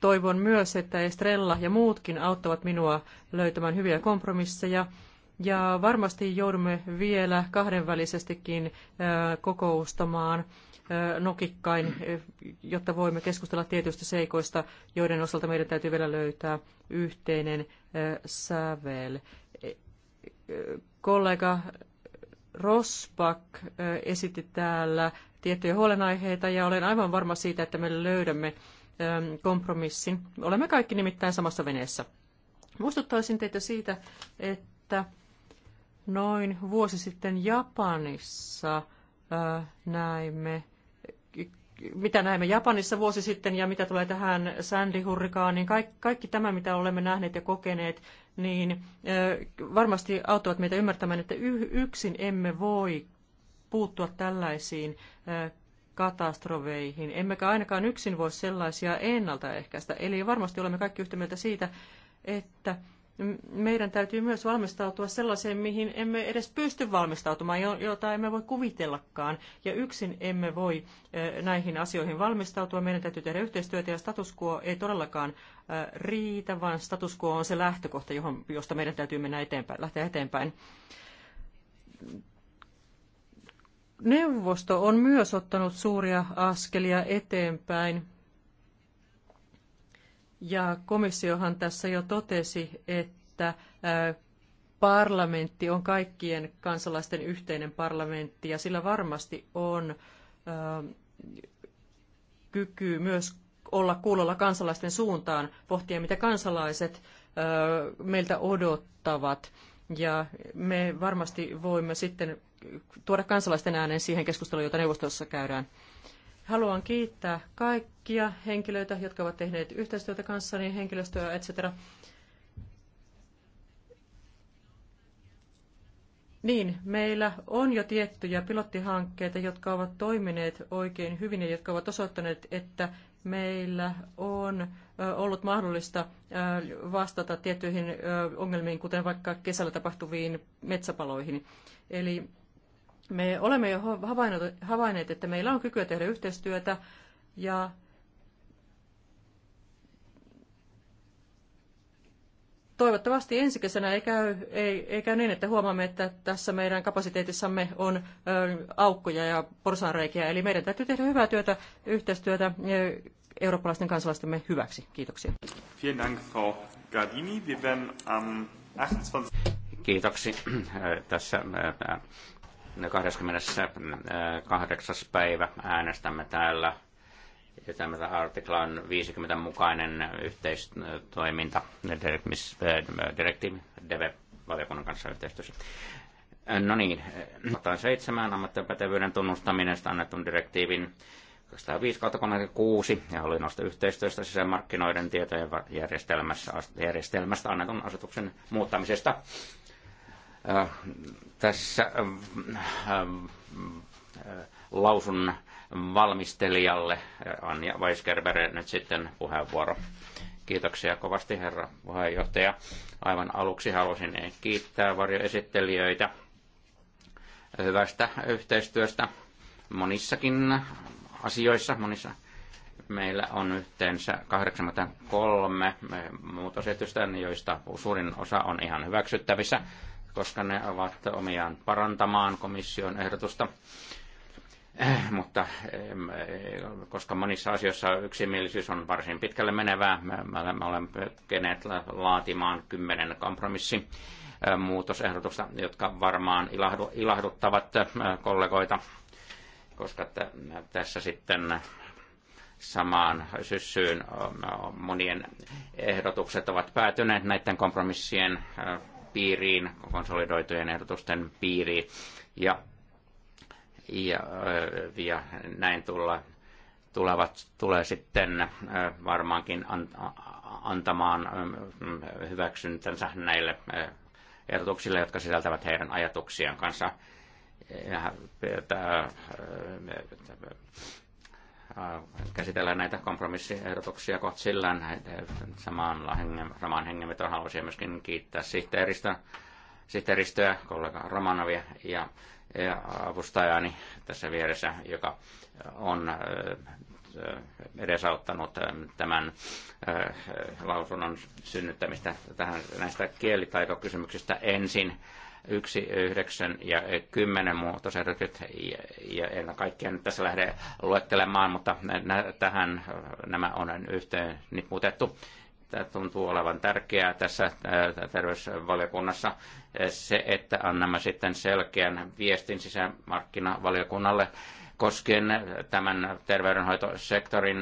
toivon myös, että Estrella ja muutkin auttavat minua löytämään hyviä kompromisseja ja varmasti joudumme vielä kahdenvälisestikin kokoustamaan nokikkain, jotta voimme keskustella tietyistä seikoista, joiden osalta meidän täytyy vielä löytää yhteinen sävel. E, kollega Rosbach esitti täällä tiettyjä huolenaiheita ja olen aivan varma siitä, että me löydämme kompromissin. Olemme kaikki nimittäin samassa veneessä. Muistuttaisin teitä siitä, että Noin vuosi sitten Japanissa äh, näimme, mitä näimme Japanissa vuosi sitten ja mitä tulee tähän Sandy-hurrikaaniin, kaikki, kaikki tämä, mitä olemme nähneet ja kokeneet, niin äh, varmasti auttavat meitä ymmärtämään, että yksin emme voi puuttua tällaisiin äh, katastrofeihin, emmekä ainakaan yksin voi sellaisia ennaltaehkäistä. Eli varmasti olemme kaikki yhtä mieltä siitä, että meidän täytyy myös valmistautua sellaiseen, mihin emme edes pysty valmistautumaan, jota emme voi kuvitellakaan. Ja yksin emme voi näihin asioihin valmistautua. Meidän täytyy tehdä yhteistyötä ja status quo ei todellakaan riitä, vaan status quo on se lähtökohta, johon, josta meidän täytyy mennä eteenpäin, lähteä eteenpäin. Neuvosto on myös ottanut suuria askelia eteenpäin ja komissiohan tässä jo totesi, että parlamentti on kaikkien kansalaisten yhteinen parlamentti ja sillä varmasti on kyky myös olla kuulolla kansalaisten suuntaan, pohtia mitä kansalaiset meiltä odottavat. Ja me varmasti voimme sitten tuoda kansalaisten äänen siihen keskusteluun, jota neuvostossa käydään. Haluan kiittää kaikkia henkilöitä, jotka ovat tehneet yhteistyötä kanssani, henkilöstöä, etc. Niin, meillä on jo tiettyjä pilottihankkeita, jotka ovat toimineet oikein hyvin ja jotka ovat osoittaneet, että meillä on ollut mahdollista vastata tiettyihin ongelmiin, kuten vaikka kesällä tapahtuviin metsäpaloihin. Eli me olemme jo havainneet, että meillä on kykyä tehdä yhteistyötä ja toivottavasti ensi kesänä ei käy, ei, ei käy niin, että huomaamme, että tässä meidän kapasiteetissamme on ö, aukkoja ja porsaanreikiä. Eli meidän täytyy tehdä hyvää työtä, yhteistyötä ö, eurooppalaisten kansalaistemme hyväksi. Kiitoksia. Kiitoksia. Dank, Frau Kiitoksia. Äh, äh, 28. Äh, päivä äänestämme täällä tämmöisen artiklan 50 mukainen yhteistoiminta äh, direktiivi DV-valiokunnan kanssa yhteistyössä. Äh, no niin, otan seitsemän ammattipätevyyden tunnustamisesta annetun direktiivin 205-36 ja hallinnosta yhteistyöstä sisämarkkinoiden tietojen järjestelmästä annetun asetuksen muuttamisesta. Äh, tässä äh, äh, lausun valmistelijalle Anja Weisgerber nyt sitten puheenvuoro. Kiitoksia kovasti herra puheenjohtaja. Aivan aluksi halusin kiittää varjoesittelijöitä hyvästä yhteistyöstä monissakin asioissa. Monissa meillä on yhteensä 83 muutosetystä, joista suurin osa on ihan hyväksyttävissä koska ne ovat omiaan parantamaan komission ehdotusta. Mutta eh, koska monissa asioissa yksimielisyys on varsin pitkälle menevää, me olemme pyrkineet laatimaan kymmenen kompromissi eh, muutosehdotusta, jotka varmaan ilahduttavat eh, kollegoita, koska tässä sitten samaan syssyyn monien ehdotukset ovat päätyneet näiden kompromissien piiriin, konsolidoitujen ehdotusten piiriin. Ja, ja, ja näin tulla, tulevat, tulee sitten varmaankin antamaan hyväksyntänsä näille ehdotuksille, jotka sisältävät heidän ajatuksiaan kanssa Äh, käsitellään näitä kompromissiehdotuksia kohtsillään. Samaan hengen, samaan hengenvetoon haluaisin myöskin kiittää sihteeristä, sihteeristöä, kollega Romanovia ja, ja avustajani tässä vieressä, joka on äh, äh, edesauttanut tämän lausunnon synnyttämistä tähän näistä kielitaitokysymyksistä ensin 1, 9 ja 10 eh, muutosehdotukset, ja, ja en kaikkia nyt tässä lähde luettelemaan, mutta nä, tähän eh, nämä on yhteen niputettu. Tämä tuntuu olevan tärkeää tässä eh, terveysvaliokunnassa se, että annamme sitten selkeän viestin sisämarkkinavaliokunnalle koskien tämän terveydenhoitosektorin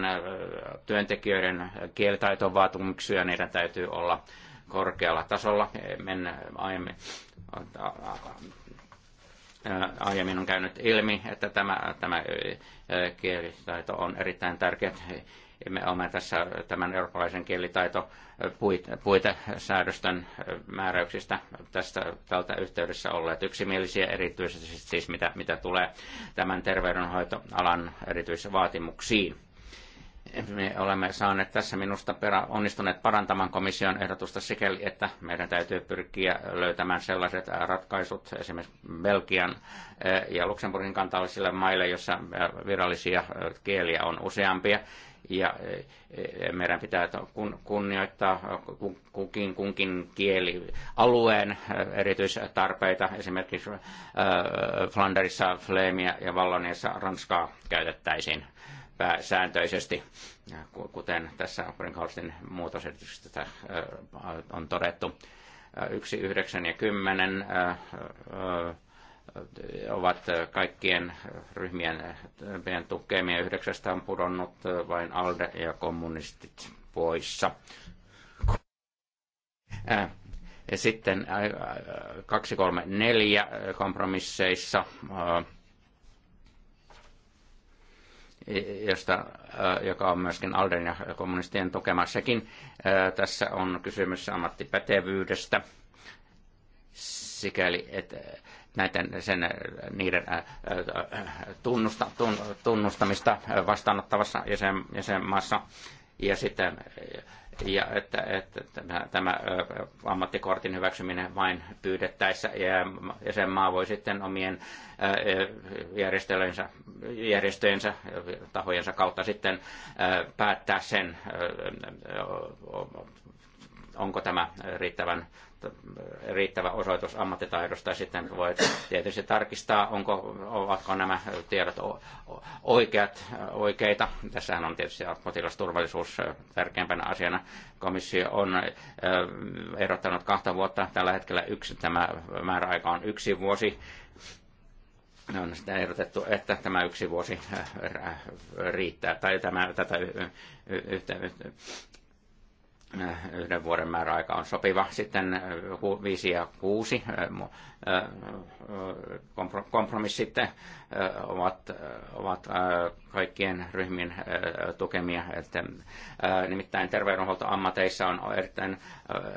työntekijöiden kielitaitovaatimuksia, niiden täytyy olla korkealla tasolla. Mennään aiemmin aiemmin on käynyt ilmi, että tämä, tämä kielitaito on erittäin tärkeä. Me olemme tässä tämän eurooppalaisen kielitaito puitesäädöstön määräyksistä tästä, tältä yhteydessä olleet yksimielisiä, erityisesti siis mitä, mitä tulee tämän terveydenhoitoalan erityisvaatimuksiin me olemme saaneet tässä minusta perä, onnistuneet parantamaan komission ehdotusta sikäli, että meidän täytyy pyrkiä löytämään sellaiset ratkaisut esimerkiksi Belgian eh, ja Luxemburgin kantaisille maille, jossa eh, virallisia eh, kieliä on useampia. Ja meidän pitää kunnioittaa kukin, kunkin kielialueen erityistarpeita. Esimerkiksi Flanderissa, Fleemiä ja Valloniassa Ranskaa käytettäisiin pääsääntöisesti, kuten tässä Brinkholstin muutosesityksestä äh, on todettu. 1, äh, 9 ja 10 äh, ovat kaikkien ryhmien tukemia. Yhdeksästä on pudonnut vain ALDE ja kommunistit poissa. Ja sitten 2, 3, 4 kompromisseissa josta, äh, joka on myöskin Alden ja kommunistien tukema. Sekin äh, tässä on kysymys ammattipätevyydestä, sikäli että äh, näiden, sen, niiden tunnusta, tunnustamista vastaanottavassa jäsenmaassa ja sitten ja että, että tämä, tämä ammattikortin hyväksyminen vain pyydettäessä ja sen maa voi sitten omien järjestöjensä, järjestöjensä tahojensa kautta sitten päättää sen, onko tämä riittävän Eh, riittävä osoitus ammattitaidosta ja sitten voi tietysti tarkistaa, onko, ovatko nämä tiedot oikeat, eh, oikeita. Tässähän on tietysti potilasturvallisuus eh, tärkeimpänä asiana. Komissio on ehdottanut kahta vuotta. Tällä hetkellä yksi, tämä määräaika on yksi vuosi on sitä ehdotettu, että tämä yksi vuosi riittää, tai tämä, tätä yhden vuoden määräaika on sopiva. Sitten 5 äh, ja 6 äh, äh, kompromissit ovat, ovat kaikkien ryhmien tukemia. Että, nimittäin terveydenhuoltoammateissa on erittäin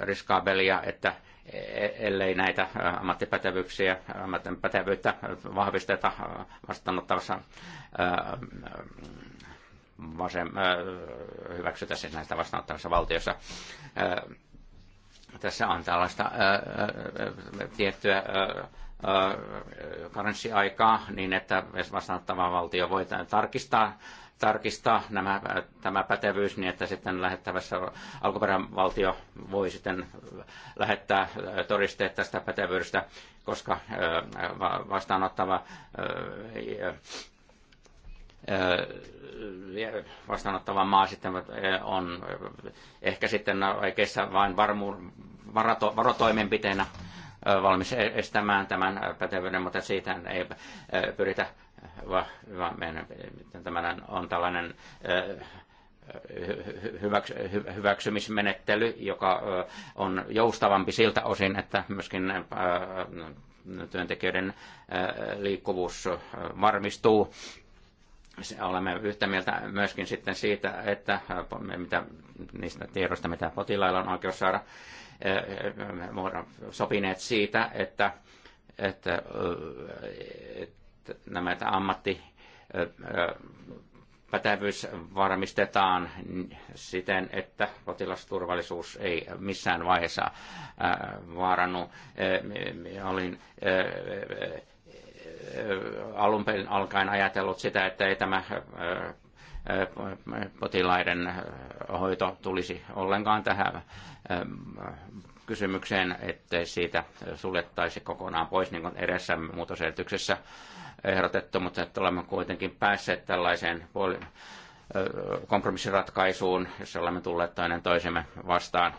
riskaabelia, että e-, ellei näitä ammattipätevyyksiä, ammattipätevyyttä vahvisteta vastaanottavassa vasem, äh, hyväksytä siis näistä vastaanottavissa valtioissa. Äh, tässä on tällaista äh, äh tiettyä äh, äh, karenssiaikaa niin, että vastaanottava valtio voi tarkistaa tarkistaa nämä, tämä pätevyys niin, että sitten lähettävässä alkuperävaltio voi sitten lähettää todisteet tästä pätevyydestä, koska äh, vastaanottava vastaanottava maa sitten on ehkä sitten oikeassa vain varmu, varato, varotoimenpiteenä valmis e-, estämään tämän pätevyyden, mutta siitä ei pyritä, vaan meidän tämän on tällainen hyväksymismenettely, joka on joustavampi siltä osin, että myöskin työntekijöiden liikkuvuus varmistuu olemme yhtä mieltä myöskin sitten siitä, että mitä, niistä tiedoista, mitä potilailla on oikeus saada, e, e, sopineet siitä, että, että, e, että nämä että ammatti pätevyys varmistetaan siten, että potilasturvallisuus ei missään vaiheessa vaarannu. Olin Äh, alun perin alkaen ajatellut sitä, että ei tämä äh, äh, potilaiden hoito tulisi ollenkaan tähän kysymykseen, ettei siitä suljettaisi kokonaan pois, niin kuin edessä muutosesityksessä ehdotettu, mutta että olemme kuitenkin päässeet tällaiseen puoli- kompromissiratkaisuun, jossa olemme tulleet toinen toisemme vastaan.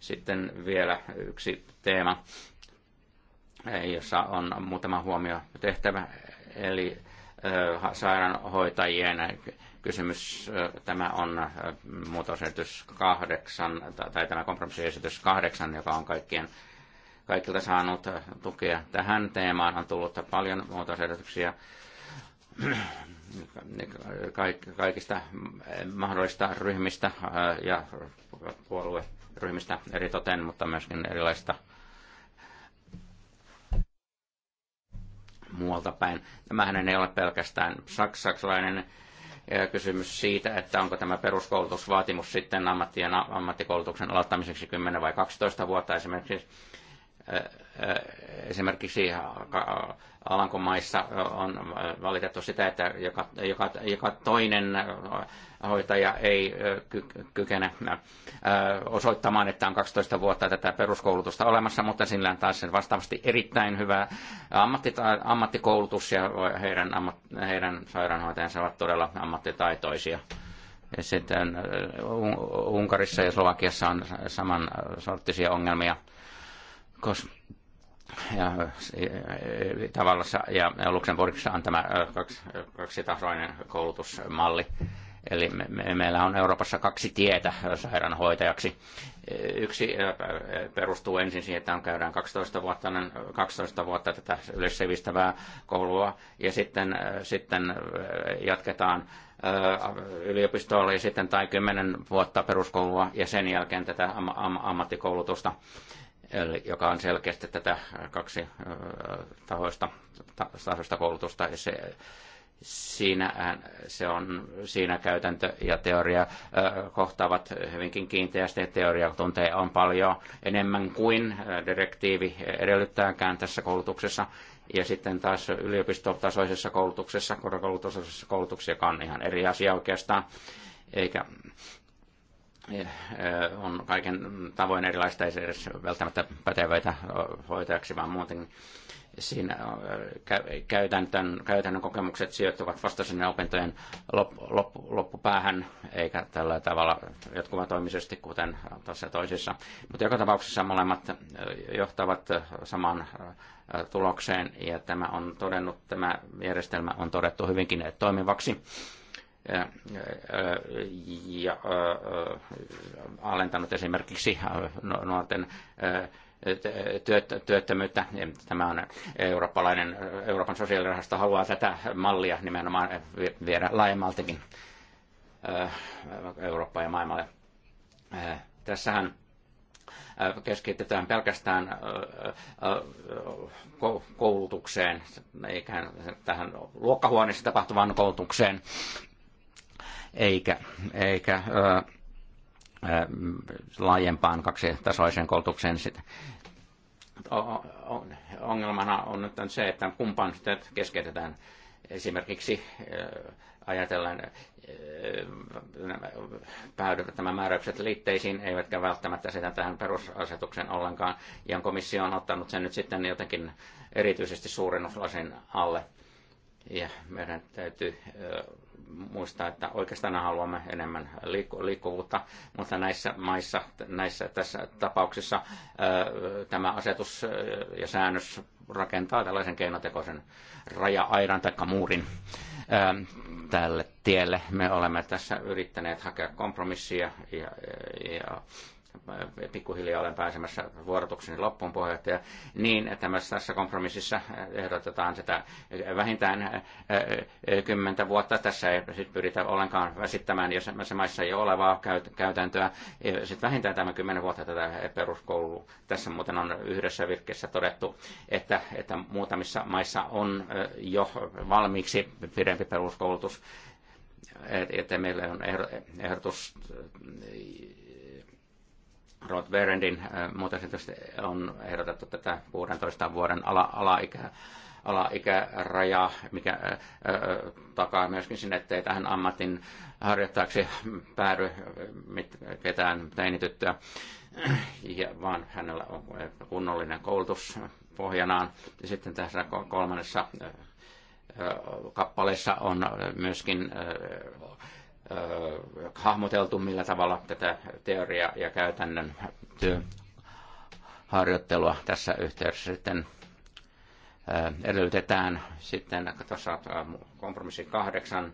Sitten vielä yksi teema, jossa on muutama huomio tehtävä, eli sairaanhoitajien kysymys, tämä on muutosesitys kahdeksan, tai tämä kompromissiesitys kahdeksan, joka on kaikkien kaikilta saanut tukea tähän teemaan. On tullut paljon muutosesityksiä. kaikista mahdollisista ryhmistä ja puolueryhmistä eri toten, mutta myöskin erilaisista muualta päin. Tämähän ei ole pelkästään saksalainen kysymys siitä, että onko tämä peruskoulutusvaatimus sitten ammattien, ammattikoulutuksen aloittamiseksi 10 vai 12 vuotta esimerkiksi Esimerkiksi Alankomaissa on valitettu sitä, että joka, joka, joka toinen hoitaja ei ky, kykene osoittamaan, että on 12 vuotta tätä peruskoulutusta olemassa, mutta sillä on taas vastaavasti erittäin hyvä ammatti, ammattikoulutus ja heidän, ammat, heidän sairaanhoitajansa ovat todella ammattitaitoisia. Ja sitten Unkarissa ja Slovakiassa on samansorttisia ongelmia, koska ja, e, e, tavallassa, ja Luxemburgissa on tämä kaksitasoinen koulutusmalli. Eli me, me, meillä on Euroopassa kaksi tietä sairaanhoitajaksi. E, yksi perustuu ensin siihen, että on käydään 12 vuotta, 12 vuotta tätä yleissivistävää koulua, ja sitten, sitten jatketaan yliopistoa ja sitten tai 10 vuotta peruskoulua ja sen jälkeen tätä am- am- ammattikoulutusta eli, joka on selkeästi tätä kaksi tahoista, tahoista koulutusta. Ja se, siinä, se on, siinä käytäntö ja teoria kohtaavat hyvinkin kiinteästi. teoria tuntee on paljon enemmän kuin direktiivi edellyttääkään tässä koulutuksessa. Ja sitten taas yliopistotasoisessa koulutuksessa, korkeakoulutasoisessa koulutuksessa, joka on ihan eri asia oikeastaan, eikä Äh, on kaiken tavoin erilaista, ei edes välttämättä pätevöitä hoitajaksi, vaan muuten siinä käytännön, käytännön kokemukset sijoittuvat vasta sinne opintojen lop, lop, loppupäähän, eikä tällä tavalla jatkuvatoimisesti, kuten tuossa toisissa. Mutta joka tapauksessa molemmat johtavat samaan tulokseen, ja tämä on todennut, tämä järjestelmä on todettu hyvinkin toimivaksi ja, alentanut esimerkiksi nuorten työttömyyttä. Tämä on eurooppalainen, Euroopan sosiaalirahasto haluaa tätä mallia nimenomaan viedä laajemmaltikin Eurooppaan ja maailmalle. Tässähän keskitytään pelkästään koulutukseen, eikä tähän luokkahuoneessa tapahtuvaan koulutukseen, eikä, eikä ö, ö, laajempaan kaksitasoiseen koulutukseen. Sitä. Ongelmana on nyt se, että kumpaan keskeytetään. Esimerkiksi ajatellaan, päädyvät nämä määräykset liitteisiin, eivätkä välttämättä sitä tähän perusasetukseen ollenkaan. Ja komissio on ottanut sen nyt sitten jotenkin erityisesti suurennuslasin alle ja meidän täytyy muistaa, että oikeastaan haluamme enemmän liikku- liikkuvuutta, mutta näissä maissa, näissä tässä tapauksessa tämä asetus ja säännös rakentaa tällaisen keinotekoisen raja-aidan tai muurin tälle tielle. Me olemme tässä yrittäneet hakea kompromissia ja, ja, ja pikkuhiljaa olen pääsemässä vuorotukseni loppuun puheenjohtaja, niin että myös tässä kompromississa ehdotetaan sitä vähintään kymmentä vuotta. Tässä ei sit pyritä ollenkaan väsittämään, jos maissa ei ole olevaa käytäntöä. Sitten vähintään tämä kymmenen vuotta tätä peruskoulu. Tässä muuten on yhdessä virkkeessä todettu, että, että muutamissa maissa on jo valmiiksi pidempi peruskoulutus että meillä on ehdotus, Verendin äh, muutosehdotusta on ehdotettu tätä 16 vuoden ala, alaikä, alaikäraja, mikä ää, äh, ää, äh, takaa myöskin sinne, ettei tähän ammatin harjoittajaksi päädy mit, ketään teinityttöä, ja, vaan hänellä on kunnollinen koulutus pohjanaan. Ja sitten tässä kolmannessa kappaleessa on myöskin Äh, hahmoteltu, millä tavalla tätä teoria- ja käytännön työharjoittelua tässä yhteydessä sitten äh, edellytetään sitten tuossa äh, kompromissi kahdeksan,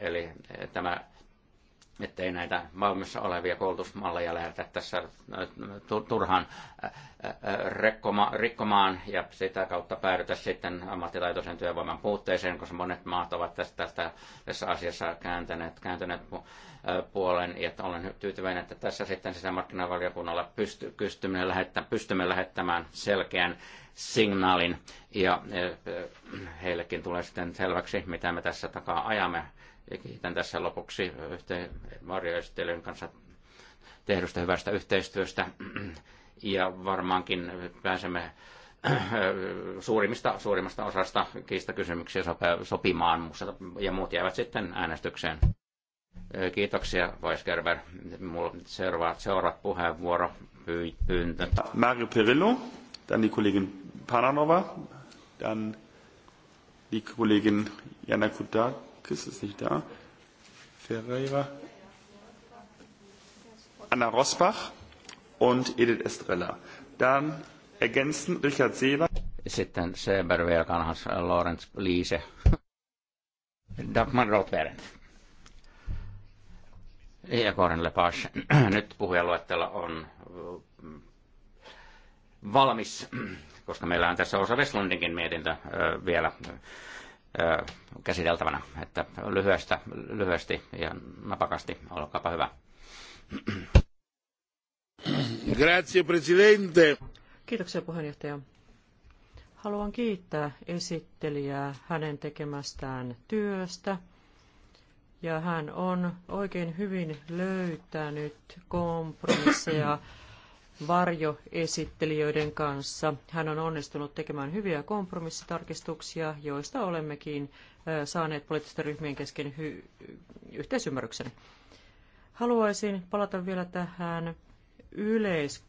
eli tämä ettei näitä valmissa olevia koulutusmalleja lähdetä tässä äh, turhaan äh, äh, rikkomaan ja sitä kautta päädytä sitten ammattitaitoisen työvoiman puutteeseen, koska monet maat ovat tästä, tästä tässä asiassa kääntäneet, kääntäneet puolen. Ja olen tyytyväinen, että tässä sitten sisämarkkinavaliokunnalla pysty, pystymme, lähettämään, pystymme lähettämään selkeän signaalin ja heillekin tulee sitten selväksi, mitä me tässä takaa ajamme kiitän tässä lopuksi yhteen Esittelyn kanssa tehdystä hyvästä yhteistyöstä. Ja varmaankin pääsemme suurimmista, suurimmasta osasta kysymyksiä sopimaan, ja muut jäävät sitten äänestykseen. Kiitoksia, Weisgerber. Mulla seuraava, seuraava puheenvuoro pyyntö. Mario Perillo, dann die Kollegin Pananova, dann die Kollegin Jana Kudak, Chris ist nicht da. Ferreira. Anna Rosbach und Edith Estrella. Dann ergänzen Richard Seber. Sitten Seber vielä kanhas Lorenz Liese. Dagmar Rothberg. Ja Koren Lepage. Nyt puhujaluettelo on mm, valmis, koska meillä on tässä osa Westlundinkin mietintä vielä käsiteltävänä, että lyhyestä, lyhyesti ja napakasti, olkaapa hyvä. Grazie, presidente. Kiitoksia puheenjohtaja. Haluan kiittää esittelijää hänen tekemästään työstä. Ja hän on oikein hyvin löytänyt kompromisseja varjoesittelijöiden kanssa. Hän on onnistunut tekemään hyviä kompromissitarkistuksia, joista olemmekin saaneet poliittisten ryhmien kesken hy- yhteisymmärryksen. Haluaisin palata vielä tähän yleis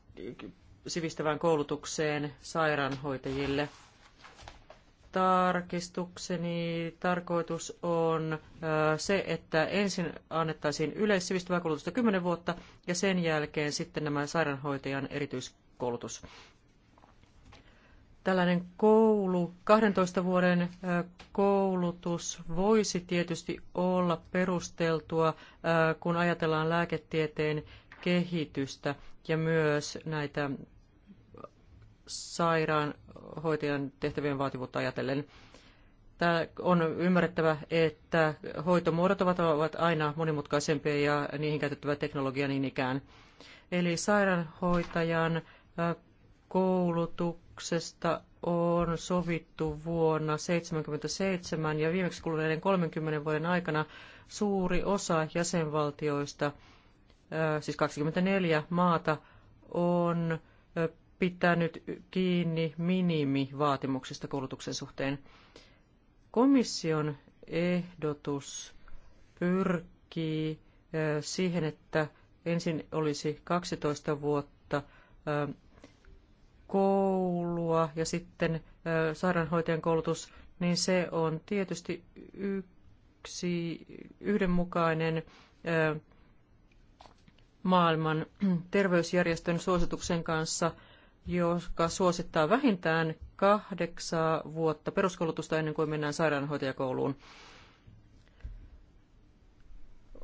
sivistävään koulutukseen sairaanhoitajille – tarkistukseni tarkoitus on se, että ensin annettaisiin yleissivistävää koulutusta 10 vuotta ja sen jälkeen sitten nämä sairaanhoitajan erityiskoulutus. Tällainen koulu, 12 vuoden koulutus voisi tietysti olla perusteltua, kun ajatellaan lääketieteen kehitystä ja myös näitä sairaanhoitajan tehtävien vaativuutta ajatellen. Tämä on ymmärrettävä, että hoitomuodot ovat, ovat aina monimutkaisempia ja niihin käytettävä teknologia niin ikään. Eli sairaanhoitajan äh, koulutuksesta on sovittu vuonna 1977 ja viimeksi kuluneiden 30 vuoden aikana suuri osa jäsenvaltioista, äh, siis 24 maata, on äh, pitänyt kiinni minimivaatimuksista koulutuksen suhteen. Komission ehdotus pyrkii siihen, että ensin olisi 12 vuotta koulua ja sitten sairaanhoitajan koulutus, niin se on tietysti yksi yhdenmukainen maailman terveysjärjestön suosituksen kanssa – joka suosittaa vähintään kahdeksaa vuotta peruskoulutusta ennen kuin mennään sairaanhoitajakouluun.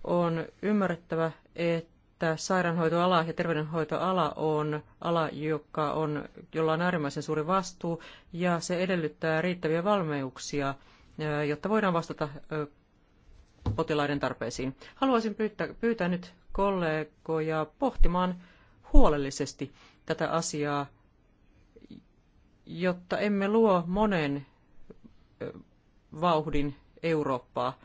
On ymmärrettävä, että sairaanhoitoala ja terveydenhoitoala on ala, joka on, jolla on äärimmäisen suuri vastuu, ja se edellyttää riittäviä valmeuksia, jotta voidaan vastata potilaiden tarpeisiin. Haluaisin pyytää, pyytää nyt kollegoja pohtimaan huolellisesti tätä asiaa, jotta emme luo monen vauhdin Eurooppaa.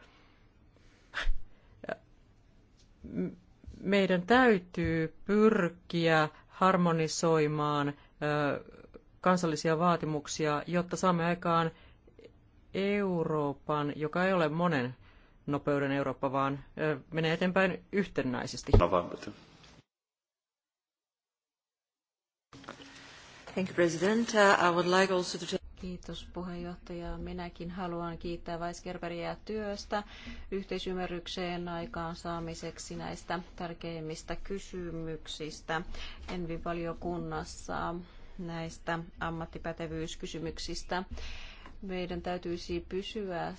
Meidän täytyy pyrkiä harmonisoimaan kansallisia vaatimuksia, jotta saamme aikaan Euroopan, joka ei ole monen nopeuden Eurooppa, vaan menee eteenpäin yhtenäisesti. Uh, Kiitos puheenjohtaja. Minäkin haluan kiittää Weisgerberiä työstä yhteisymmärrykseen aikaan saamiseksi näistä tärkeimmistä kysymyksistä Envi-valiokunnassa näistä ammattipätevyyskysymyksistä. Meidän täytyisi pysyä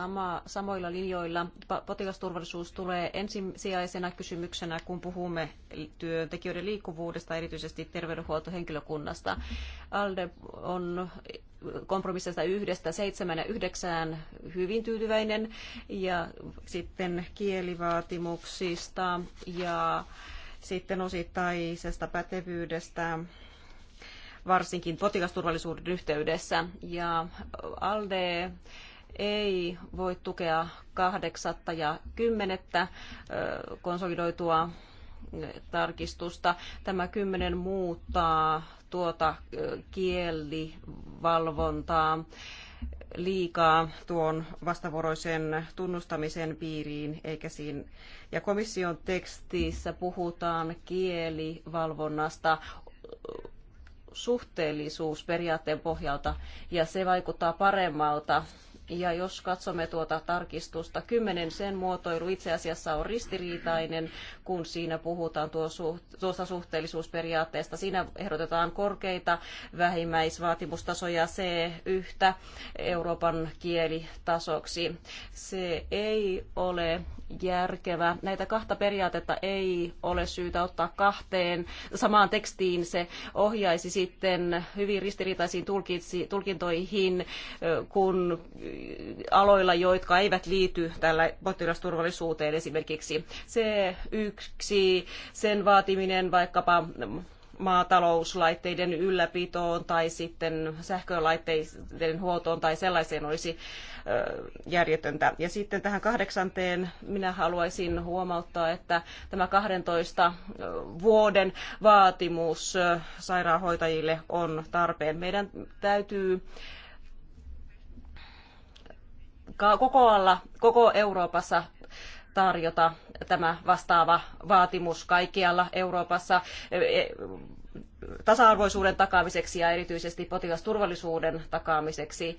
sama, samoilla linjoilla. Potilasturvallisuus tulee ensisijaisena kysymyksenä, kun puhumme työntekijöiden liikkuvuudesta, erityisesti terveydenhuoltohenkilökunnasta. ALDE on kompromissista yhdestä seitsemän ja yhdeksään hyvin tyytyväinen ja sitten kielivaatimuksista ja sitten osittaisesta pätevyydestä varsinkin potilasturvallisuuden yhteydessä. Ja ALDE ei voi tukea kahdeksatta ja kymmenettä konsolidoitua tarkistusta. Tämä kymmenen muuttaa tuota kielivalvontaa liikaa tuon vastavuoroisen tunnustamisen piiriin, eikä siinä. Ja komission tekstissä puhutaan kielivalvonnasta suhteellisuusperiaatteen pohjalta, ja se vaikuttaa paremmalta ja jos katsomme tuota tarkistusta, kymmenen sen muotoilu itse asiassa on ristiriitainen, kun siinä puhutaan tuosta suhteellisuusperiaatteesta. Siinä ehdotetaan korkeita vähimmäisvaatimustasoja C1 Euroopan kielitasoksi. Se ei ole järkevä. Näitä kahta periaatetta ei ole syytä ottaa kahteen samaan tekstiin. Se ohjaisi sitten hyvin ristiriitaisiin tulkintoihin, kun aloilla, jotka eivät liity tällä potilasturvallisuuteen esimerkiksi. Se yksi, sen vaatiminen vaikkapa maatalouslaitteiden ylläpitoon tai sitten sähkölaitteiden huoltoon tai sellaiseen olisi järjetöntä. Ja sitten tähän kahdeksanteen minä haluaisin huomauttaa, että tämä 12 vuoden vaatimus sairaanhoitajille on tarpeen. Meidän täytyy kokoalla, koko Euroopassa tarjota tämä vastaava vaatimus kaikkialla Euroopassa e, e, tasa-arvoisuuden takaamiseksi ja erityisesti potilasturvallisuuden takaamiseksi.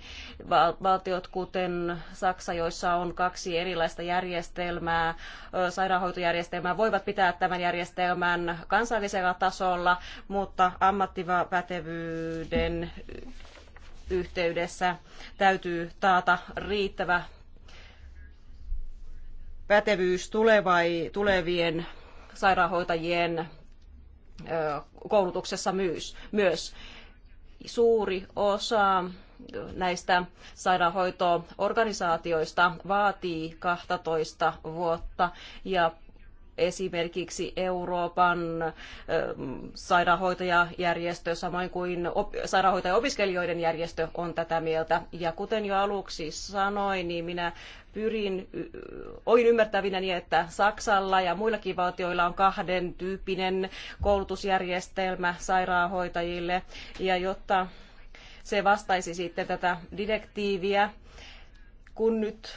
Valtiot kuten Saksa, joissa on kaksi erilaista järjestelmää, sairaanhoitojärjestelmää, voivat pitää tämän järjestelmän kansallisella tasolla, mutta ammattipätevyyden yhteydessä täytyy taata riittävä pätevyys tulevai, tulevien sairaanhoitajien koulutuksessa myös. myös. Suuri osa näistä sairaanhoitoorganisaatioista vaatii 12 vuotta ja esimerkiksi Euroopan sairaanhoitajajärjestö, samoin kuin op- sairaanhoitajaopiskelijoiden järjestö on tätä mieltä. Ja kuten jo aluksi sanoin, niin minä pyrin, olin ymmärtävinä niin, että Saksalla ja muillakin valtioilla on kahden tyyppinen koulutusjärjestelmä sairaanhoitajille. Ja jotta se vastaisi sitten tätä direktiiviä, kun nyt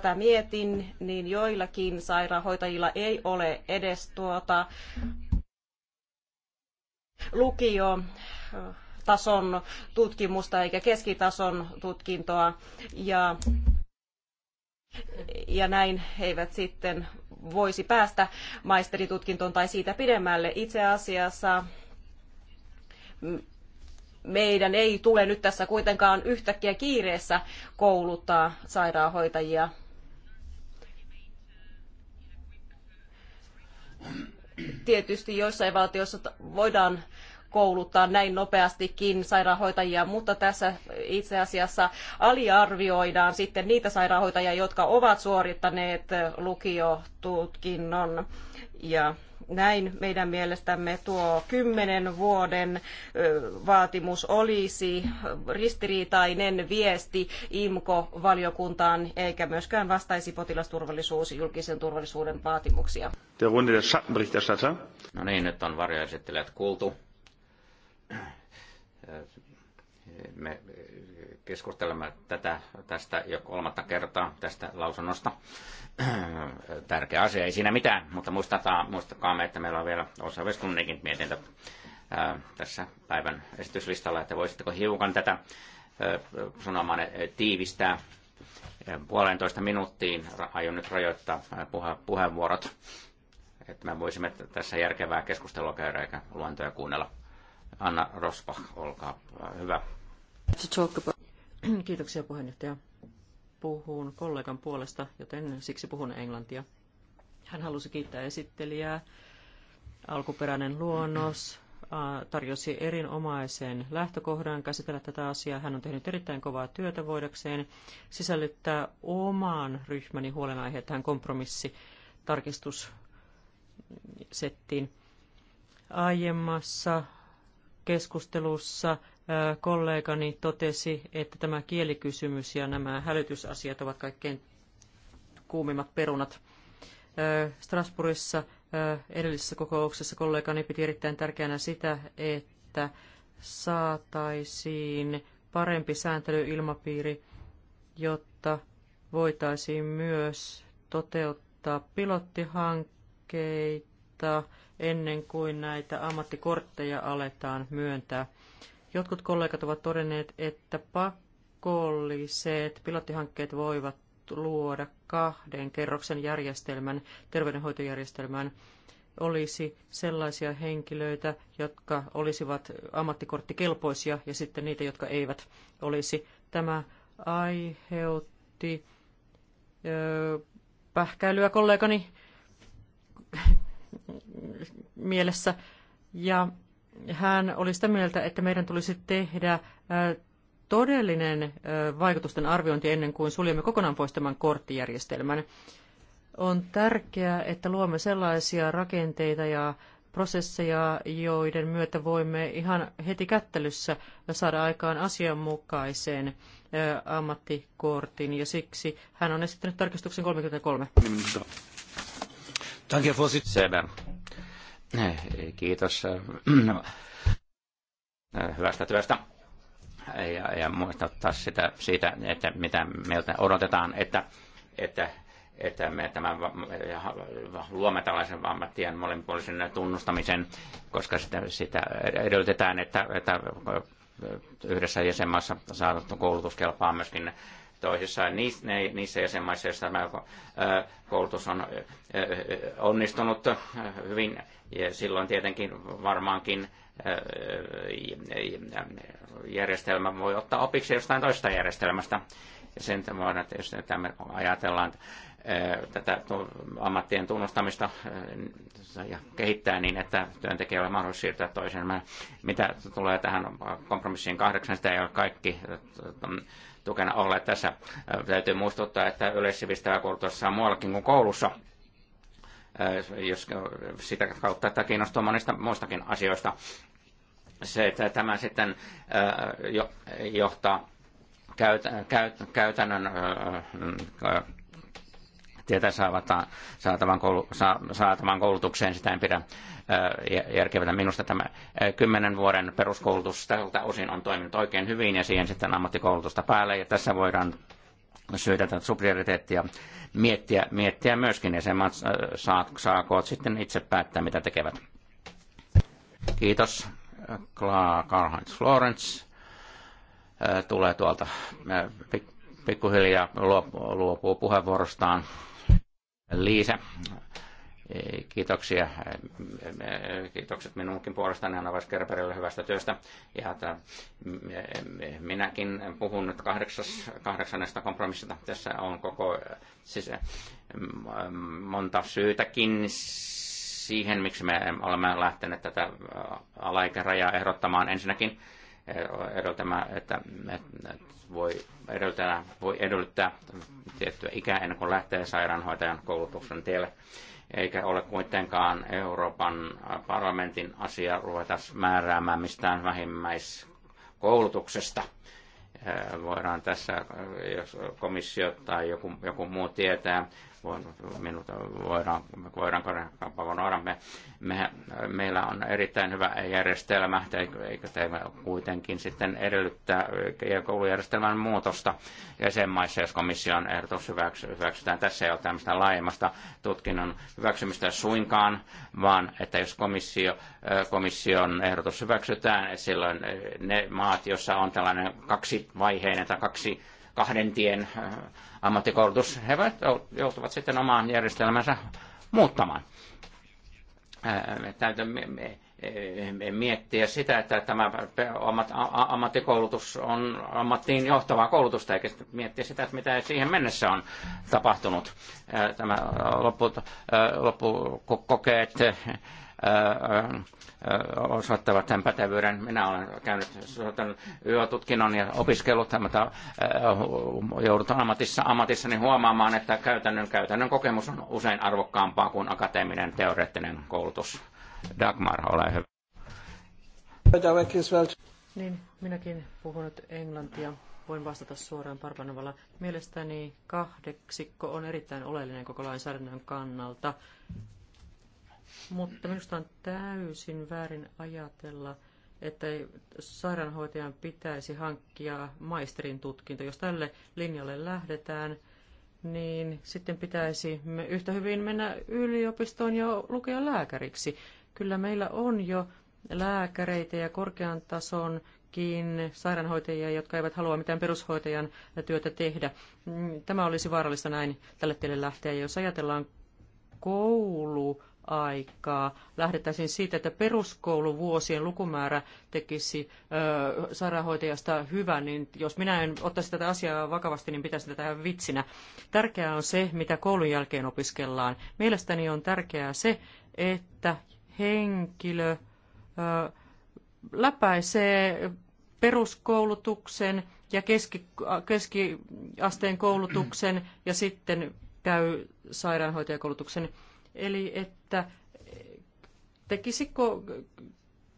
tätä mietin, niin joillakin sairaanhoitajilla ei ole edes tuota lukio tason tutkimusta eikä keskitason tutkintoa ja, ja näin he eivät sitten voisi päästä maisteritutkintoon tai siitä pidemmälle. Itse asiassa meidän ei tule nyt tässä kuitenkaan yhtäkkiä kiireessä kouluttaa sairaanhoitajia Tietysti joissain valtioissa voidaan kouluttaa näin nopeastikin sairaanhoitajia, mutta tässä itse asiassa aliarvioidaan sitten niitä sairaanhoitajia, jotka ovat suorittaneet lukiotutkinnon. Ja näin meidän mielestämme tuo kymmenen vuoden vaatimus olisi ristiriitainen viesti IMKO-valiokuntaan eikä myöskään vastaisi potilasturvallisuus ja julkisen turvallisuuden vaatimuksia. No niin, nyt on varjoesittelijät kuultu. Me keskustelemme tätä, tästä jo kolmatta kertaa tästä lausunnosta tärkeä asia, ei siinä mitään, mutta muistakaa, me, että meillä on vielä osa mietintä mietintö tässä päivän esityslistalla, että voisitteko hiukan tätä sanomaan tiivistää puolentoista minuuttiin. Aion nyt rajoittaa puheenvuorot, että me voisimme tässä järkevää keskustelua käydä eikä luentoja kuunnella. Anna Rosbach, olkaa hyvä. Kiitoksia puheenjohtaja puhun kollegan puolesta, joten siksi puhun englantia. Hän halusi kiittää esittelijää. Alkuperäinen luonnos äh, tarjosi erinomaisen lähtökohdan käsitellä tätä asiaa. Hän on tehnyt erittäin kovaa työtä voidakseen sisällyttää oman ryhmäni huolenaiheet tähän kompromissitarkistussettiin. Aiemmassa keskustelussa kollegani totesi, että tämä kielikysymys ja nämä hälytysasiat ovat kaikkein kuumimmat perunat. Strasbourgissa edellisessä kokouksessa kollegani piti erittäin tärkeänä sitä, että saataisiin parempi sääntelyilmapiiri, jotta voitaisiin myös toteuttaa pilottihankkeita ennen kuin näitä ammattikortteja aletaan myöntää – Jotkut kollegat ovat todenneet, että pakolliset pilottihankkeet voivat luoda kahden kerroksen järjestelmän, terveydenhoitojärjestelmän, olisi sellaisia henkilöitä, jotka olisivat ammattikorttikelpoisia ja sitten niitä, jotka eivät olisi. Tämä aiheutti ö, pähkäilyä kollegani mielessä ja hän oli sitä mieltä, että meidän tulisi tehdä todellinen vaikutusten arviointi ennen kuin suljemme kokonaan pois tämän korttijärjestelmän. On tärkeää, että luomme sellaisia rakenteita ja prosesseja, joiden myötä voimme ihan heti kättelyssä saada aikaan asianmukaisen ammattikortin, ja siksi hän on esittänyt tarkistuksen 33. Danke, Herr Kiitos äh, äh, hyvästä työstä ja, ja muistuttaa sitä, siitä, että mitä meiltä odotetaan, että, että, että me tämän, luomme tällaisen ammattien molempuolisen tunnustamisen, koska sitä, sitä edellytetään, että, että yhdessä jäsenmaassa saatu koulutus kelpaa myöskin toisissa niissä jäsenmaissa, joissa tämä koulutus on onnistunut hyvin, ja silloin tietenkin varmaankin järjestelmä voi ottaa opiksi jostain toista järjestelmästä. Ja sen voidaan, että jos ajatellaan tätä ammattien tunnustamista ja kehittää niin, että työntekijällä on mahdollisuus siirtyä toiseen. Mitä tulee tähän kompromissiin kahdeksan, sitä ei ole kaikki tukena olla tässä. Äh, täytyy muistuttaa, että yleissivistävä koulutus on muuallakin kuin koulussa äh, jos äh, sitä kautta, että kiinnostuu monista muistakin asioista. Se, että tämä sitten johtaa käytännön tietä saatavan koulutukseen, sitä en pidä järkevänä. Minusta tämä kymmenen vuoden peruskoulutus tältä osin on toiminut oikein hyvin ja siihen sitten ammattikoulutusta päälle. Ja tässä voidaan syödä tätä subsidiariteettia miettiä, miettiä myöskin jäsenmaat saa, saako sitten itse päättää, mitä tekevät. Kiitos. Karl-Heinz Florence tulee tuolta pikkuhiljaa luopuu puheenvuorostaan. Liise, Kiitoksia. Kiitokset minunkin puolestani Anna Vaskerperille hyvästä työstä. Ja minäkin puhun nyt kahdeksas, kahdeksannesta kompromissista. Tässä on koko siis, monta syytäkin siihen, miksi me olemme lähteneet tätä alaikärajaa ehdottamaan. Ensinnäkin Edeltämä, että, että voi, edeltää, voi edellyttää tiettyä ikää ennen kuin lähtee sairaanhoitajan koulutuksen tielle eikä ole kuitenkaan Euroopan parlamentin asia ruveta määräämään mistään vähimmäiskoulutuksesta. Voidaan tässä, jos komissio tai joku, joku muu tietää, minulta voidaan, voidaan, voidaan me, me, meillä on erittäin hyvä järjestelmä, eikö te kuitenkin sitten edellyttää koulujärjestelmän muutosta jäsenmaissa, jos komission ehdotus hyväksy, hyväksytään. Tässä ei ole tämmöistä laajemmasta tutkinnon hyväksymistä suinkaan, vaan että jos komissio, äh, komission ehdotus hyväksytään, silloin ne maat, joissa on tällainen kaksivaiheinen tai kaksi kahden tien äh, ammattikoulutus, he joutuvat sitten omaan järjestelmänsä muuttamaan. Äh, täytyy miettiä sitä, että tämä ammattikoulutus on ammattiin johtavaa koulutusta, eikä miettiä sitä, että mitä siihen mennessä on tapahtunut. Äh, tämä loppukokeet osoittavat tämän pätevyyden. Minä olen käynyt yötutkinnon ja opiskellut, mutta joudut ammatissa, ammatissani huomaamaan, että käytännön, käytännön kokemus on usein arvokkaampaa kuin akateeminen teoreettinen koulutus. Dagmar, ole hyvä. Niin, minäkin puhun nyt englantia. Voin vastata suoraan Parpanovalla. Mielestäni kahdeksikko on erittäin oleellinen koko lainsäädännön kannalta. Mutta minusta on täysin väärin ajatella, että sairaanhoitajan pitäisi hankkia maisterin tutkinto. Jos tälle linjalle lähdetään, niin sitten pitäisi yhtä hyvin mennä yliopistoon ja lukea lääkäriksi. Kyllä meillä on jo lääkäreitä ja korkean tason sairaanhoitajia, jotka eivät halua mitään perushoitajan työtä tehdä. Mm, tämä olisi vaarallista näin tälle tielle lähteä. Jos ajatellaan koulu, aikaa. Lähdettäisiin siitä, että peruskouluvuosien lukumäärä tekisi ö, sairaanhoitajasta hyvän, niin jos minä en ottaisi tätä asiaa vakavasti, niin pitäisi tätä ihan vitsinä. Tärkeää on se, mitä koulun jälkeen opiskellaan. Mielestäni on tärkeää se, että henkilö ö, läpäisee peruskoulutuksen ja keski, keskiasteen koulutuksen ja sitten käy sairaanhoitajakoulutuksen koulutuksen Eli että tekisi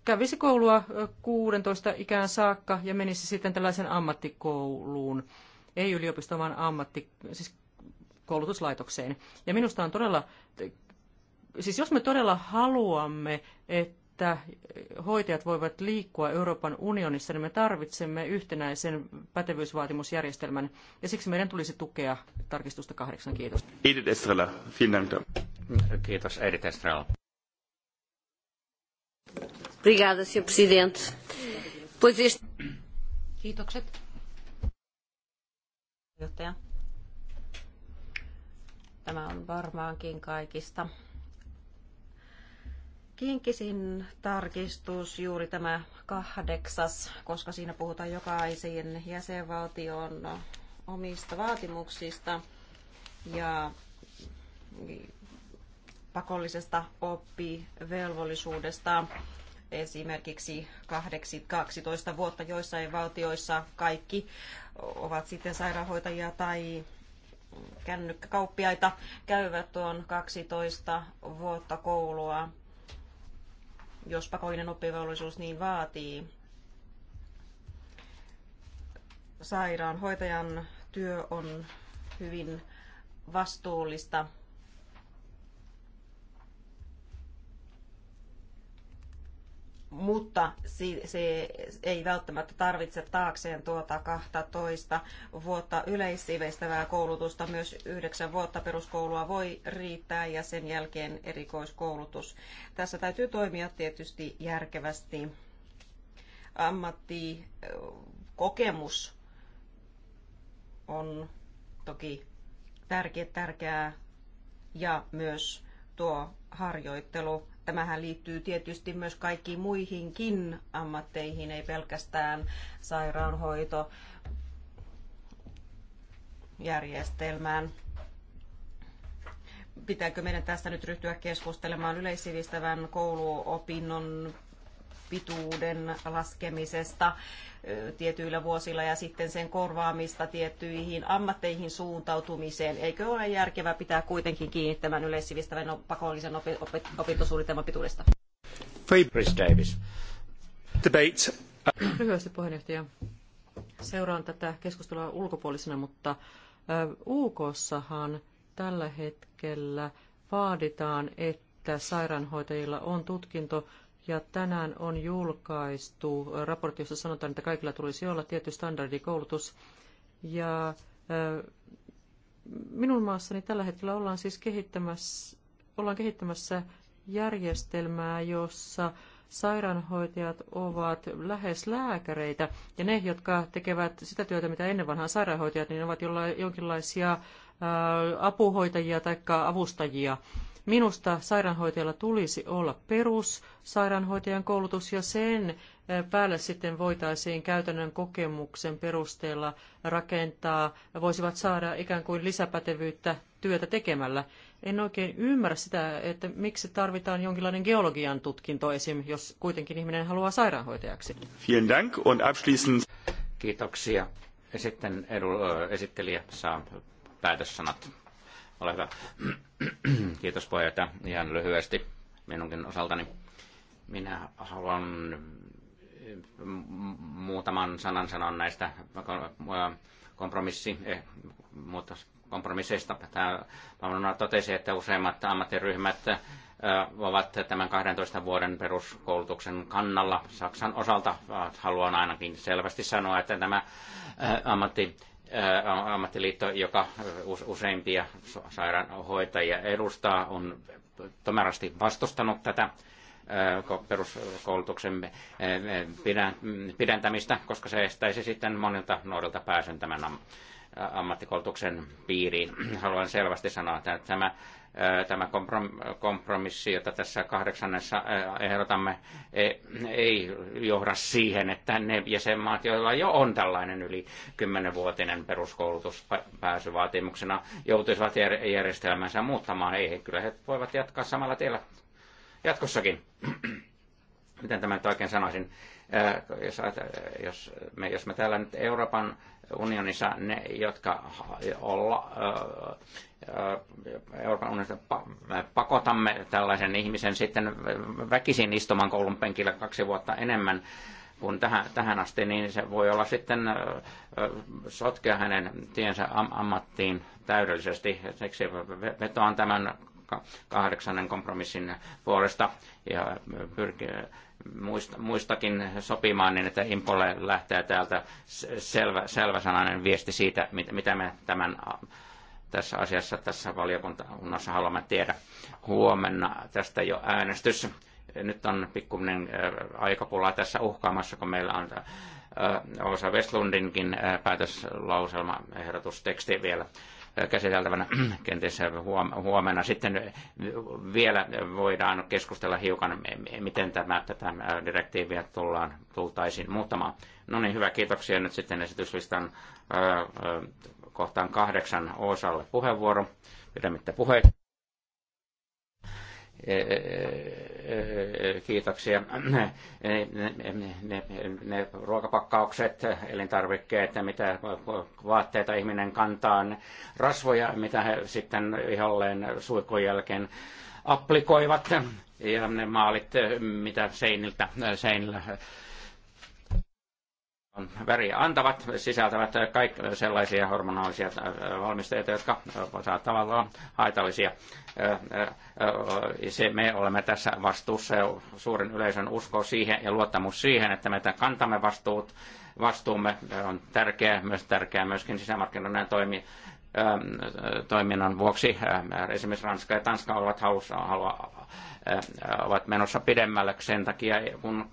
kävisi koulua 16 ikään saakka ja menisi sitten tällaisen ammattikouluun, ei yliopisto, vaan ammatti, siis koulutuslaitokseen. Ja minusta on todella, siis jos me todella haluamme, että hoitajat voivat liikkua Euroopan unionissa, niin me tarvitsemme yhtenäisen pätevyysvaatimusjärjestelmän, ja siksi meidän tulisi tukea tarkistusta kahdeksan. Kiitos. Edith Estrella, vielen Kiitos, Edith Estrella. Obrigada, senhor presidente. Pois este... Kiitokset. Johtaja. Tämä on varmaankin kaikista kinkisin tarkistus juuri tämä kahdeksas, koska siinä puhutaan jokaisen jäsenvaltion omista vaatimuksista ja pakollisesta oppivelvollisuudesta esimerkiksi 12 vuotta joissain valtioissa kaikki ovat sitten sairaanhoitajia tai kännykkäkauppiaita käyvät tuon 12 vuotta koulua, jos pakollinen oppivelvollisuus niin vaatii. Sairaanhoitajan työ on hyvin vastuullista mutta se ei välttämättä tarvitse taakseen tuota 12 vuotta yleissivestävää koulutusta. Myös yhdeksän vuotta peruskoulua voi riittää ja sen jälkeen erikoiskoulutus. Tässä täytyy toimia tietysti järkevästi. Ammattikokemus on toki tärkeä, tärkeää ja myös tuo harjoittelu tämähän liittyy tietysti myös kaikkiin muihinkin ammatteihin, ei pelkästään sairaanhoito järjestelmään. Pitääkö meidän tästä nyt ryhtyä keskustelemaan yleissivistävän kouluopinnon pituuden laskemisesta tietyillä vuosilla ja sitten sen korvaamista tiettyihin ammatteihin suuntautumiseen. Eikö ole järkevää pitää kuitenkin kiinni tämän yleissivistävän pakollisen opintosuunnitelman pituudesta? Fabrice Davis. Debate. Lyhyesti puheenjohtaja. Seuraan tätä keskustelua ulkopuolisena, mutta UKssahan tällä hetkellä vaaditaan, että sairaanhoitajilla on tutkinto ja tänään on julkaistu raportti, jossa sanotaan, että kaikilla tulisi olla tietty standardikoulutus. Ja minun maassani tällä hetkellä ollaan siis kehittämässä, ollaan kehittämässä järjestelmää, jossa sairaanhoitajat ovat lähes lääkäreitä, ja ne, jotka tekevät sitä työtä, mitä ennen vanhaan sairaanhoitajat, niin ovat jollain, jonkinlaisia apuhoitajia tai avustajia. Minusta sairaanhoitajalla tulisi olla perussairaanhoitajan koulutus ja sen eh, päälle sitten voitaisiin käytännön kokemuksen perusteella rakentaa, voisivat saada ikään kuin lisäpätevyyttä työtä tekemällä. En oikein ymmärrä sitä, että miksi tarvitaan jonkinlainen geologian tutkinto esim., jos kuitenkin ihminen haluaa sairaanhoitajaksi. Vielen dank und abschließend... Kiitoksia. Ja sitten edu, esittelijä saa päätössanat. Ole hyvä. Kiitos puheenjohtaja. Ihan lyhyesti minunkin osaltani. Minä haluan mm, muutaman sanan sanoa näistä kompromissi, eh, kompromisseista. Tämä totesi, että useimmat ammattiryhmät eh, ovat tämän 12 vuoden peruskoulutuksen kannalla Saksan osalta. Eh, haluan ainakin selvästi sanoa, että nämä ammatti ammattiliitto, joka useimpia sairaanhoitajia edustaa, on tomerasti vastustanut tätä peruskoulutuksen pidentämistä, koska se estäisi sitten monilta nuorilta pääsyn tämän ammattikoulutuksen piiriin. Haluan selvästi sanoa, että tämä tämä kompromissi, jota tässä kahdeksannessa ehdotamme, ei johda siihen, että ne jäsenmaat, joilla jo on tällainen yli kymmenenvuotinen peruskoulutus pääsyvaatimuksena, joutuisivat järjestelmänsä muuttamaan. Ei, kyllä he voivat jatkaa samalla tiellä jatkossakin. Miten tämä nyt oikein sanoisin? Jos, jos, me, jos me täällä nyt Euroopan unionissa ne, jotka olla, Euroopan unionista pakotamme tällaisen ihmisen sitten väkisin istumaan koulun penkillä kaksi vuotta enemmän kuin tähän, tähän asti, niin se voi olla sitten sotkea hänen tiensä ammattiin täydellisesti. Siksi vetoan tämän kahdeksannen kompromissin puolesta ja pyrkii muistakin sopimaan niin, että Impolle lähtee täältä selvä, selväsanainen viesti siitä, mitä me tämän tässä asiassa tässä valiokunnassa haluamme tiedä. Huomenna tästä jo äänestys. Nyt on pikkuinen aikapula tässä uhkaamassa, kun meillä on Osa Westlundinkin ehdotusteksti vielä käsiteltävänä kenties huomenna. Sitten vielä voidaan keskustella hiukan, miten tämä, tätä direktiiviä tullaan, tultaisiin muuttamaan. No niin, hyvä, kiitoksia nyt sitten esityslistan kohtaan kahdeksan osalle puheenvuoro. Pidemmittä puheita kiitoksia. Ne, ne, ruokapakkaukset, elintarvikkeet, mitä vaatteita ihminen kantaa, rasvoja, mitä he sitten iholleen suikun jälkeen applikoivat ja ne maalit, mitä seiniltä, seinillä väriä antavat, sisältävät kaikki sellaisia hormonaalisia äh, valmisteita, jotka äh, saattavat olla haitallisia. Äh, se, me olemme tässä vastuussa ja suurin yleisön usko siihen ja luottamus siihen, että me kantamme vastuut vastuumme on tärkeää, myös tärkeää myöskin sisämarkkinoiden toimi, toiminnan vuoksi. Esimerkiksi Ranska ja Tanska ovat, halussa, halua, ovat menossa pidemmälle sen takia, kun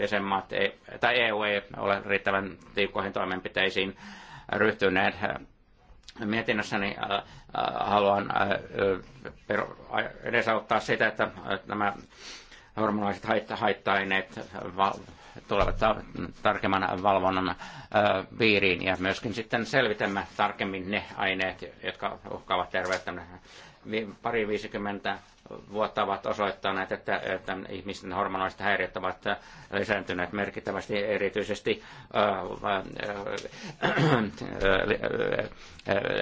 jäsenmaat ei, tai EU ei ole riittävän tiukkoihin toimenpiteisiin ryhtyneet. Mietinnössäni haluan edesauttaa sitä, että nämä hormonaiset haitta- aineet tulevat tarkemman valvonnan piiriin ja myöskin sitten selvitämme tarkemmin ne aineet, jotka uhkaavat terveyttämme. Pari 50 vuotta ovat osoittaneet, että, että ihmisten hormonalliset häiriöt ovat äh, lisääntyneet merkittävästi, erityisesti äh, äh,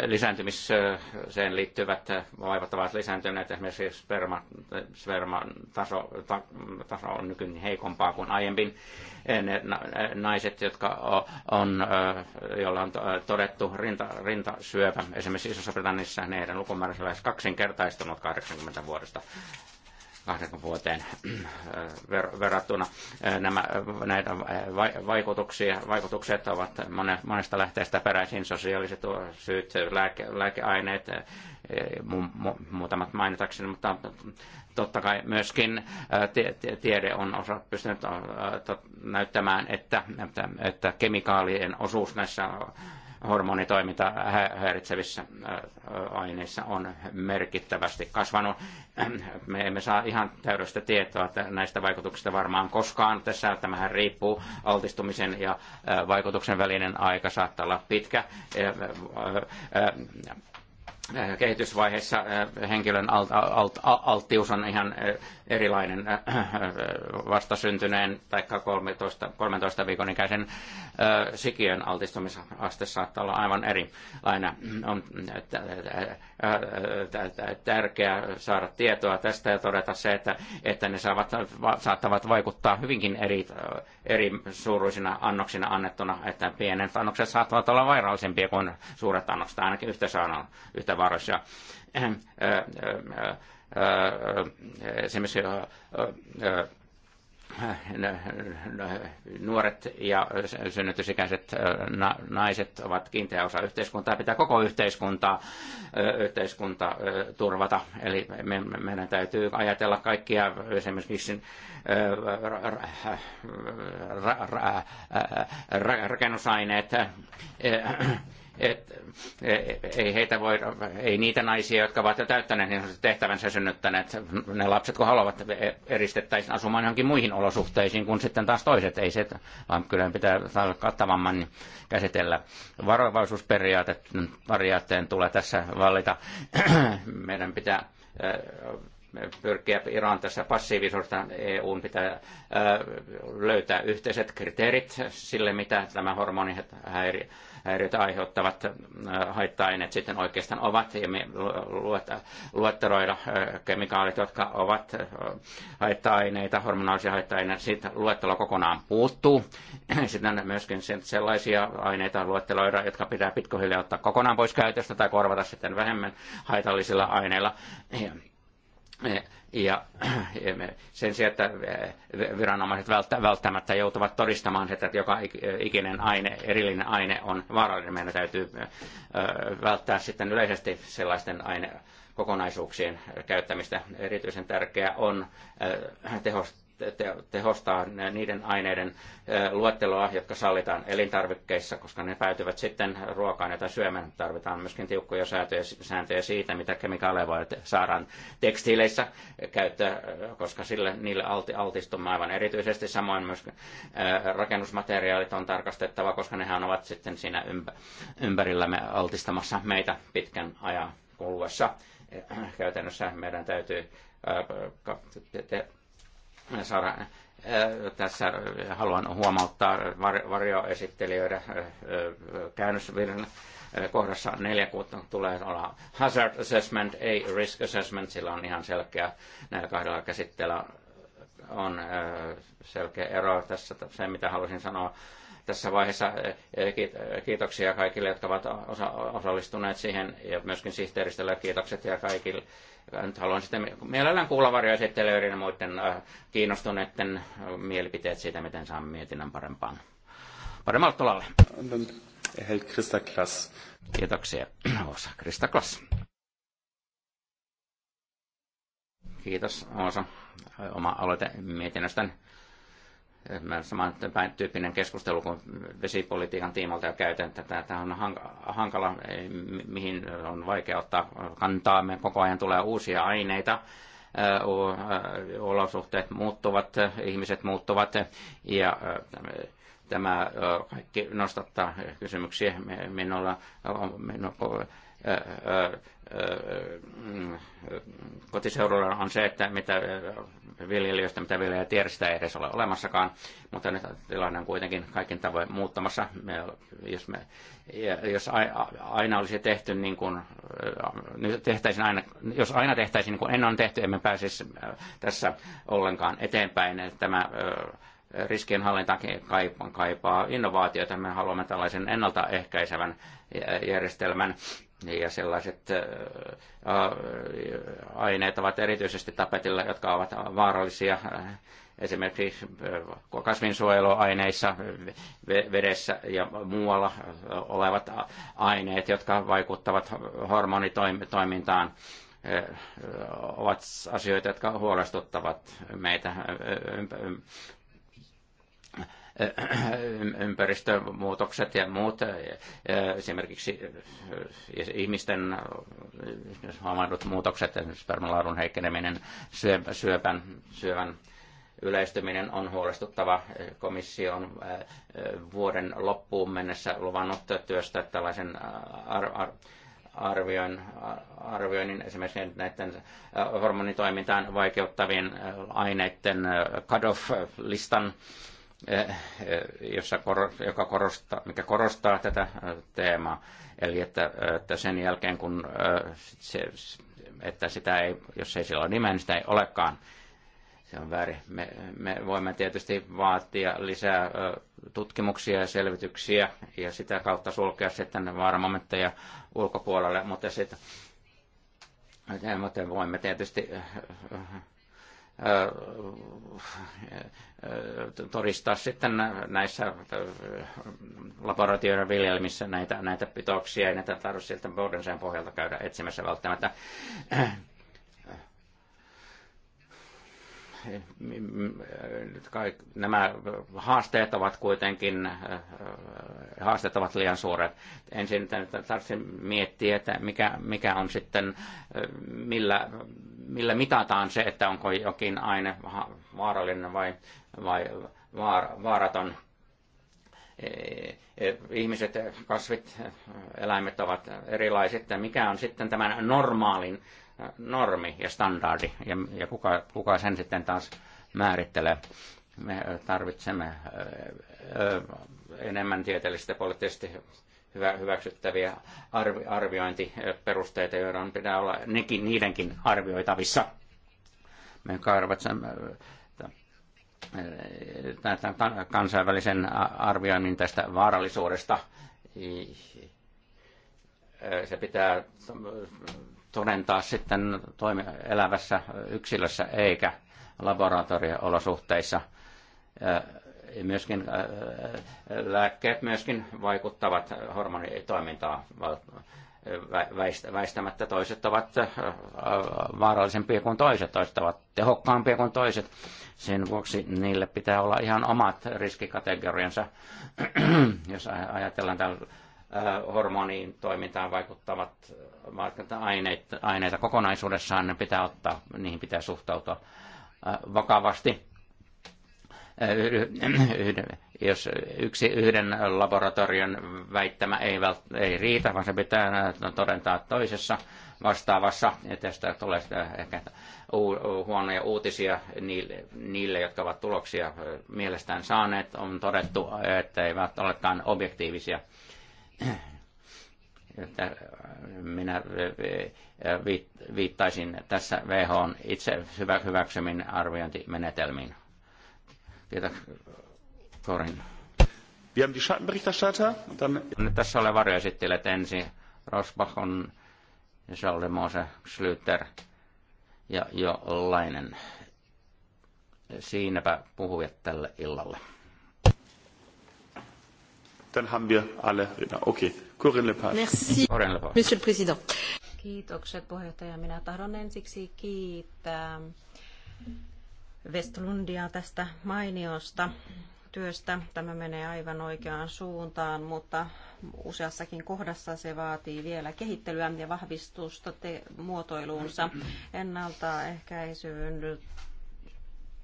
lisääntymiseen liittyvät vaivat ovat lisääntyneet. Esimerkiksi sperma, sperman taso, ta, taso on nykyään heikompaa kuin aiemmin. Ne naiset, jotka on, joilla on todettu rinta, rintasyöpä, esimerkiksi Iso-Britannissa, heidän lukumääränsä lähes kaksinkertaistunut 80 vuodesta vuodesta kahden vuoteen äh, verrattuna. Äh, nämä, näitä vaikutuksia, vaikutukset ovat monesta lähteestä peräisin, sosiaaliset syyt, lääke, lääkeaineet, äh, mu, mu, muutamat mainitakseni, mutta totta kai myöskin tiede on osa pystynyt näyttämään, että, että, että kemikaalien osuus näissä hormonitoiminta häiritsevissä äh, aineissa on merkittävästi kasvanut. Me emme saa ihan täydellistä tietoa näistä vaikutuksista varmaan koskaan. Tässä tämähän riippuu altistumisen ja äh, vaikutuksen välinen aika saattaa olla pitkä äh, kehitysvaiheessa henkilön alt, alt, alt, alttius on ihan erilainen äh, äh, vastasyntyneen tai 13, 13 viikon ikäisen äh, sikiön altistumisaste saattaa olla aivan erilainen. On tärkeää saada tietoa tästä ja todeta se, että, että ne saavat, saattavat vaikuttaa hyvinkin eri, eri suuruisina annoksina annettuna, että pienet annokset saattavat olla vaarallisempia kuin suuret annokset, ainakin yhtä, sanon, yhtä vaarallisia semmoisia nuoret ja synnytysikäiset naiset ovat kiinteä osa yhteiskuntaa. Pitää koko yhteiskunta yhteiskunta turvata. Eli meidän täytyy ajatella kaikkia esimerkiksi rakennusaineet, et, e, e, ei, heitä voi, ei niitä naisia, jotka ovat jo täyttäneet niin tehtävänsä synnyttäneet, ne lapset kun haluavat e, eristettäisiin asumaan johonkin muihin olosuhteisiin kuin sitten taas toiset. Ei se, vaan kyllä pitää kattavamman käsitellä. Varovaisuusperiaatteen tulee tässä vallita. Meidän pitää pyrkiä Iran tässä passiivisuudesta. EUn pitää löytää yhteiset kriteerit sille, mitä tämä hormonihäiriö häiriöt aiheuttavat äh, haitta-aineet sitten oikeastaan ovat ja me luetteloida äh, kemikaalit, jotka ovat äh, haitta-aineita, hormonaalisia haitta-aineita, sitten luettelo kokonaan puuttuu. Sitten myöskin sellaisia aineita luetteloida, jotka pitää pitkohiljaa ottaa kokonaan pois käytöstä tai korvata sitten vähemmän haitallisilla aineilla. E, ja sen sijaan, että eh, viranomaiset välttämättä joutuvat todistamaan, että joka eh, ikinen aine, erillinen aine on vaarallinen, meidän täytyy eh, välttää sitten yleisesti sellaisten aine kokonaisuuksien käyttämistä. Erityisen tärkeää on tehostaa tehostaa niiden aineiden luetteloa, jotka sallitaan elintarvikkeissa, koska ne päätyvät sitten ruokaan, jota syömään. Tarvitaan myöskin tiukkoja sääntöjä siitä, mitä kemikaaleja voi saadaan tekstiileissä käyttöä, koska sille, niille altistumme aivan erityisesti. Samoin myös rakennusmateriaalit on tarkastettava, koska nehän ovat sitten siinä ympärillämme altistamassa meitä pitkän ajan kuluessa. Käytännössä meidän täytyy Sara, tässä haluan huomauttaa varjoesittelijöiden käännösvirran kohdassa neljä kuutta tulee olla hazard assessment, ei risk assessment, sillä on ihan selkeä näillä kahdella käsitteellä on selkeä ero tässä. Se, mitä halusin sanoa tässä vaiheessa, kiitoksia kaikille, jotka ovat osallistuneet siihen, ja myöskin sihteeristölle kiitokset ja kaikille nyt haluan sitten mielellään kuulla varjoesittelijöiden ja muiden äh, kiinnostuneiden äh, mielipiteet siitä, miten saamme mietinnän parempaan, paremmalle tolalle. Held Krista Klass. Kiitoksia, Osa Krista Klass. Kiitos Osa oma aloite mietinnöstäni saman tyyppinen keskustelu kuin vesipolitiikan tiimalta jo käytän tätä. Tämä on hankala, mihin on vaikea ottaa kantaa. Me koko ajan tulee uusia aineita, olosuhteet muuttuvat, ihmiset muuttuvat ja tämä kaikki nostattaa kysymyksiä. Minulla, minulla Mm, kotiseudulla on se, että mitä viljelijöistä, mitä vielä tiedä, sitä ei edes ole olemassakaan, mutta nyt tilanne on kuitenkin kaiken tavoin muuttamassa. Me, jos, me, jos aina olisi tehty niin kuin, nyt tehtäisiin aina, jos aina tehtäisiin niin kuin ennen on tehty, emme pääsisi tässä ollenkaan eteenpäin. Tämä riskienhallinta kaipaa innovaatioita. Me haluamme tällaisen ennaltaehkäisevän järjestelmän ja sellaiset aineet ovat erityisesti tapetilla, jotka ovat vaarallisia esimerkiksi kasvinsuojeluaineissa, vedessä ja muualla olevat aineet, jotka vaikuttavat hormonitoimintaan, ovat asioita, jotka huolestuttavat meitä ympäristömuutokset ja muut, esimerkiksi ihmisten havaitut muutokset, spermalaadun heikkeneminen, syöpän, syövän yleistyminen on huolestuttava. Komissio on vuoden loppuun mennessä luvannut työstä tällaisen ar- ar- arvioin, arvioinnin esimerkiksi näiden hormonitoimintaan vaikeuttavien aineiden cut-off-listan Eh, jossa joka korostaa, mikä korostaa tätä eh, teemaa. Eli että, eh, että sen jälkeen, kun se, että sitä ei, jos ei sillä ole nimeä, niin sitä ei olekaan. Se on väärin. Me, me voimme tietysti vaatia lisää tutkimuksia ja selvityksiä ja sitä kautta sulkea sitten vaaramomentteja ulkopuolelle, mutta sitten mutta voimme tietysti todistaa sitten näissä laboratorioiden viljelmissä näitä, näitä pitoksia. Ei näitä tarvitse sieltä Bordenseen pohjalta käydä etsimässä välttämättä. nämä haasteet ovat kuitenkin haasteet ovat liian suuret. Ensin tarvitsee miettiä, että mikä, mikä on sitten, millä, millä mitataan se, että onko jokin aine vaarallinen vai, vai vaar, vaaraton. E, e, ihmiset, kasvit, eläimet ovat erilaiset. Mikä on sitten tämän normaalin normi ja standardi ja, ja kuka, kuka sen sitten taas määrittelee? Me tarvitsemme enemmän tieteellisesti ja poliittisesti hyväksyttäviä arvi, arviointiperusteita, joiden pitää olla nekin, niidenkin arvioitavissa. Me tarvitsemme kansainvälisen arvioinnin tästä vaarallisuudesta. Se pitää todentaa sitten toimi- elävässä yksilössä eikä laboratorio-olosuhteissa. Myöskin lääkkeet myöskin vaikuttavat hormonitoimintaan väistämättä. Toiset ovat vaarallisempia kuin toiset, toiset ovat tehokkaampia kuin toiset sen vuoksi niille pitää olla ihan omat riskikategoriansa, jos ajatellaan tällä äh, hormoniin toimintaan vaikuttavat aineita, aineita kokonaisuudessaan, ne pitää ottaa, niihin pitää suhtautua äh, vakavasti. Äh, jos yksi yhden laboratorion väittämä ei, vält, ei riitä, vaan se pitää todentaa toisessa vastaavassa. Ja tästä tulee ehkä huonoja uutisia niille, niille, jotka ovat tuloksia mielestään saaneet. On todettu, että eivät olekaan objektiivisia minä viittaisin tässä WHO itse hyväksymin arviointimenetelmiin. Kiitos, Korin. Wir haben die Schattenberichterstatter. Dann... tässä ole varjoesittelijät ensin. Rosbach on Charles Mose, Schlüter ja jo Lainen. Siinäpä puhujat tälle illalle. Dann haben wir alle. Okay. Corinne Lepage. Merci. Corinne Lepage. Monsieur le Président. Kiitokset puheenjohtaja. Minä tahdon ensiksi kiittää Westlundia tästä mainiosta työstä. Tämä menee aivan oikeaan suuntaan, mutta useassakin kohdassa se vaatii vielä kehittelyä ja vahvistusta te- muotoiluunsa. Ennaltaehkäisyyn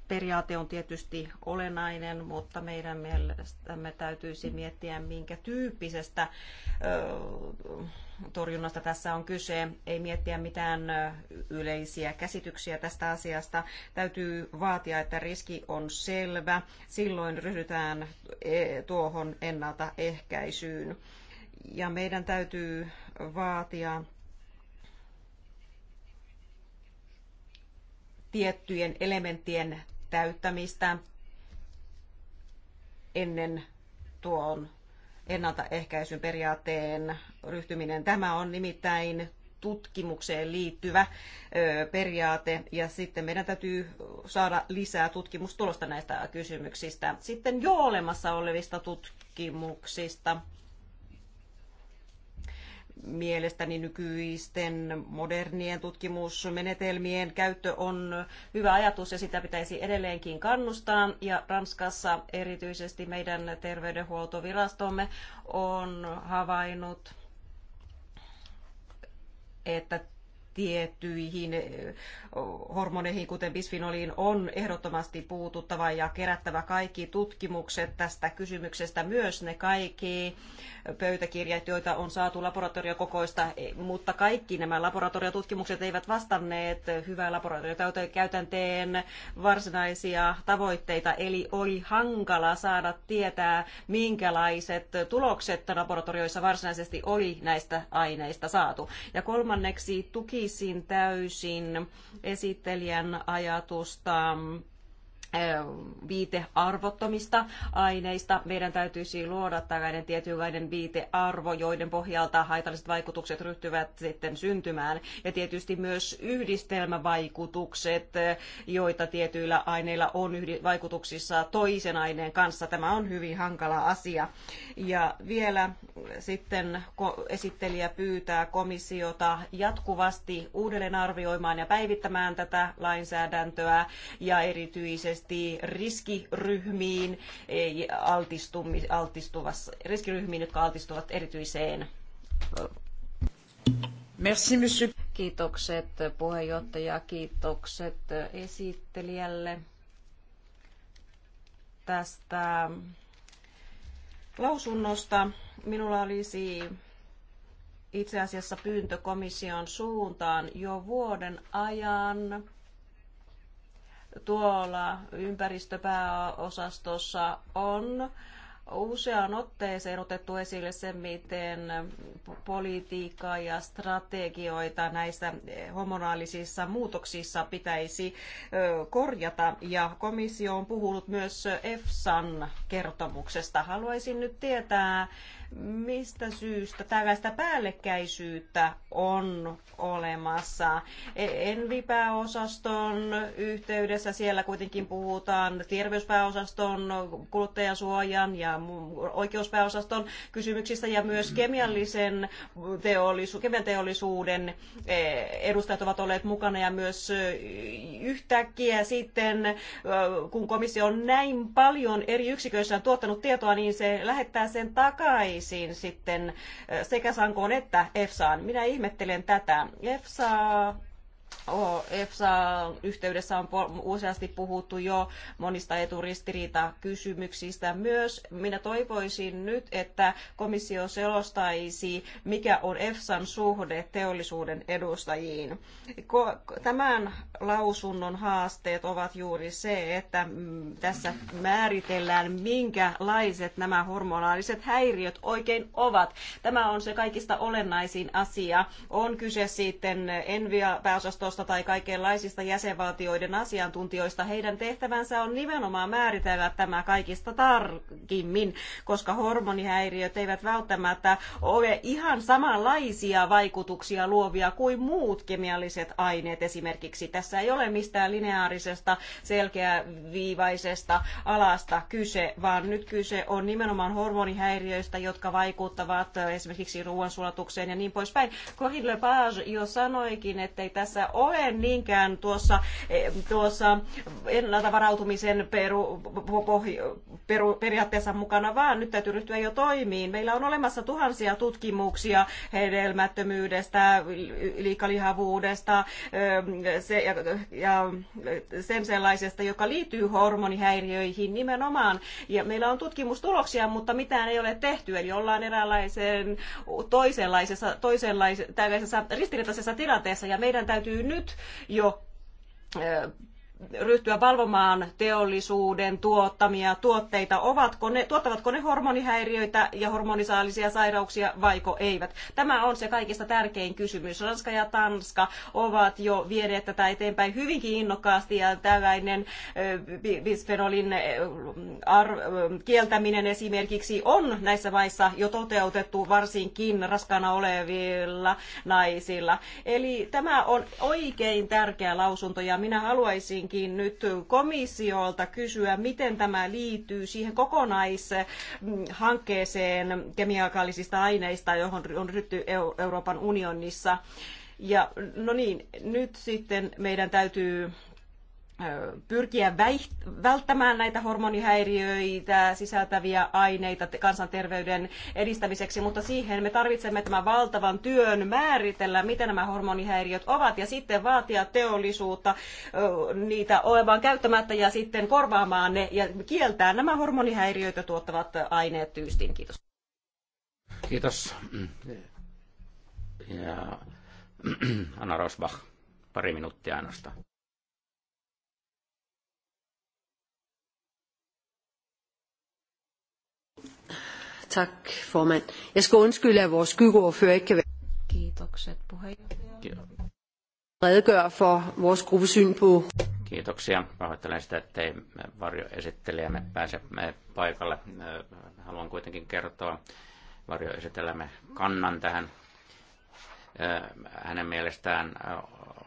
periaate on tietysti olennainen, mutta meidän mielestämme täytyisi miettiä, minkä tyyppisestä öö, torjunnasta tässä on kyse. Ei miettiä mitään yleisiä käsityksiä tästä asiasta. Täytyy vaatia, että riski on selvä. Silloin ryhdytään e, tuohon ennaltaehkäisyyn. Ja meidän täytyy vaatia tiettyjen elementtien täyttämistä ennen tuon ennaltaehkäisyn periaatteen ryhtyminen. Tämä on nimittäin tutkimukseen liittyvä periaate ja sitten meidän täytyy saada lisää tutkimustulosta näistä kysymyksistä. Sitten jo olemassa olevista tutkimuksista mielestäni nykyisten modernien tutkimusmenetelmien käyttö on hyvä ajatus ja sitä pitäisi edelleenkin kannustaa. Ja Ranskassa erityisesti meidän terveydenhuoltovirastomme on havainnut, että tiettyihin hormoneihin, kuten bisfinoliin, on ehdottomasti puututtava ja kerättävä kaikki tutkimukset tästä kysymyksestä, myös ne kaikki pöytäkirjat, joita on saatu laboratoriokokoista, e, mutta kaikki nämä laboratoriotutkimukset eivät vastanneet hyvää laboratoriokäytänteen varsinaisia tavoitteita, eli oli hankala saada tietää, minkälaiset tulokset laboratorioissa varsinaisesti oli näistä aineista saatu. Ja kolmanneksi tuki tukisin täysin esittelijän ajatusta viitearvottomista aineista. Meidän täytyisi luoda tällainen tietynlainen viitearvo, joiden pohjalta haitalliset vaikutukset ryhtyvät sitten syntymään. Ja tietysti myös yhdistelmävaikutukset, joita tietyillä aineilla on vaikutuksissa toisen aineen kanssa. Tämä on hyvin hankala asia. Ja vielä sitten esittelijä pyytää komissiota jatkuvasti uudelleen arvioimaan ja päivittämään tätä lainsäädäntöä ja erityisesti erityisesti riskiryhmiin, e, riskiryhmiin, jotka altistuvat erityiseen Merci, monsieur. Kiitokset puheenjohtaja, kiitokset esittelijälle tästä lausunnosta. Minulla olisi itse asiassa pyyntö komission suuntaan jo vuoden ajan tuolla ympäristöpääosastossa on useaan otteeseen otettu esille se, miten politiikkaa ja strategioita näissä eh, hormonaalisissa muutoksissa pitäisi korjata. Ja komissio on puhunut myös EFSAn kertomuksesta. Haluaisin nyt tietää, mistä syystä tällaista päällekkäisyyttä on olemassa. E- Envipääosaston yhteydessä siellä kuitenkin puhutaan terveyspääosaston, kuluttajasuojan ja oikeuspääosaston kysymyksistä ja myös kemiallisen teollisu- kemian teollisuuden e- edustajat ovat olleet mukana ja myös yhtäkkiä sitten, kun komissio on näin paljon eri yksiköissä tuottanut tietoa, niin se lähettää sen takaisin hankkeisiin sitten eh, sekä Sankoon että EFSAan. Minä ihmettelen tätä. EFSA EFSA-yhteydessä on useasti puhuttu jo monista eturistiriitakysymyksistä myös. Minä toivoisin nyt, että komissio selostaisi, mikä on EFSAn suhde teollisuuden edustajiin. Tämän lausunnon haasteet ovat juuri se, että tässä määritellään, minkälaiset nämä hormonaaliset häiriöt oikein ovat. Tämä on se kaikista olennaisin asia. On kyse sitten Envia-pääosastosta, neuvostosta tai kaikenlaisista jäsenvaltioiden asiantuntijoista. Heidän tehtävänsä on nimenomaan määritellä tämä kaikista tarkimmin, koska hormonihäiriöt eivät välttämättä ole ihan samanlaisia vaikutuksia luovia kuin muut kemialliset aineet esimerkiksi. Tässä ei ole mistään lineaarisesta, selkeäviivaisesta alasta kyse, vaan nyt kyse on nimenomaan hormonihäiriöistä, jotka vaikuttavat esimerkiksi ruoansulatukseen ja niin poispäin. Corinne Lepage jo sanoikin, ettei tässä ole niinkään tuossa, e, tuossa ennalta varautumisen peru, peru, periaatteessa mukana, vaan nyt täytyy ryhtyä jo toimiin. Meillä on olemassa tuhansia tutkimuksia hedelmättömyydestä, liikalihavuudesta se, ja, ja sen sellaisesta, joka liittyy hormonihäiriöihin nimenomaan. Ja meillä on tutkimustuloksia, mutta mitään ei ole tehty, eli ollaan eräänlaisen toisenlaisessa, toisenlaisessa tällaisessa ristiriitaisessa tilanteessa, ja meidän täytyy nyt jo ryhtyä valvomaan teollisuuden tuottamia tuotteita, ovatko ne, tuottavatko ne hormonihäiriöitä ja hormonisaalisia sairauksia vaiko eivät. Tämä on se kaikista tärkein kysymys. Ranska ja Tanska ovat jo vieneet tätä eteenpäin hyvinkin innokkaasti ja tällainen bisfenolin kieltäminen esimerkiksi on näissä maissa jo toteutettu varsinkin raskaana olevilla naisilla. Eli tämä on oikein tärkeä lausunto ja minä haluaisin haluaisinkin nyt komissiolta kysyä, miten tämä liittyy siihen kokonaishankkeeseen kemiakaalisista aineista, johon on ryhty Euroopan unionissa. Ja no niin, nyt sitten meidän täytyy pyrkiä välttämään näitä hormonihäiriöitä sisältäviä aineita kansanterveyden edistämiseksi, mutta siihen me tarvitsemme tämän valtavan työn määritellä, mitä nämä hormonihäiriöt ovat, ja sitten vaatia teollisuutta niitä olevan käyttämättä ja sitten korvaamaan ne ja kieltää nämä hormonihäiriöitä tuottavat aineet tyystin. Kiitos. Kiitos. Ja Anna Rosbach, pari minuuttia ainoastaan. Tak, formand. Jeg skal undskylde, at vores skyggeordfører ikke kan være... Kiitokset puheenjohtaja. Redegør for vores gruppesyn på... Kiitoksia. Pahoittelen sitä, ettei varjoesittelijämme pääse eh, paikalle. Eh, haluan kuitenkin kertoa varjoesitellämme kannan tähän. Eh, hänen mielestään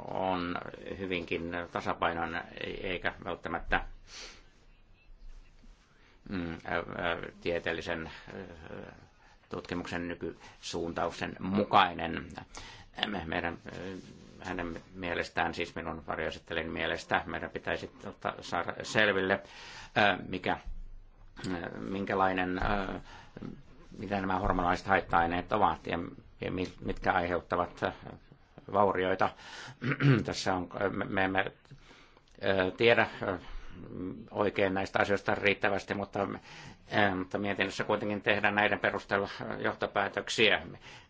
on hyvinkin tasapainoinen, eikä välttämättä Mm, tieteellisen tutkimuksen nykysuuntauksen mukainen. Meidän, hänen mielestään, siis minun varjoesittelin mielestä, meidän pitäisi ottaa, saada selville, mikä, minkälainen, mitä nämä hormonaiset haitta-aineet ovat ja mitkä aiheuttavat vaurioita. Tässä on, me emme tiedä oikein näistä asioista riittävästi, mutta, eh, mutta mietinnössä kuitenkin tehdään näiden perusteella johtopäätöksiä.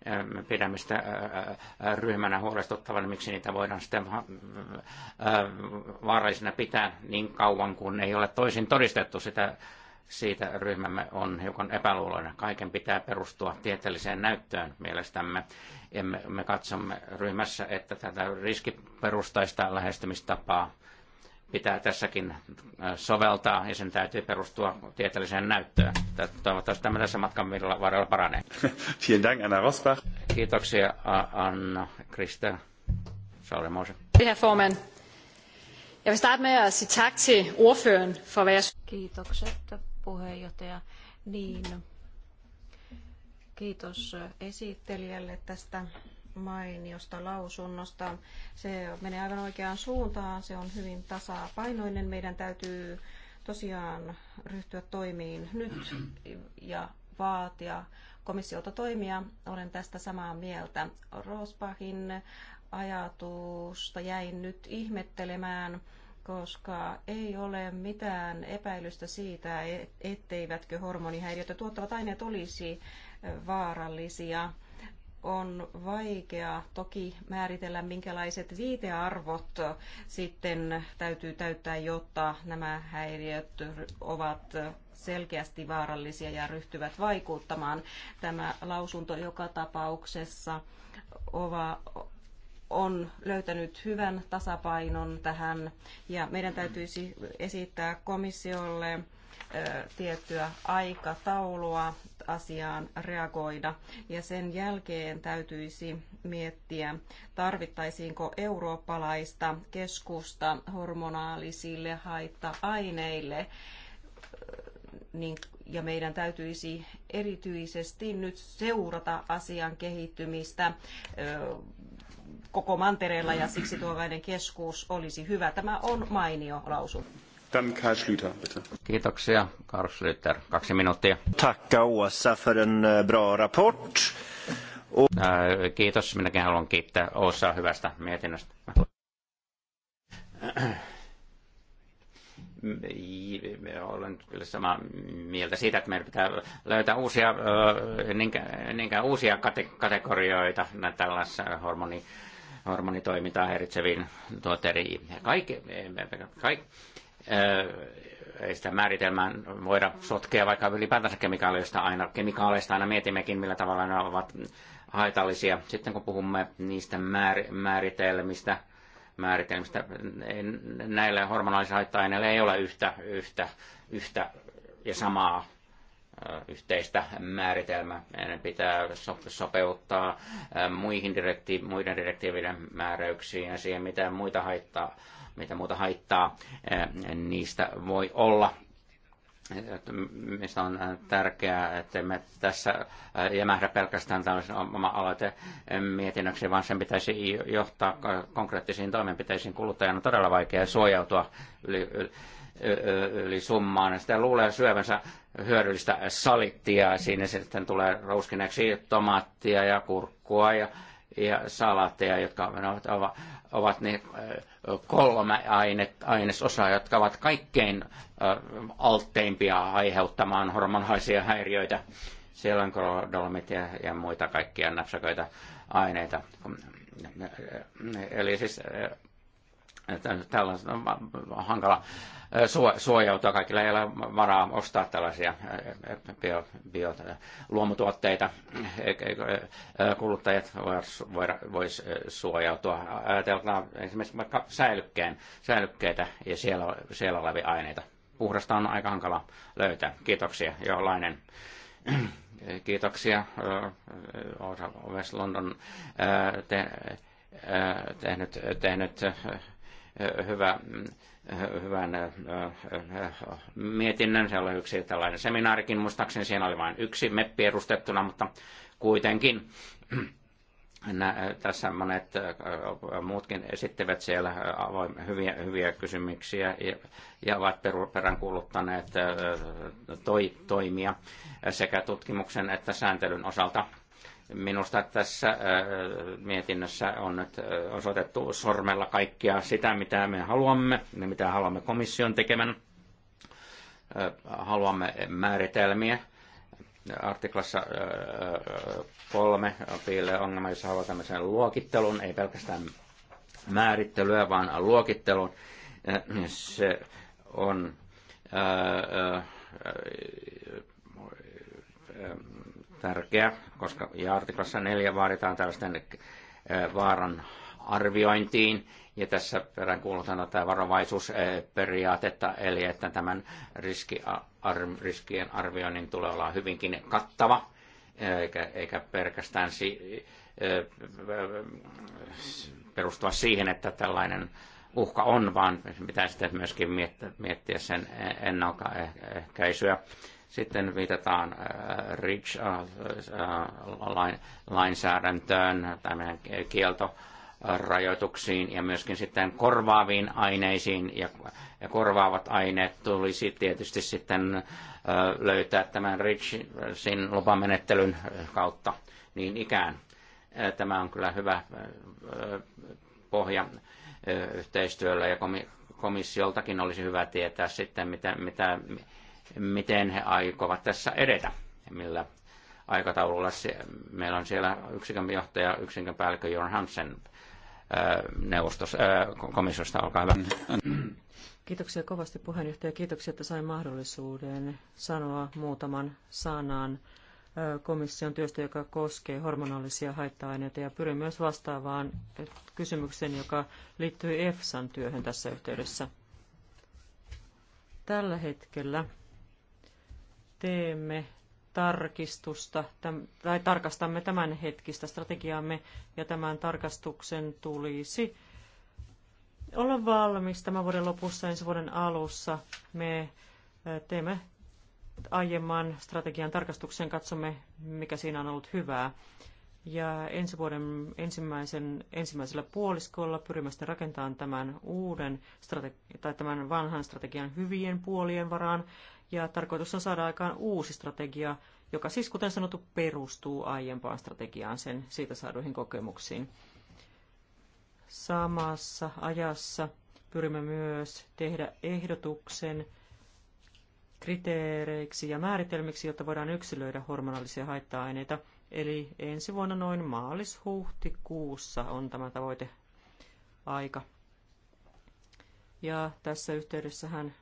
Eh, me pidämme sitä eh, ryhmänä huolestuttavana, niin miksi niitä voidaan sitten vaarallisena pitää niin kauan, kun ei ole toisin todistettu sitä siitä ryhmämme on hiukan epäluuloinen. Kaiken pitää perustua tieteelliseen näyttöön mielestämme. me katsomme ryhmässä, että tätä riskiperustaista lähestymistapaa pitää tässäkin äh, soveltaa ja sen täytyy perustua tieteelliseen näyttöön. Toivottavasti tämä tässä matkan varrella paranee. Vielen Dank, Anna Rosbach. Kiitoksia, Anna Krista. Salve Herr Forman. Jeg vil starte med at sige tak til ordføreren for, hvad jeg... Kiitokset, puheenjohtaja. Niin, kiitos esittelijälle tästä mainiosta lausunnosta. Se menee aivan oikeaan suuntaan, se on hyvin tasapainoinen. Meidän täytyy tosiaan ryhtyä toimiin nyt ja vaatia komissiolta toimia. Olen tästä samaa mieltä. Rosbachin ajatusta jäin nyt ihmettelemään koska ei ole mitään epäilystä siitä, etteivätkö hormonihäiriöt tuottavat aineet olisi vaarallisia on vaikea toki määritellä, minkälaiset viitearvot sitten täytyy täyttää, jotta nämä häiriöt ovat selkeästi vaarallisia ja ryhtyvät vaikuttamaan. Tämä lausunto joka tapauksessa ova, on löytänyt hyvän tasapainon tähän ja meidän täytyisi esittää komissiolle tiettyä aikataulua asiaan reagoida. Ja sen jälkeen täytyisi miettiä, tarvittaisiinko eurooppalaista keskusta hormonaalisille haitta-aineille. Niin, ja meidän täytyisi erityisesti nyt seurata asian kehittymistä koko mantereella ja siksi tuollainen keskus olisi hyvä. Tämä on mainio lausunto. Dann Karl Schlüter, bitte. Kiitoksia, Karl Schlüter. Kaksi minuuttia. Tacka Åsa för en eh, bra rapport. Äh, kiitos, minäkin haluan kiittää Osaa hyvästä mietinnöstä. Äh, äh, olen kyllä samaa mieltä siitä, että meidän pitää löytää uusia, niinkään, niinkään uusia kate, kategorioita tällaisessa hormoni, hormonitoimintaa häiritseviin tuotteisiin. Kaikki, eh, kaikki, ei sitä määritelmää voida sotkea, vaikka ylipäätänsä kemikaaleista aina, kemikaaleista aina mietimmekin, millä tavalla ne ovat haitallisia. Sitten kun puhumme niistä määr, määritelmistä, määritelmistä, näille hormonaalisille haitta-aineille ei ole yhtä, yhtä, yhtä ja samaa yhteistä määritelmää. Ne pitää sopeuttaa muihin direkti- muiden direktiivien määräyksiin ja siihen, mitä muita haittaa mitä muuta haittaa niistä voi olla. Mistä on tärkeää, että me tässä jämähdä pelkästään tällaisen oma aloite mietinnöksi, vaan sen pitäisi johtaa konkreettisiin toimenpiteisiin. Kuluttajan on todella vaikea suojautua yli, yli yli summaan. Ja sitten luulee syövänsä hyödyllistä salittia. Siinä sitten tulee rouskineeksi tomaattia ja kurkkua ja ja salaatteja, jotka ovat, ovat ne kolme aine, ainesosaa, jotka ovat kaikkein altteimpia aiheuttamaan hormonhaisia häiriöitä. Siellä on dolmitia ja muita kaikkia napsakoita aineita. Eli siis tällaista on hankala suojautua. Kaikilla ei ole varaa ostaa tällaisia bio, bio, luomutuotteita. Kuluttajat voisivat suojautua. Ajatellaan esimerkiksi vaikka säilykkeen, säilykkeitä ja siellä, siellä olevia aineita. Puhdasta on aika hankala löytää. Kiitoksia. Jollainen. Kiitoksia. Osa West London tehnyt, tehnyt hyvä, hyvän mietinnön. Se oli yksi tällainen seminaarikin, muistaakseni siinä oli vain yksi meppi edustettuna, mutta kuitenkin tässä monet muutkin esittivät siellä avoin, hyviä, hyviä kysymyksiä ja, ja ovat peräänkuuluttaneet toi, toimia sekä tutkimuksen että sääntelyn osalta Minusta tässä äh, mietinnössä on nyt äh, osoitettu sormella kaikkia sitä, mitä me haluamme, niin mitä haluamme komission tekemän. Äh, haluamme määritelmiä. Artiklassa kolme piille ongelma, jossa haluaa tämmöisen luokittelun, ei pelkästään määrittelyä, vaan luokittelun. Se on tärkeä, koska ja artiklassa 4 vaaditaan tällaisten äh, vaaran arviointiin. Ja tässä peräänkuulutan tämä varovaisuusperiaatetta, eli että tämän riski, ar, riskien arvioinnin tulee olla hyvinkin kattava, eikä, eikä pelkästään si, äh, perustua siihen, että tällainen uhka on, vaan pitää sitten myöskin miettiä, miettiä sen ennaltaehkäisyä. Eh, sitten viitataan äh, REACH-lainsäädäntöön, äh, äh, tämän kielto rajoituksiin ja myöskin sitten korvaaviin aineisiin ja, ja korvaavat aineet tulisi tietysti sitten löytää tämän RICHin lupamenettelyn kautta niin ikään. Tämä on kyllä hyvä pohja yhteistyöllä ja komissioltakin olisi hyvä tietää sitten, mitä, mitä miten he aikovat tässä edetä, millä aikataululla se, meillä on siellä yksikön johtaja, yksikön päällikkö Jorn Hansen neuvostossa, komissiosta, olkaa hyvä. Kiitoksia kovasti puheenjohtaja, kiitoksia, että sain mahdollisuuden sanoa muutaman sanan komission työstä, joka koskee hormonallisia haitta-aineita ja pyrin myös vastaavaan kysymykseen, joka liittyy EFSAn työhön tässä yhteydessä. Tällä hetkellä teemme tarkistusta tai tarkastamme tämän hetkistä strategiaamme ja tämän tarkastuksen tulisi olla valmis tämän vuoden lopussa, ensi vuoden alussa. Me teemme aiemman strategian tarkastuksen, katsomme mikä siinä on ollut hyvää. Ja ensi vuoden ensimmäisen, ensimmäisellä puoliskolla pyrimme sitten rakentamaan tämän uuden strategi- tai tämän vanhan strategian hyvien puolien varaan ja tarkoitus on saada aikaan uusi strategia, joka siis kuten sanottu perustuu aiempaan strategiaan sen siitä saaduihin kokemuksiin. Samassa ajassa pyrimme myös tehdä ehdotuksen kriteereiksi ja määritelmiksi, jotta voidaan yksilöidä hormonallisia haitta-aineita. Eli ensi vuonna noin maalis-huhtikuussa on tämä tavoite aika. Ja tässä yhteydessähän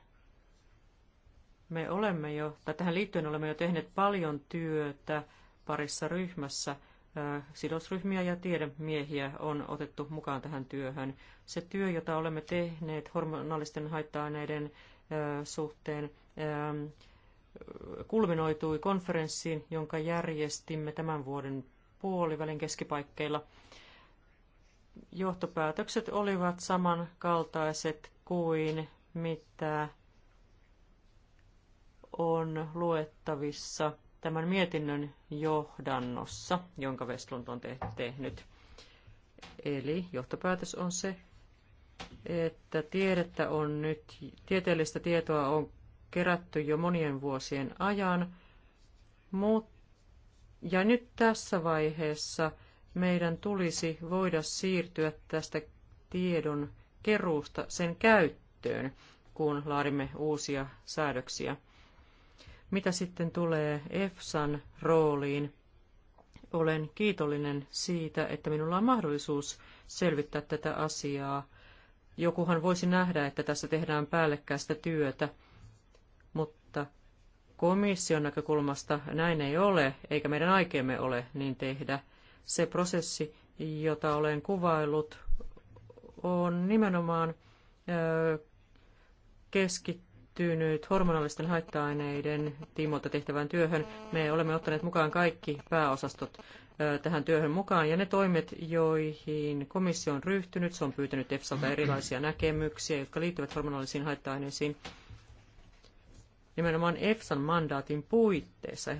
me olemme jo, tai tähän liittyen olemme jo tehneet paljon työtä parissa ryhmässä. Sidosryhmiä ja tiedemiehiä on otettu mukaan tähän työhön. Se työ, jota olemme tehneet hormonaalisten haitta-aineiden suhteen, kulminoitui konferenssiin, jonka järjestimme tämän vuoden puolivälin keskipaikkeilla. Johtopäätökset olivat samankaltaiset kuin mitä on luettavissa tämän mietinnön johdannossa, jonka Westlund on te- tehnyt. Eli johtopäätös on se, että tiedettä on nyt, tieteellistä tietoa on kerätty jo monien vuosien ajan, mutta ja nyt tässä vaiheessa meidän tulisi voida siirtyä tästä tiedon keruusta sen käyttöön, kun laadimme uusia säädöksiä. Mitä sitten tulee EFSAn rooliin, olen kiitollinen siitä, että minulla on mahdollisuus selvittää tätä asiaa. Jokuhan voisi nähdä, että tässä tehdään päällekkäistä työtä, mutta komission näkökulmasta näin ei ole, eikä meidän aikeemme ole niin tehdä. Se prosessi, jota olen kuvailut, on nimenomaan keskittynyt keskittynyt hormonallisten haitta-aineiden tiimoilta tehtävään työhön. Me olemme ottaneet mukaan kaikki pääosastot tähän työhön mukaan, ja ne toimet, joihin komissio on ryhtynyt, se on pyytänyt EFSAlta erilaisia näkemyksiä, jotka liittyvät hormonallisiin haitta-aineisiin nimenomaan EFSAn mandaatin puitteissa,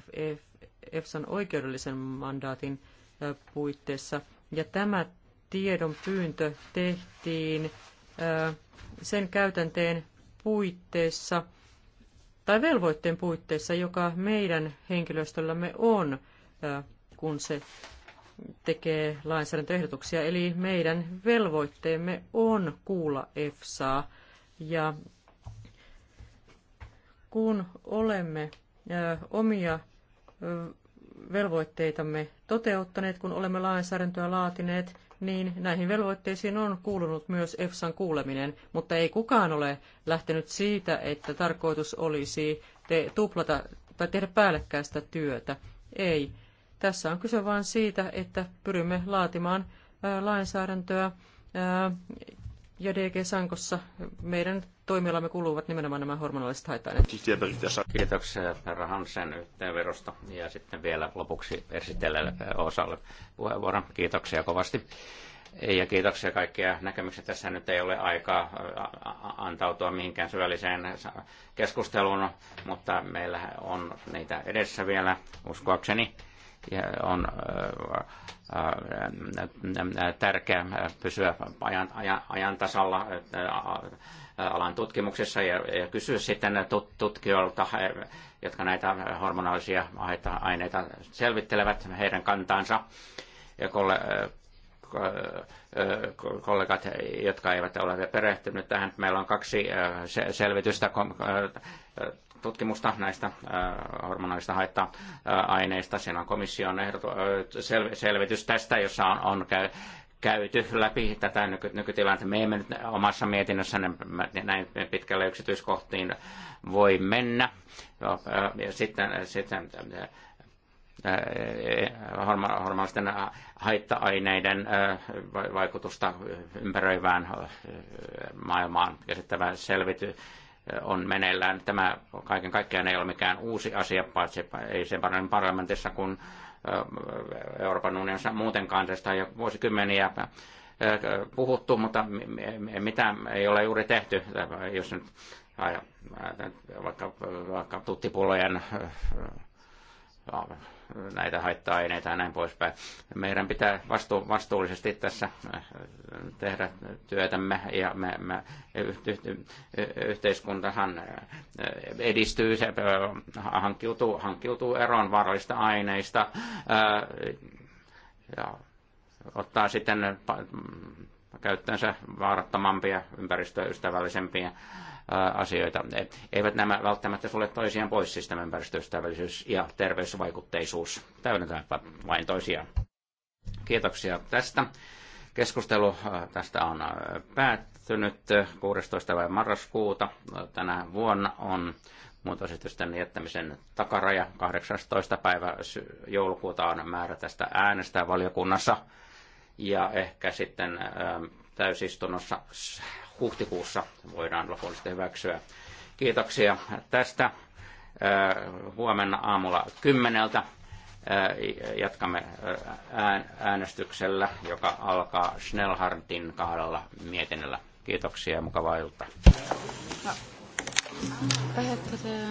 EFSAn oikeudellisen mandaatin puitteissa. Ja tämä tiedon pyyntö tehtiin sen käytänteen puitteissa tai velvoitteen puitteissa, joka meidän henkilöstöllämme on, kun se tekee lainsäädäntöehdotuksia. Eli meidän velvoitteemme on kuulla EFSAa. Ja kun olemme omia velvoitteitamme toteuttaneet, kun olemme lainsäädäntöä laatineet, niin näihin velvoitteisiin on kuulunut myös EFSAn kuuleminen, mutta ei kukaan ole lähtenyt siitä, että tarkoitus olisi te- tuplata tai tehdä päällekkäistä työtä. Ei. Tässä on kyse vain siitä, että pyrimme laatimaan lainsäädäntöä ja DG Sankossa meidän toimialamme kuuluvat nimenomaan nämä hormonalliset haitta Kiitoksia herra Hansen yhteenverosta ja sitten vielä lopuksi esitellelle osalle puheenvuoron. Kiitoksia kovasti. Ja kiitoksia kaikkia näkemyksiä. Tässä nyt ei ole aikaa antautua mihinkään syvälliseen keskusteluun, mutta meillä on niitä edessä vielä, uskoakseni. Ja on tärkeää pysyä ajan, ajan, ajan tasalla alan tutkimuksessa ja, ja kysyä sitten tutkijoilta, jotka näitä hormonaalisia aineita selvittelevät, heidän kantaansa. Ja kollegat, jotka eivät ole vielä perehtyneet tähän. Meillä on kaksi äh, selvitystä, äh, tutkimusta näistä äh, hormonaista haitta-aineista. Siinä on komission selvitys tästä, jossa on, on käyty läpi tätä nyky- nykytilannetta. Me emme nyt omassa mietinnössä näin pitkälle yksityiskohtiin voi mennä. Ja sitten, sitten hormonallisten haitta-aineiden vaikutusta ympäröivään maailmaan käsittävä selvity on meneillään. Tämä kaiken kaikkiaan ei ole mikään uusi asia, paitsi ei sen paremmin parlamentissa kuin Euroopan unionissa muutenkaan tästä jo vuosikymmeniä äh, puhuttu, mutta mitä ei ole juuri tehty, jos nyt vaikka, vaikka tuttipullojen äh, näitä haitta-aineita ja näin poispäin. Meidän pitää vastu- vastuullisesti tässä äh, tehdä työtämme ja me, me, yhteiskuntahan äh, edistyy, se äh, hankkiutuu, hankkiutuu eroon vaarallista aineista ja ottaa sitten käyttöönsä vaarattomampia, ympäristöystävällisempiä asioita. Eivät nämä välttämättä sulle toisiaan pois, siis tämä ympäristöystävällisyys ja terveysvaikutteisuus täydentävät vain toisiaan. Kiitoksia tästä. Keskustelu tästä on päättynyt 16. marraskuuta. Tänä vuonna on muutosesitysten jättämisen takaraja 18. päivä joulukuuta on määrä tästä äänestää valiokunnassa. Ja ehkä sitten täysistunnossa huhtikuussa voidaan lopullisesti hyväksyä. Kiitoksia tästä. Äh, huomenna aamulla kymmeneltä äh, jatkamme äh, äänestyksellä, joka alkaa Schnellhardin kahdella mietinnöllä. Kiitoksia ja mukavaa iltaa.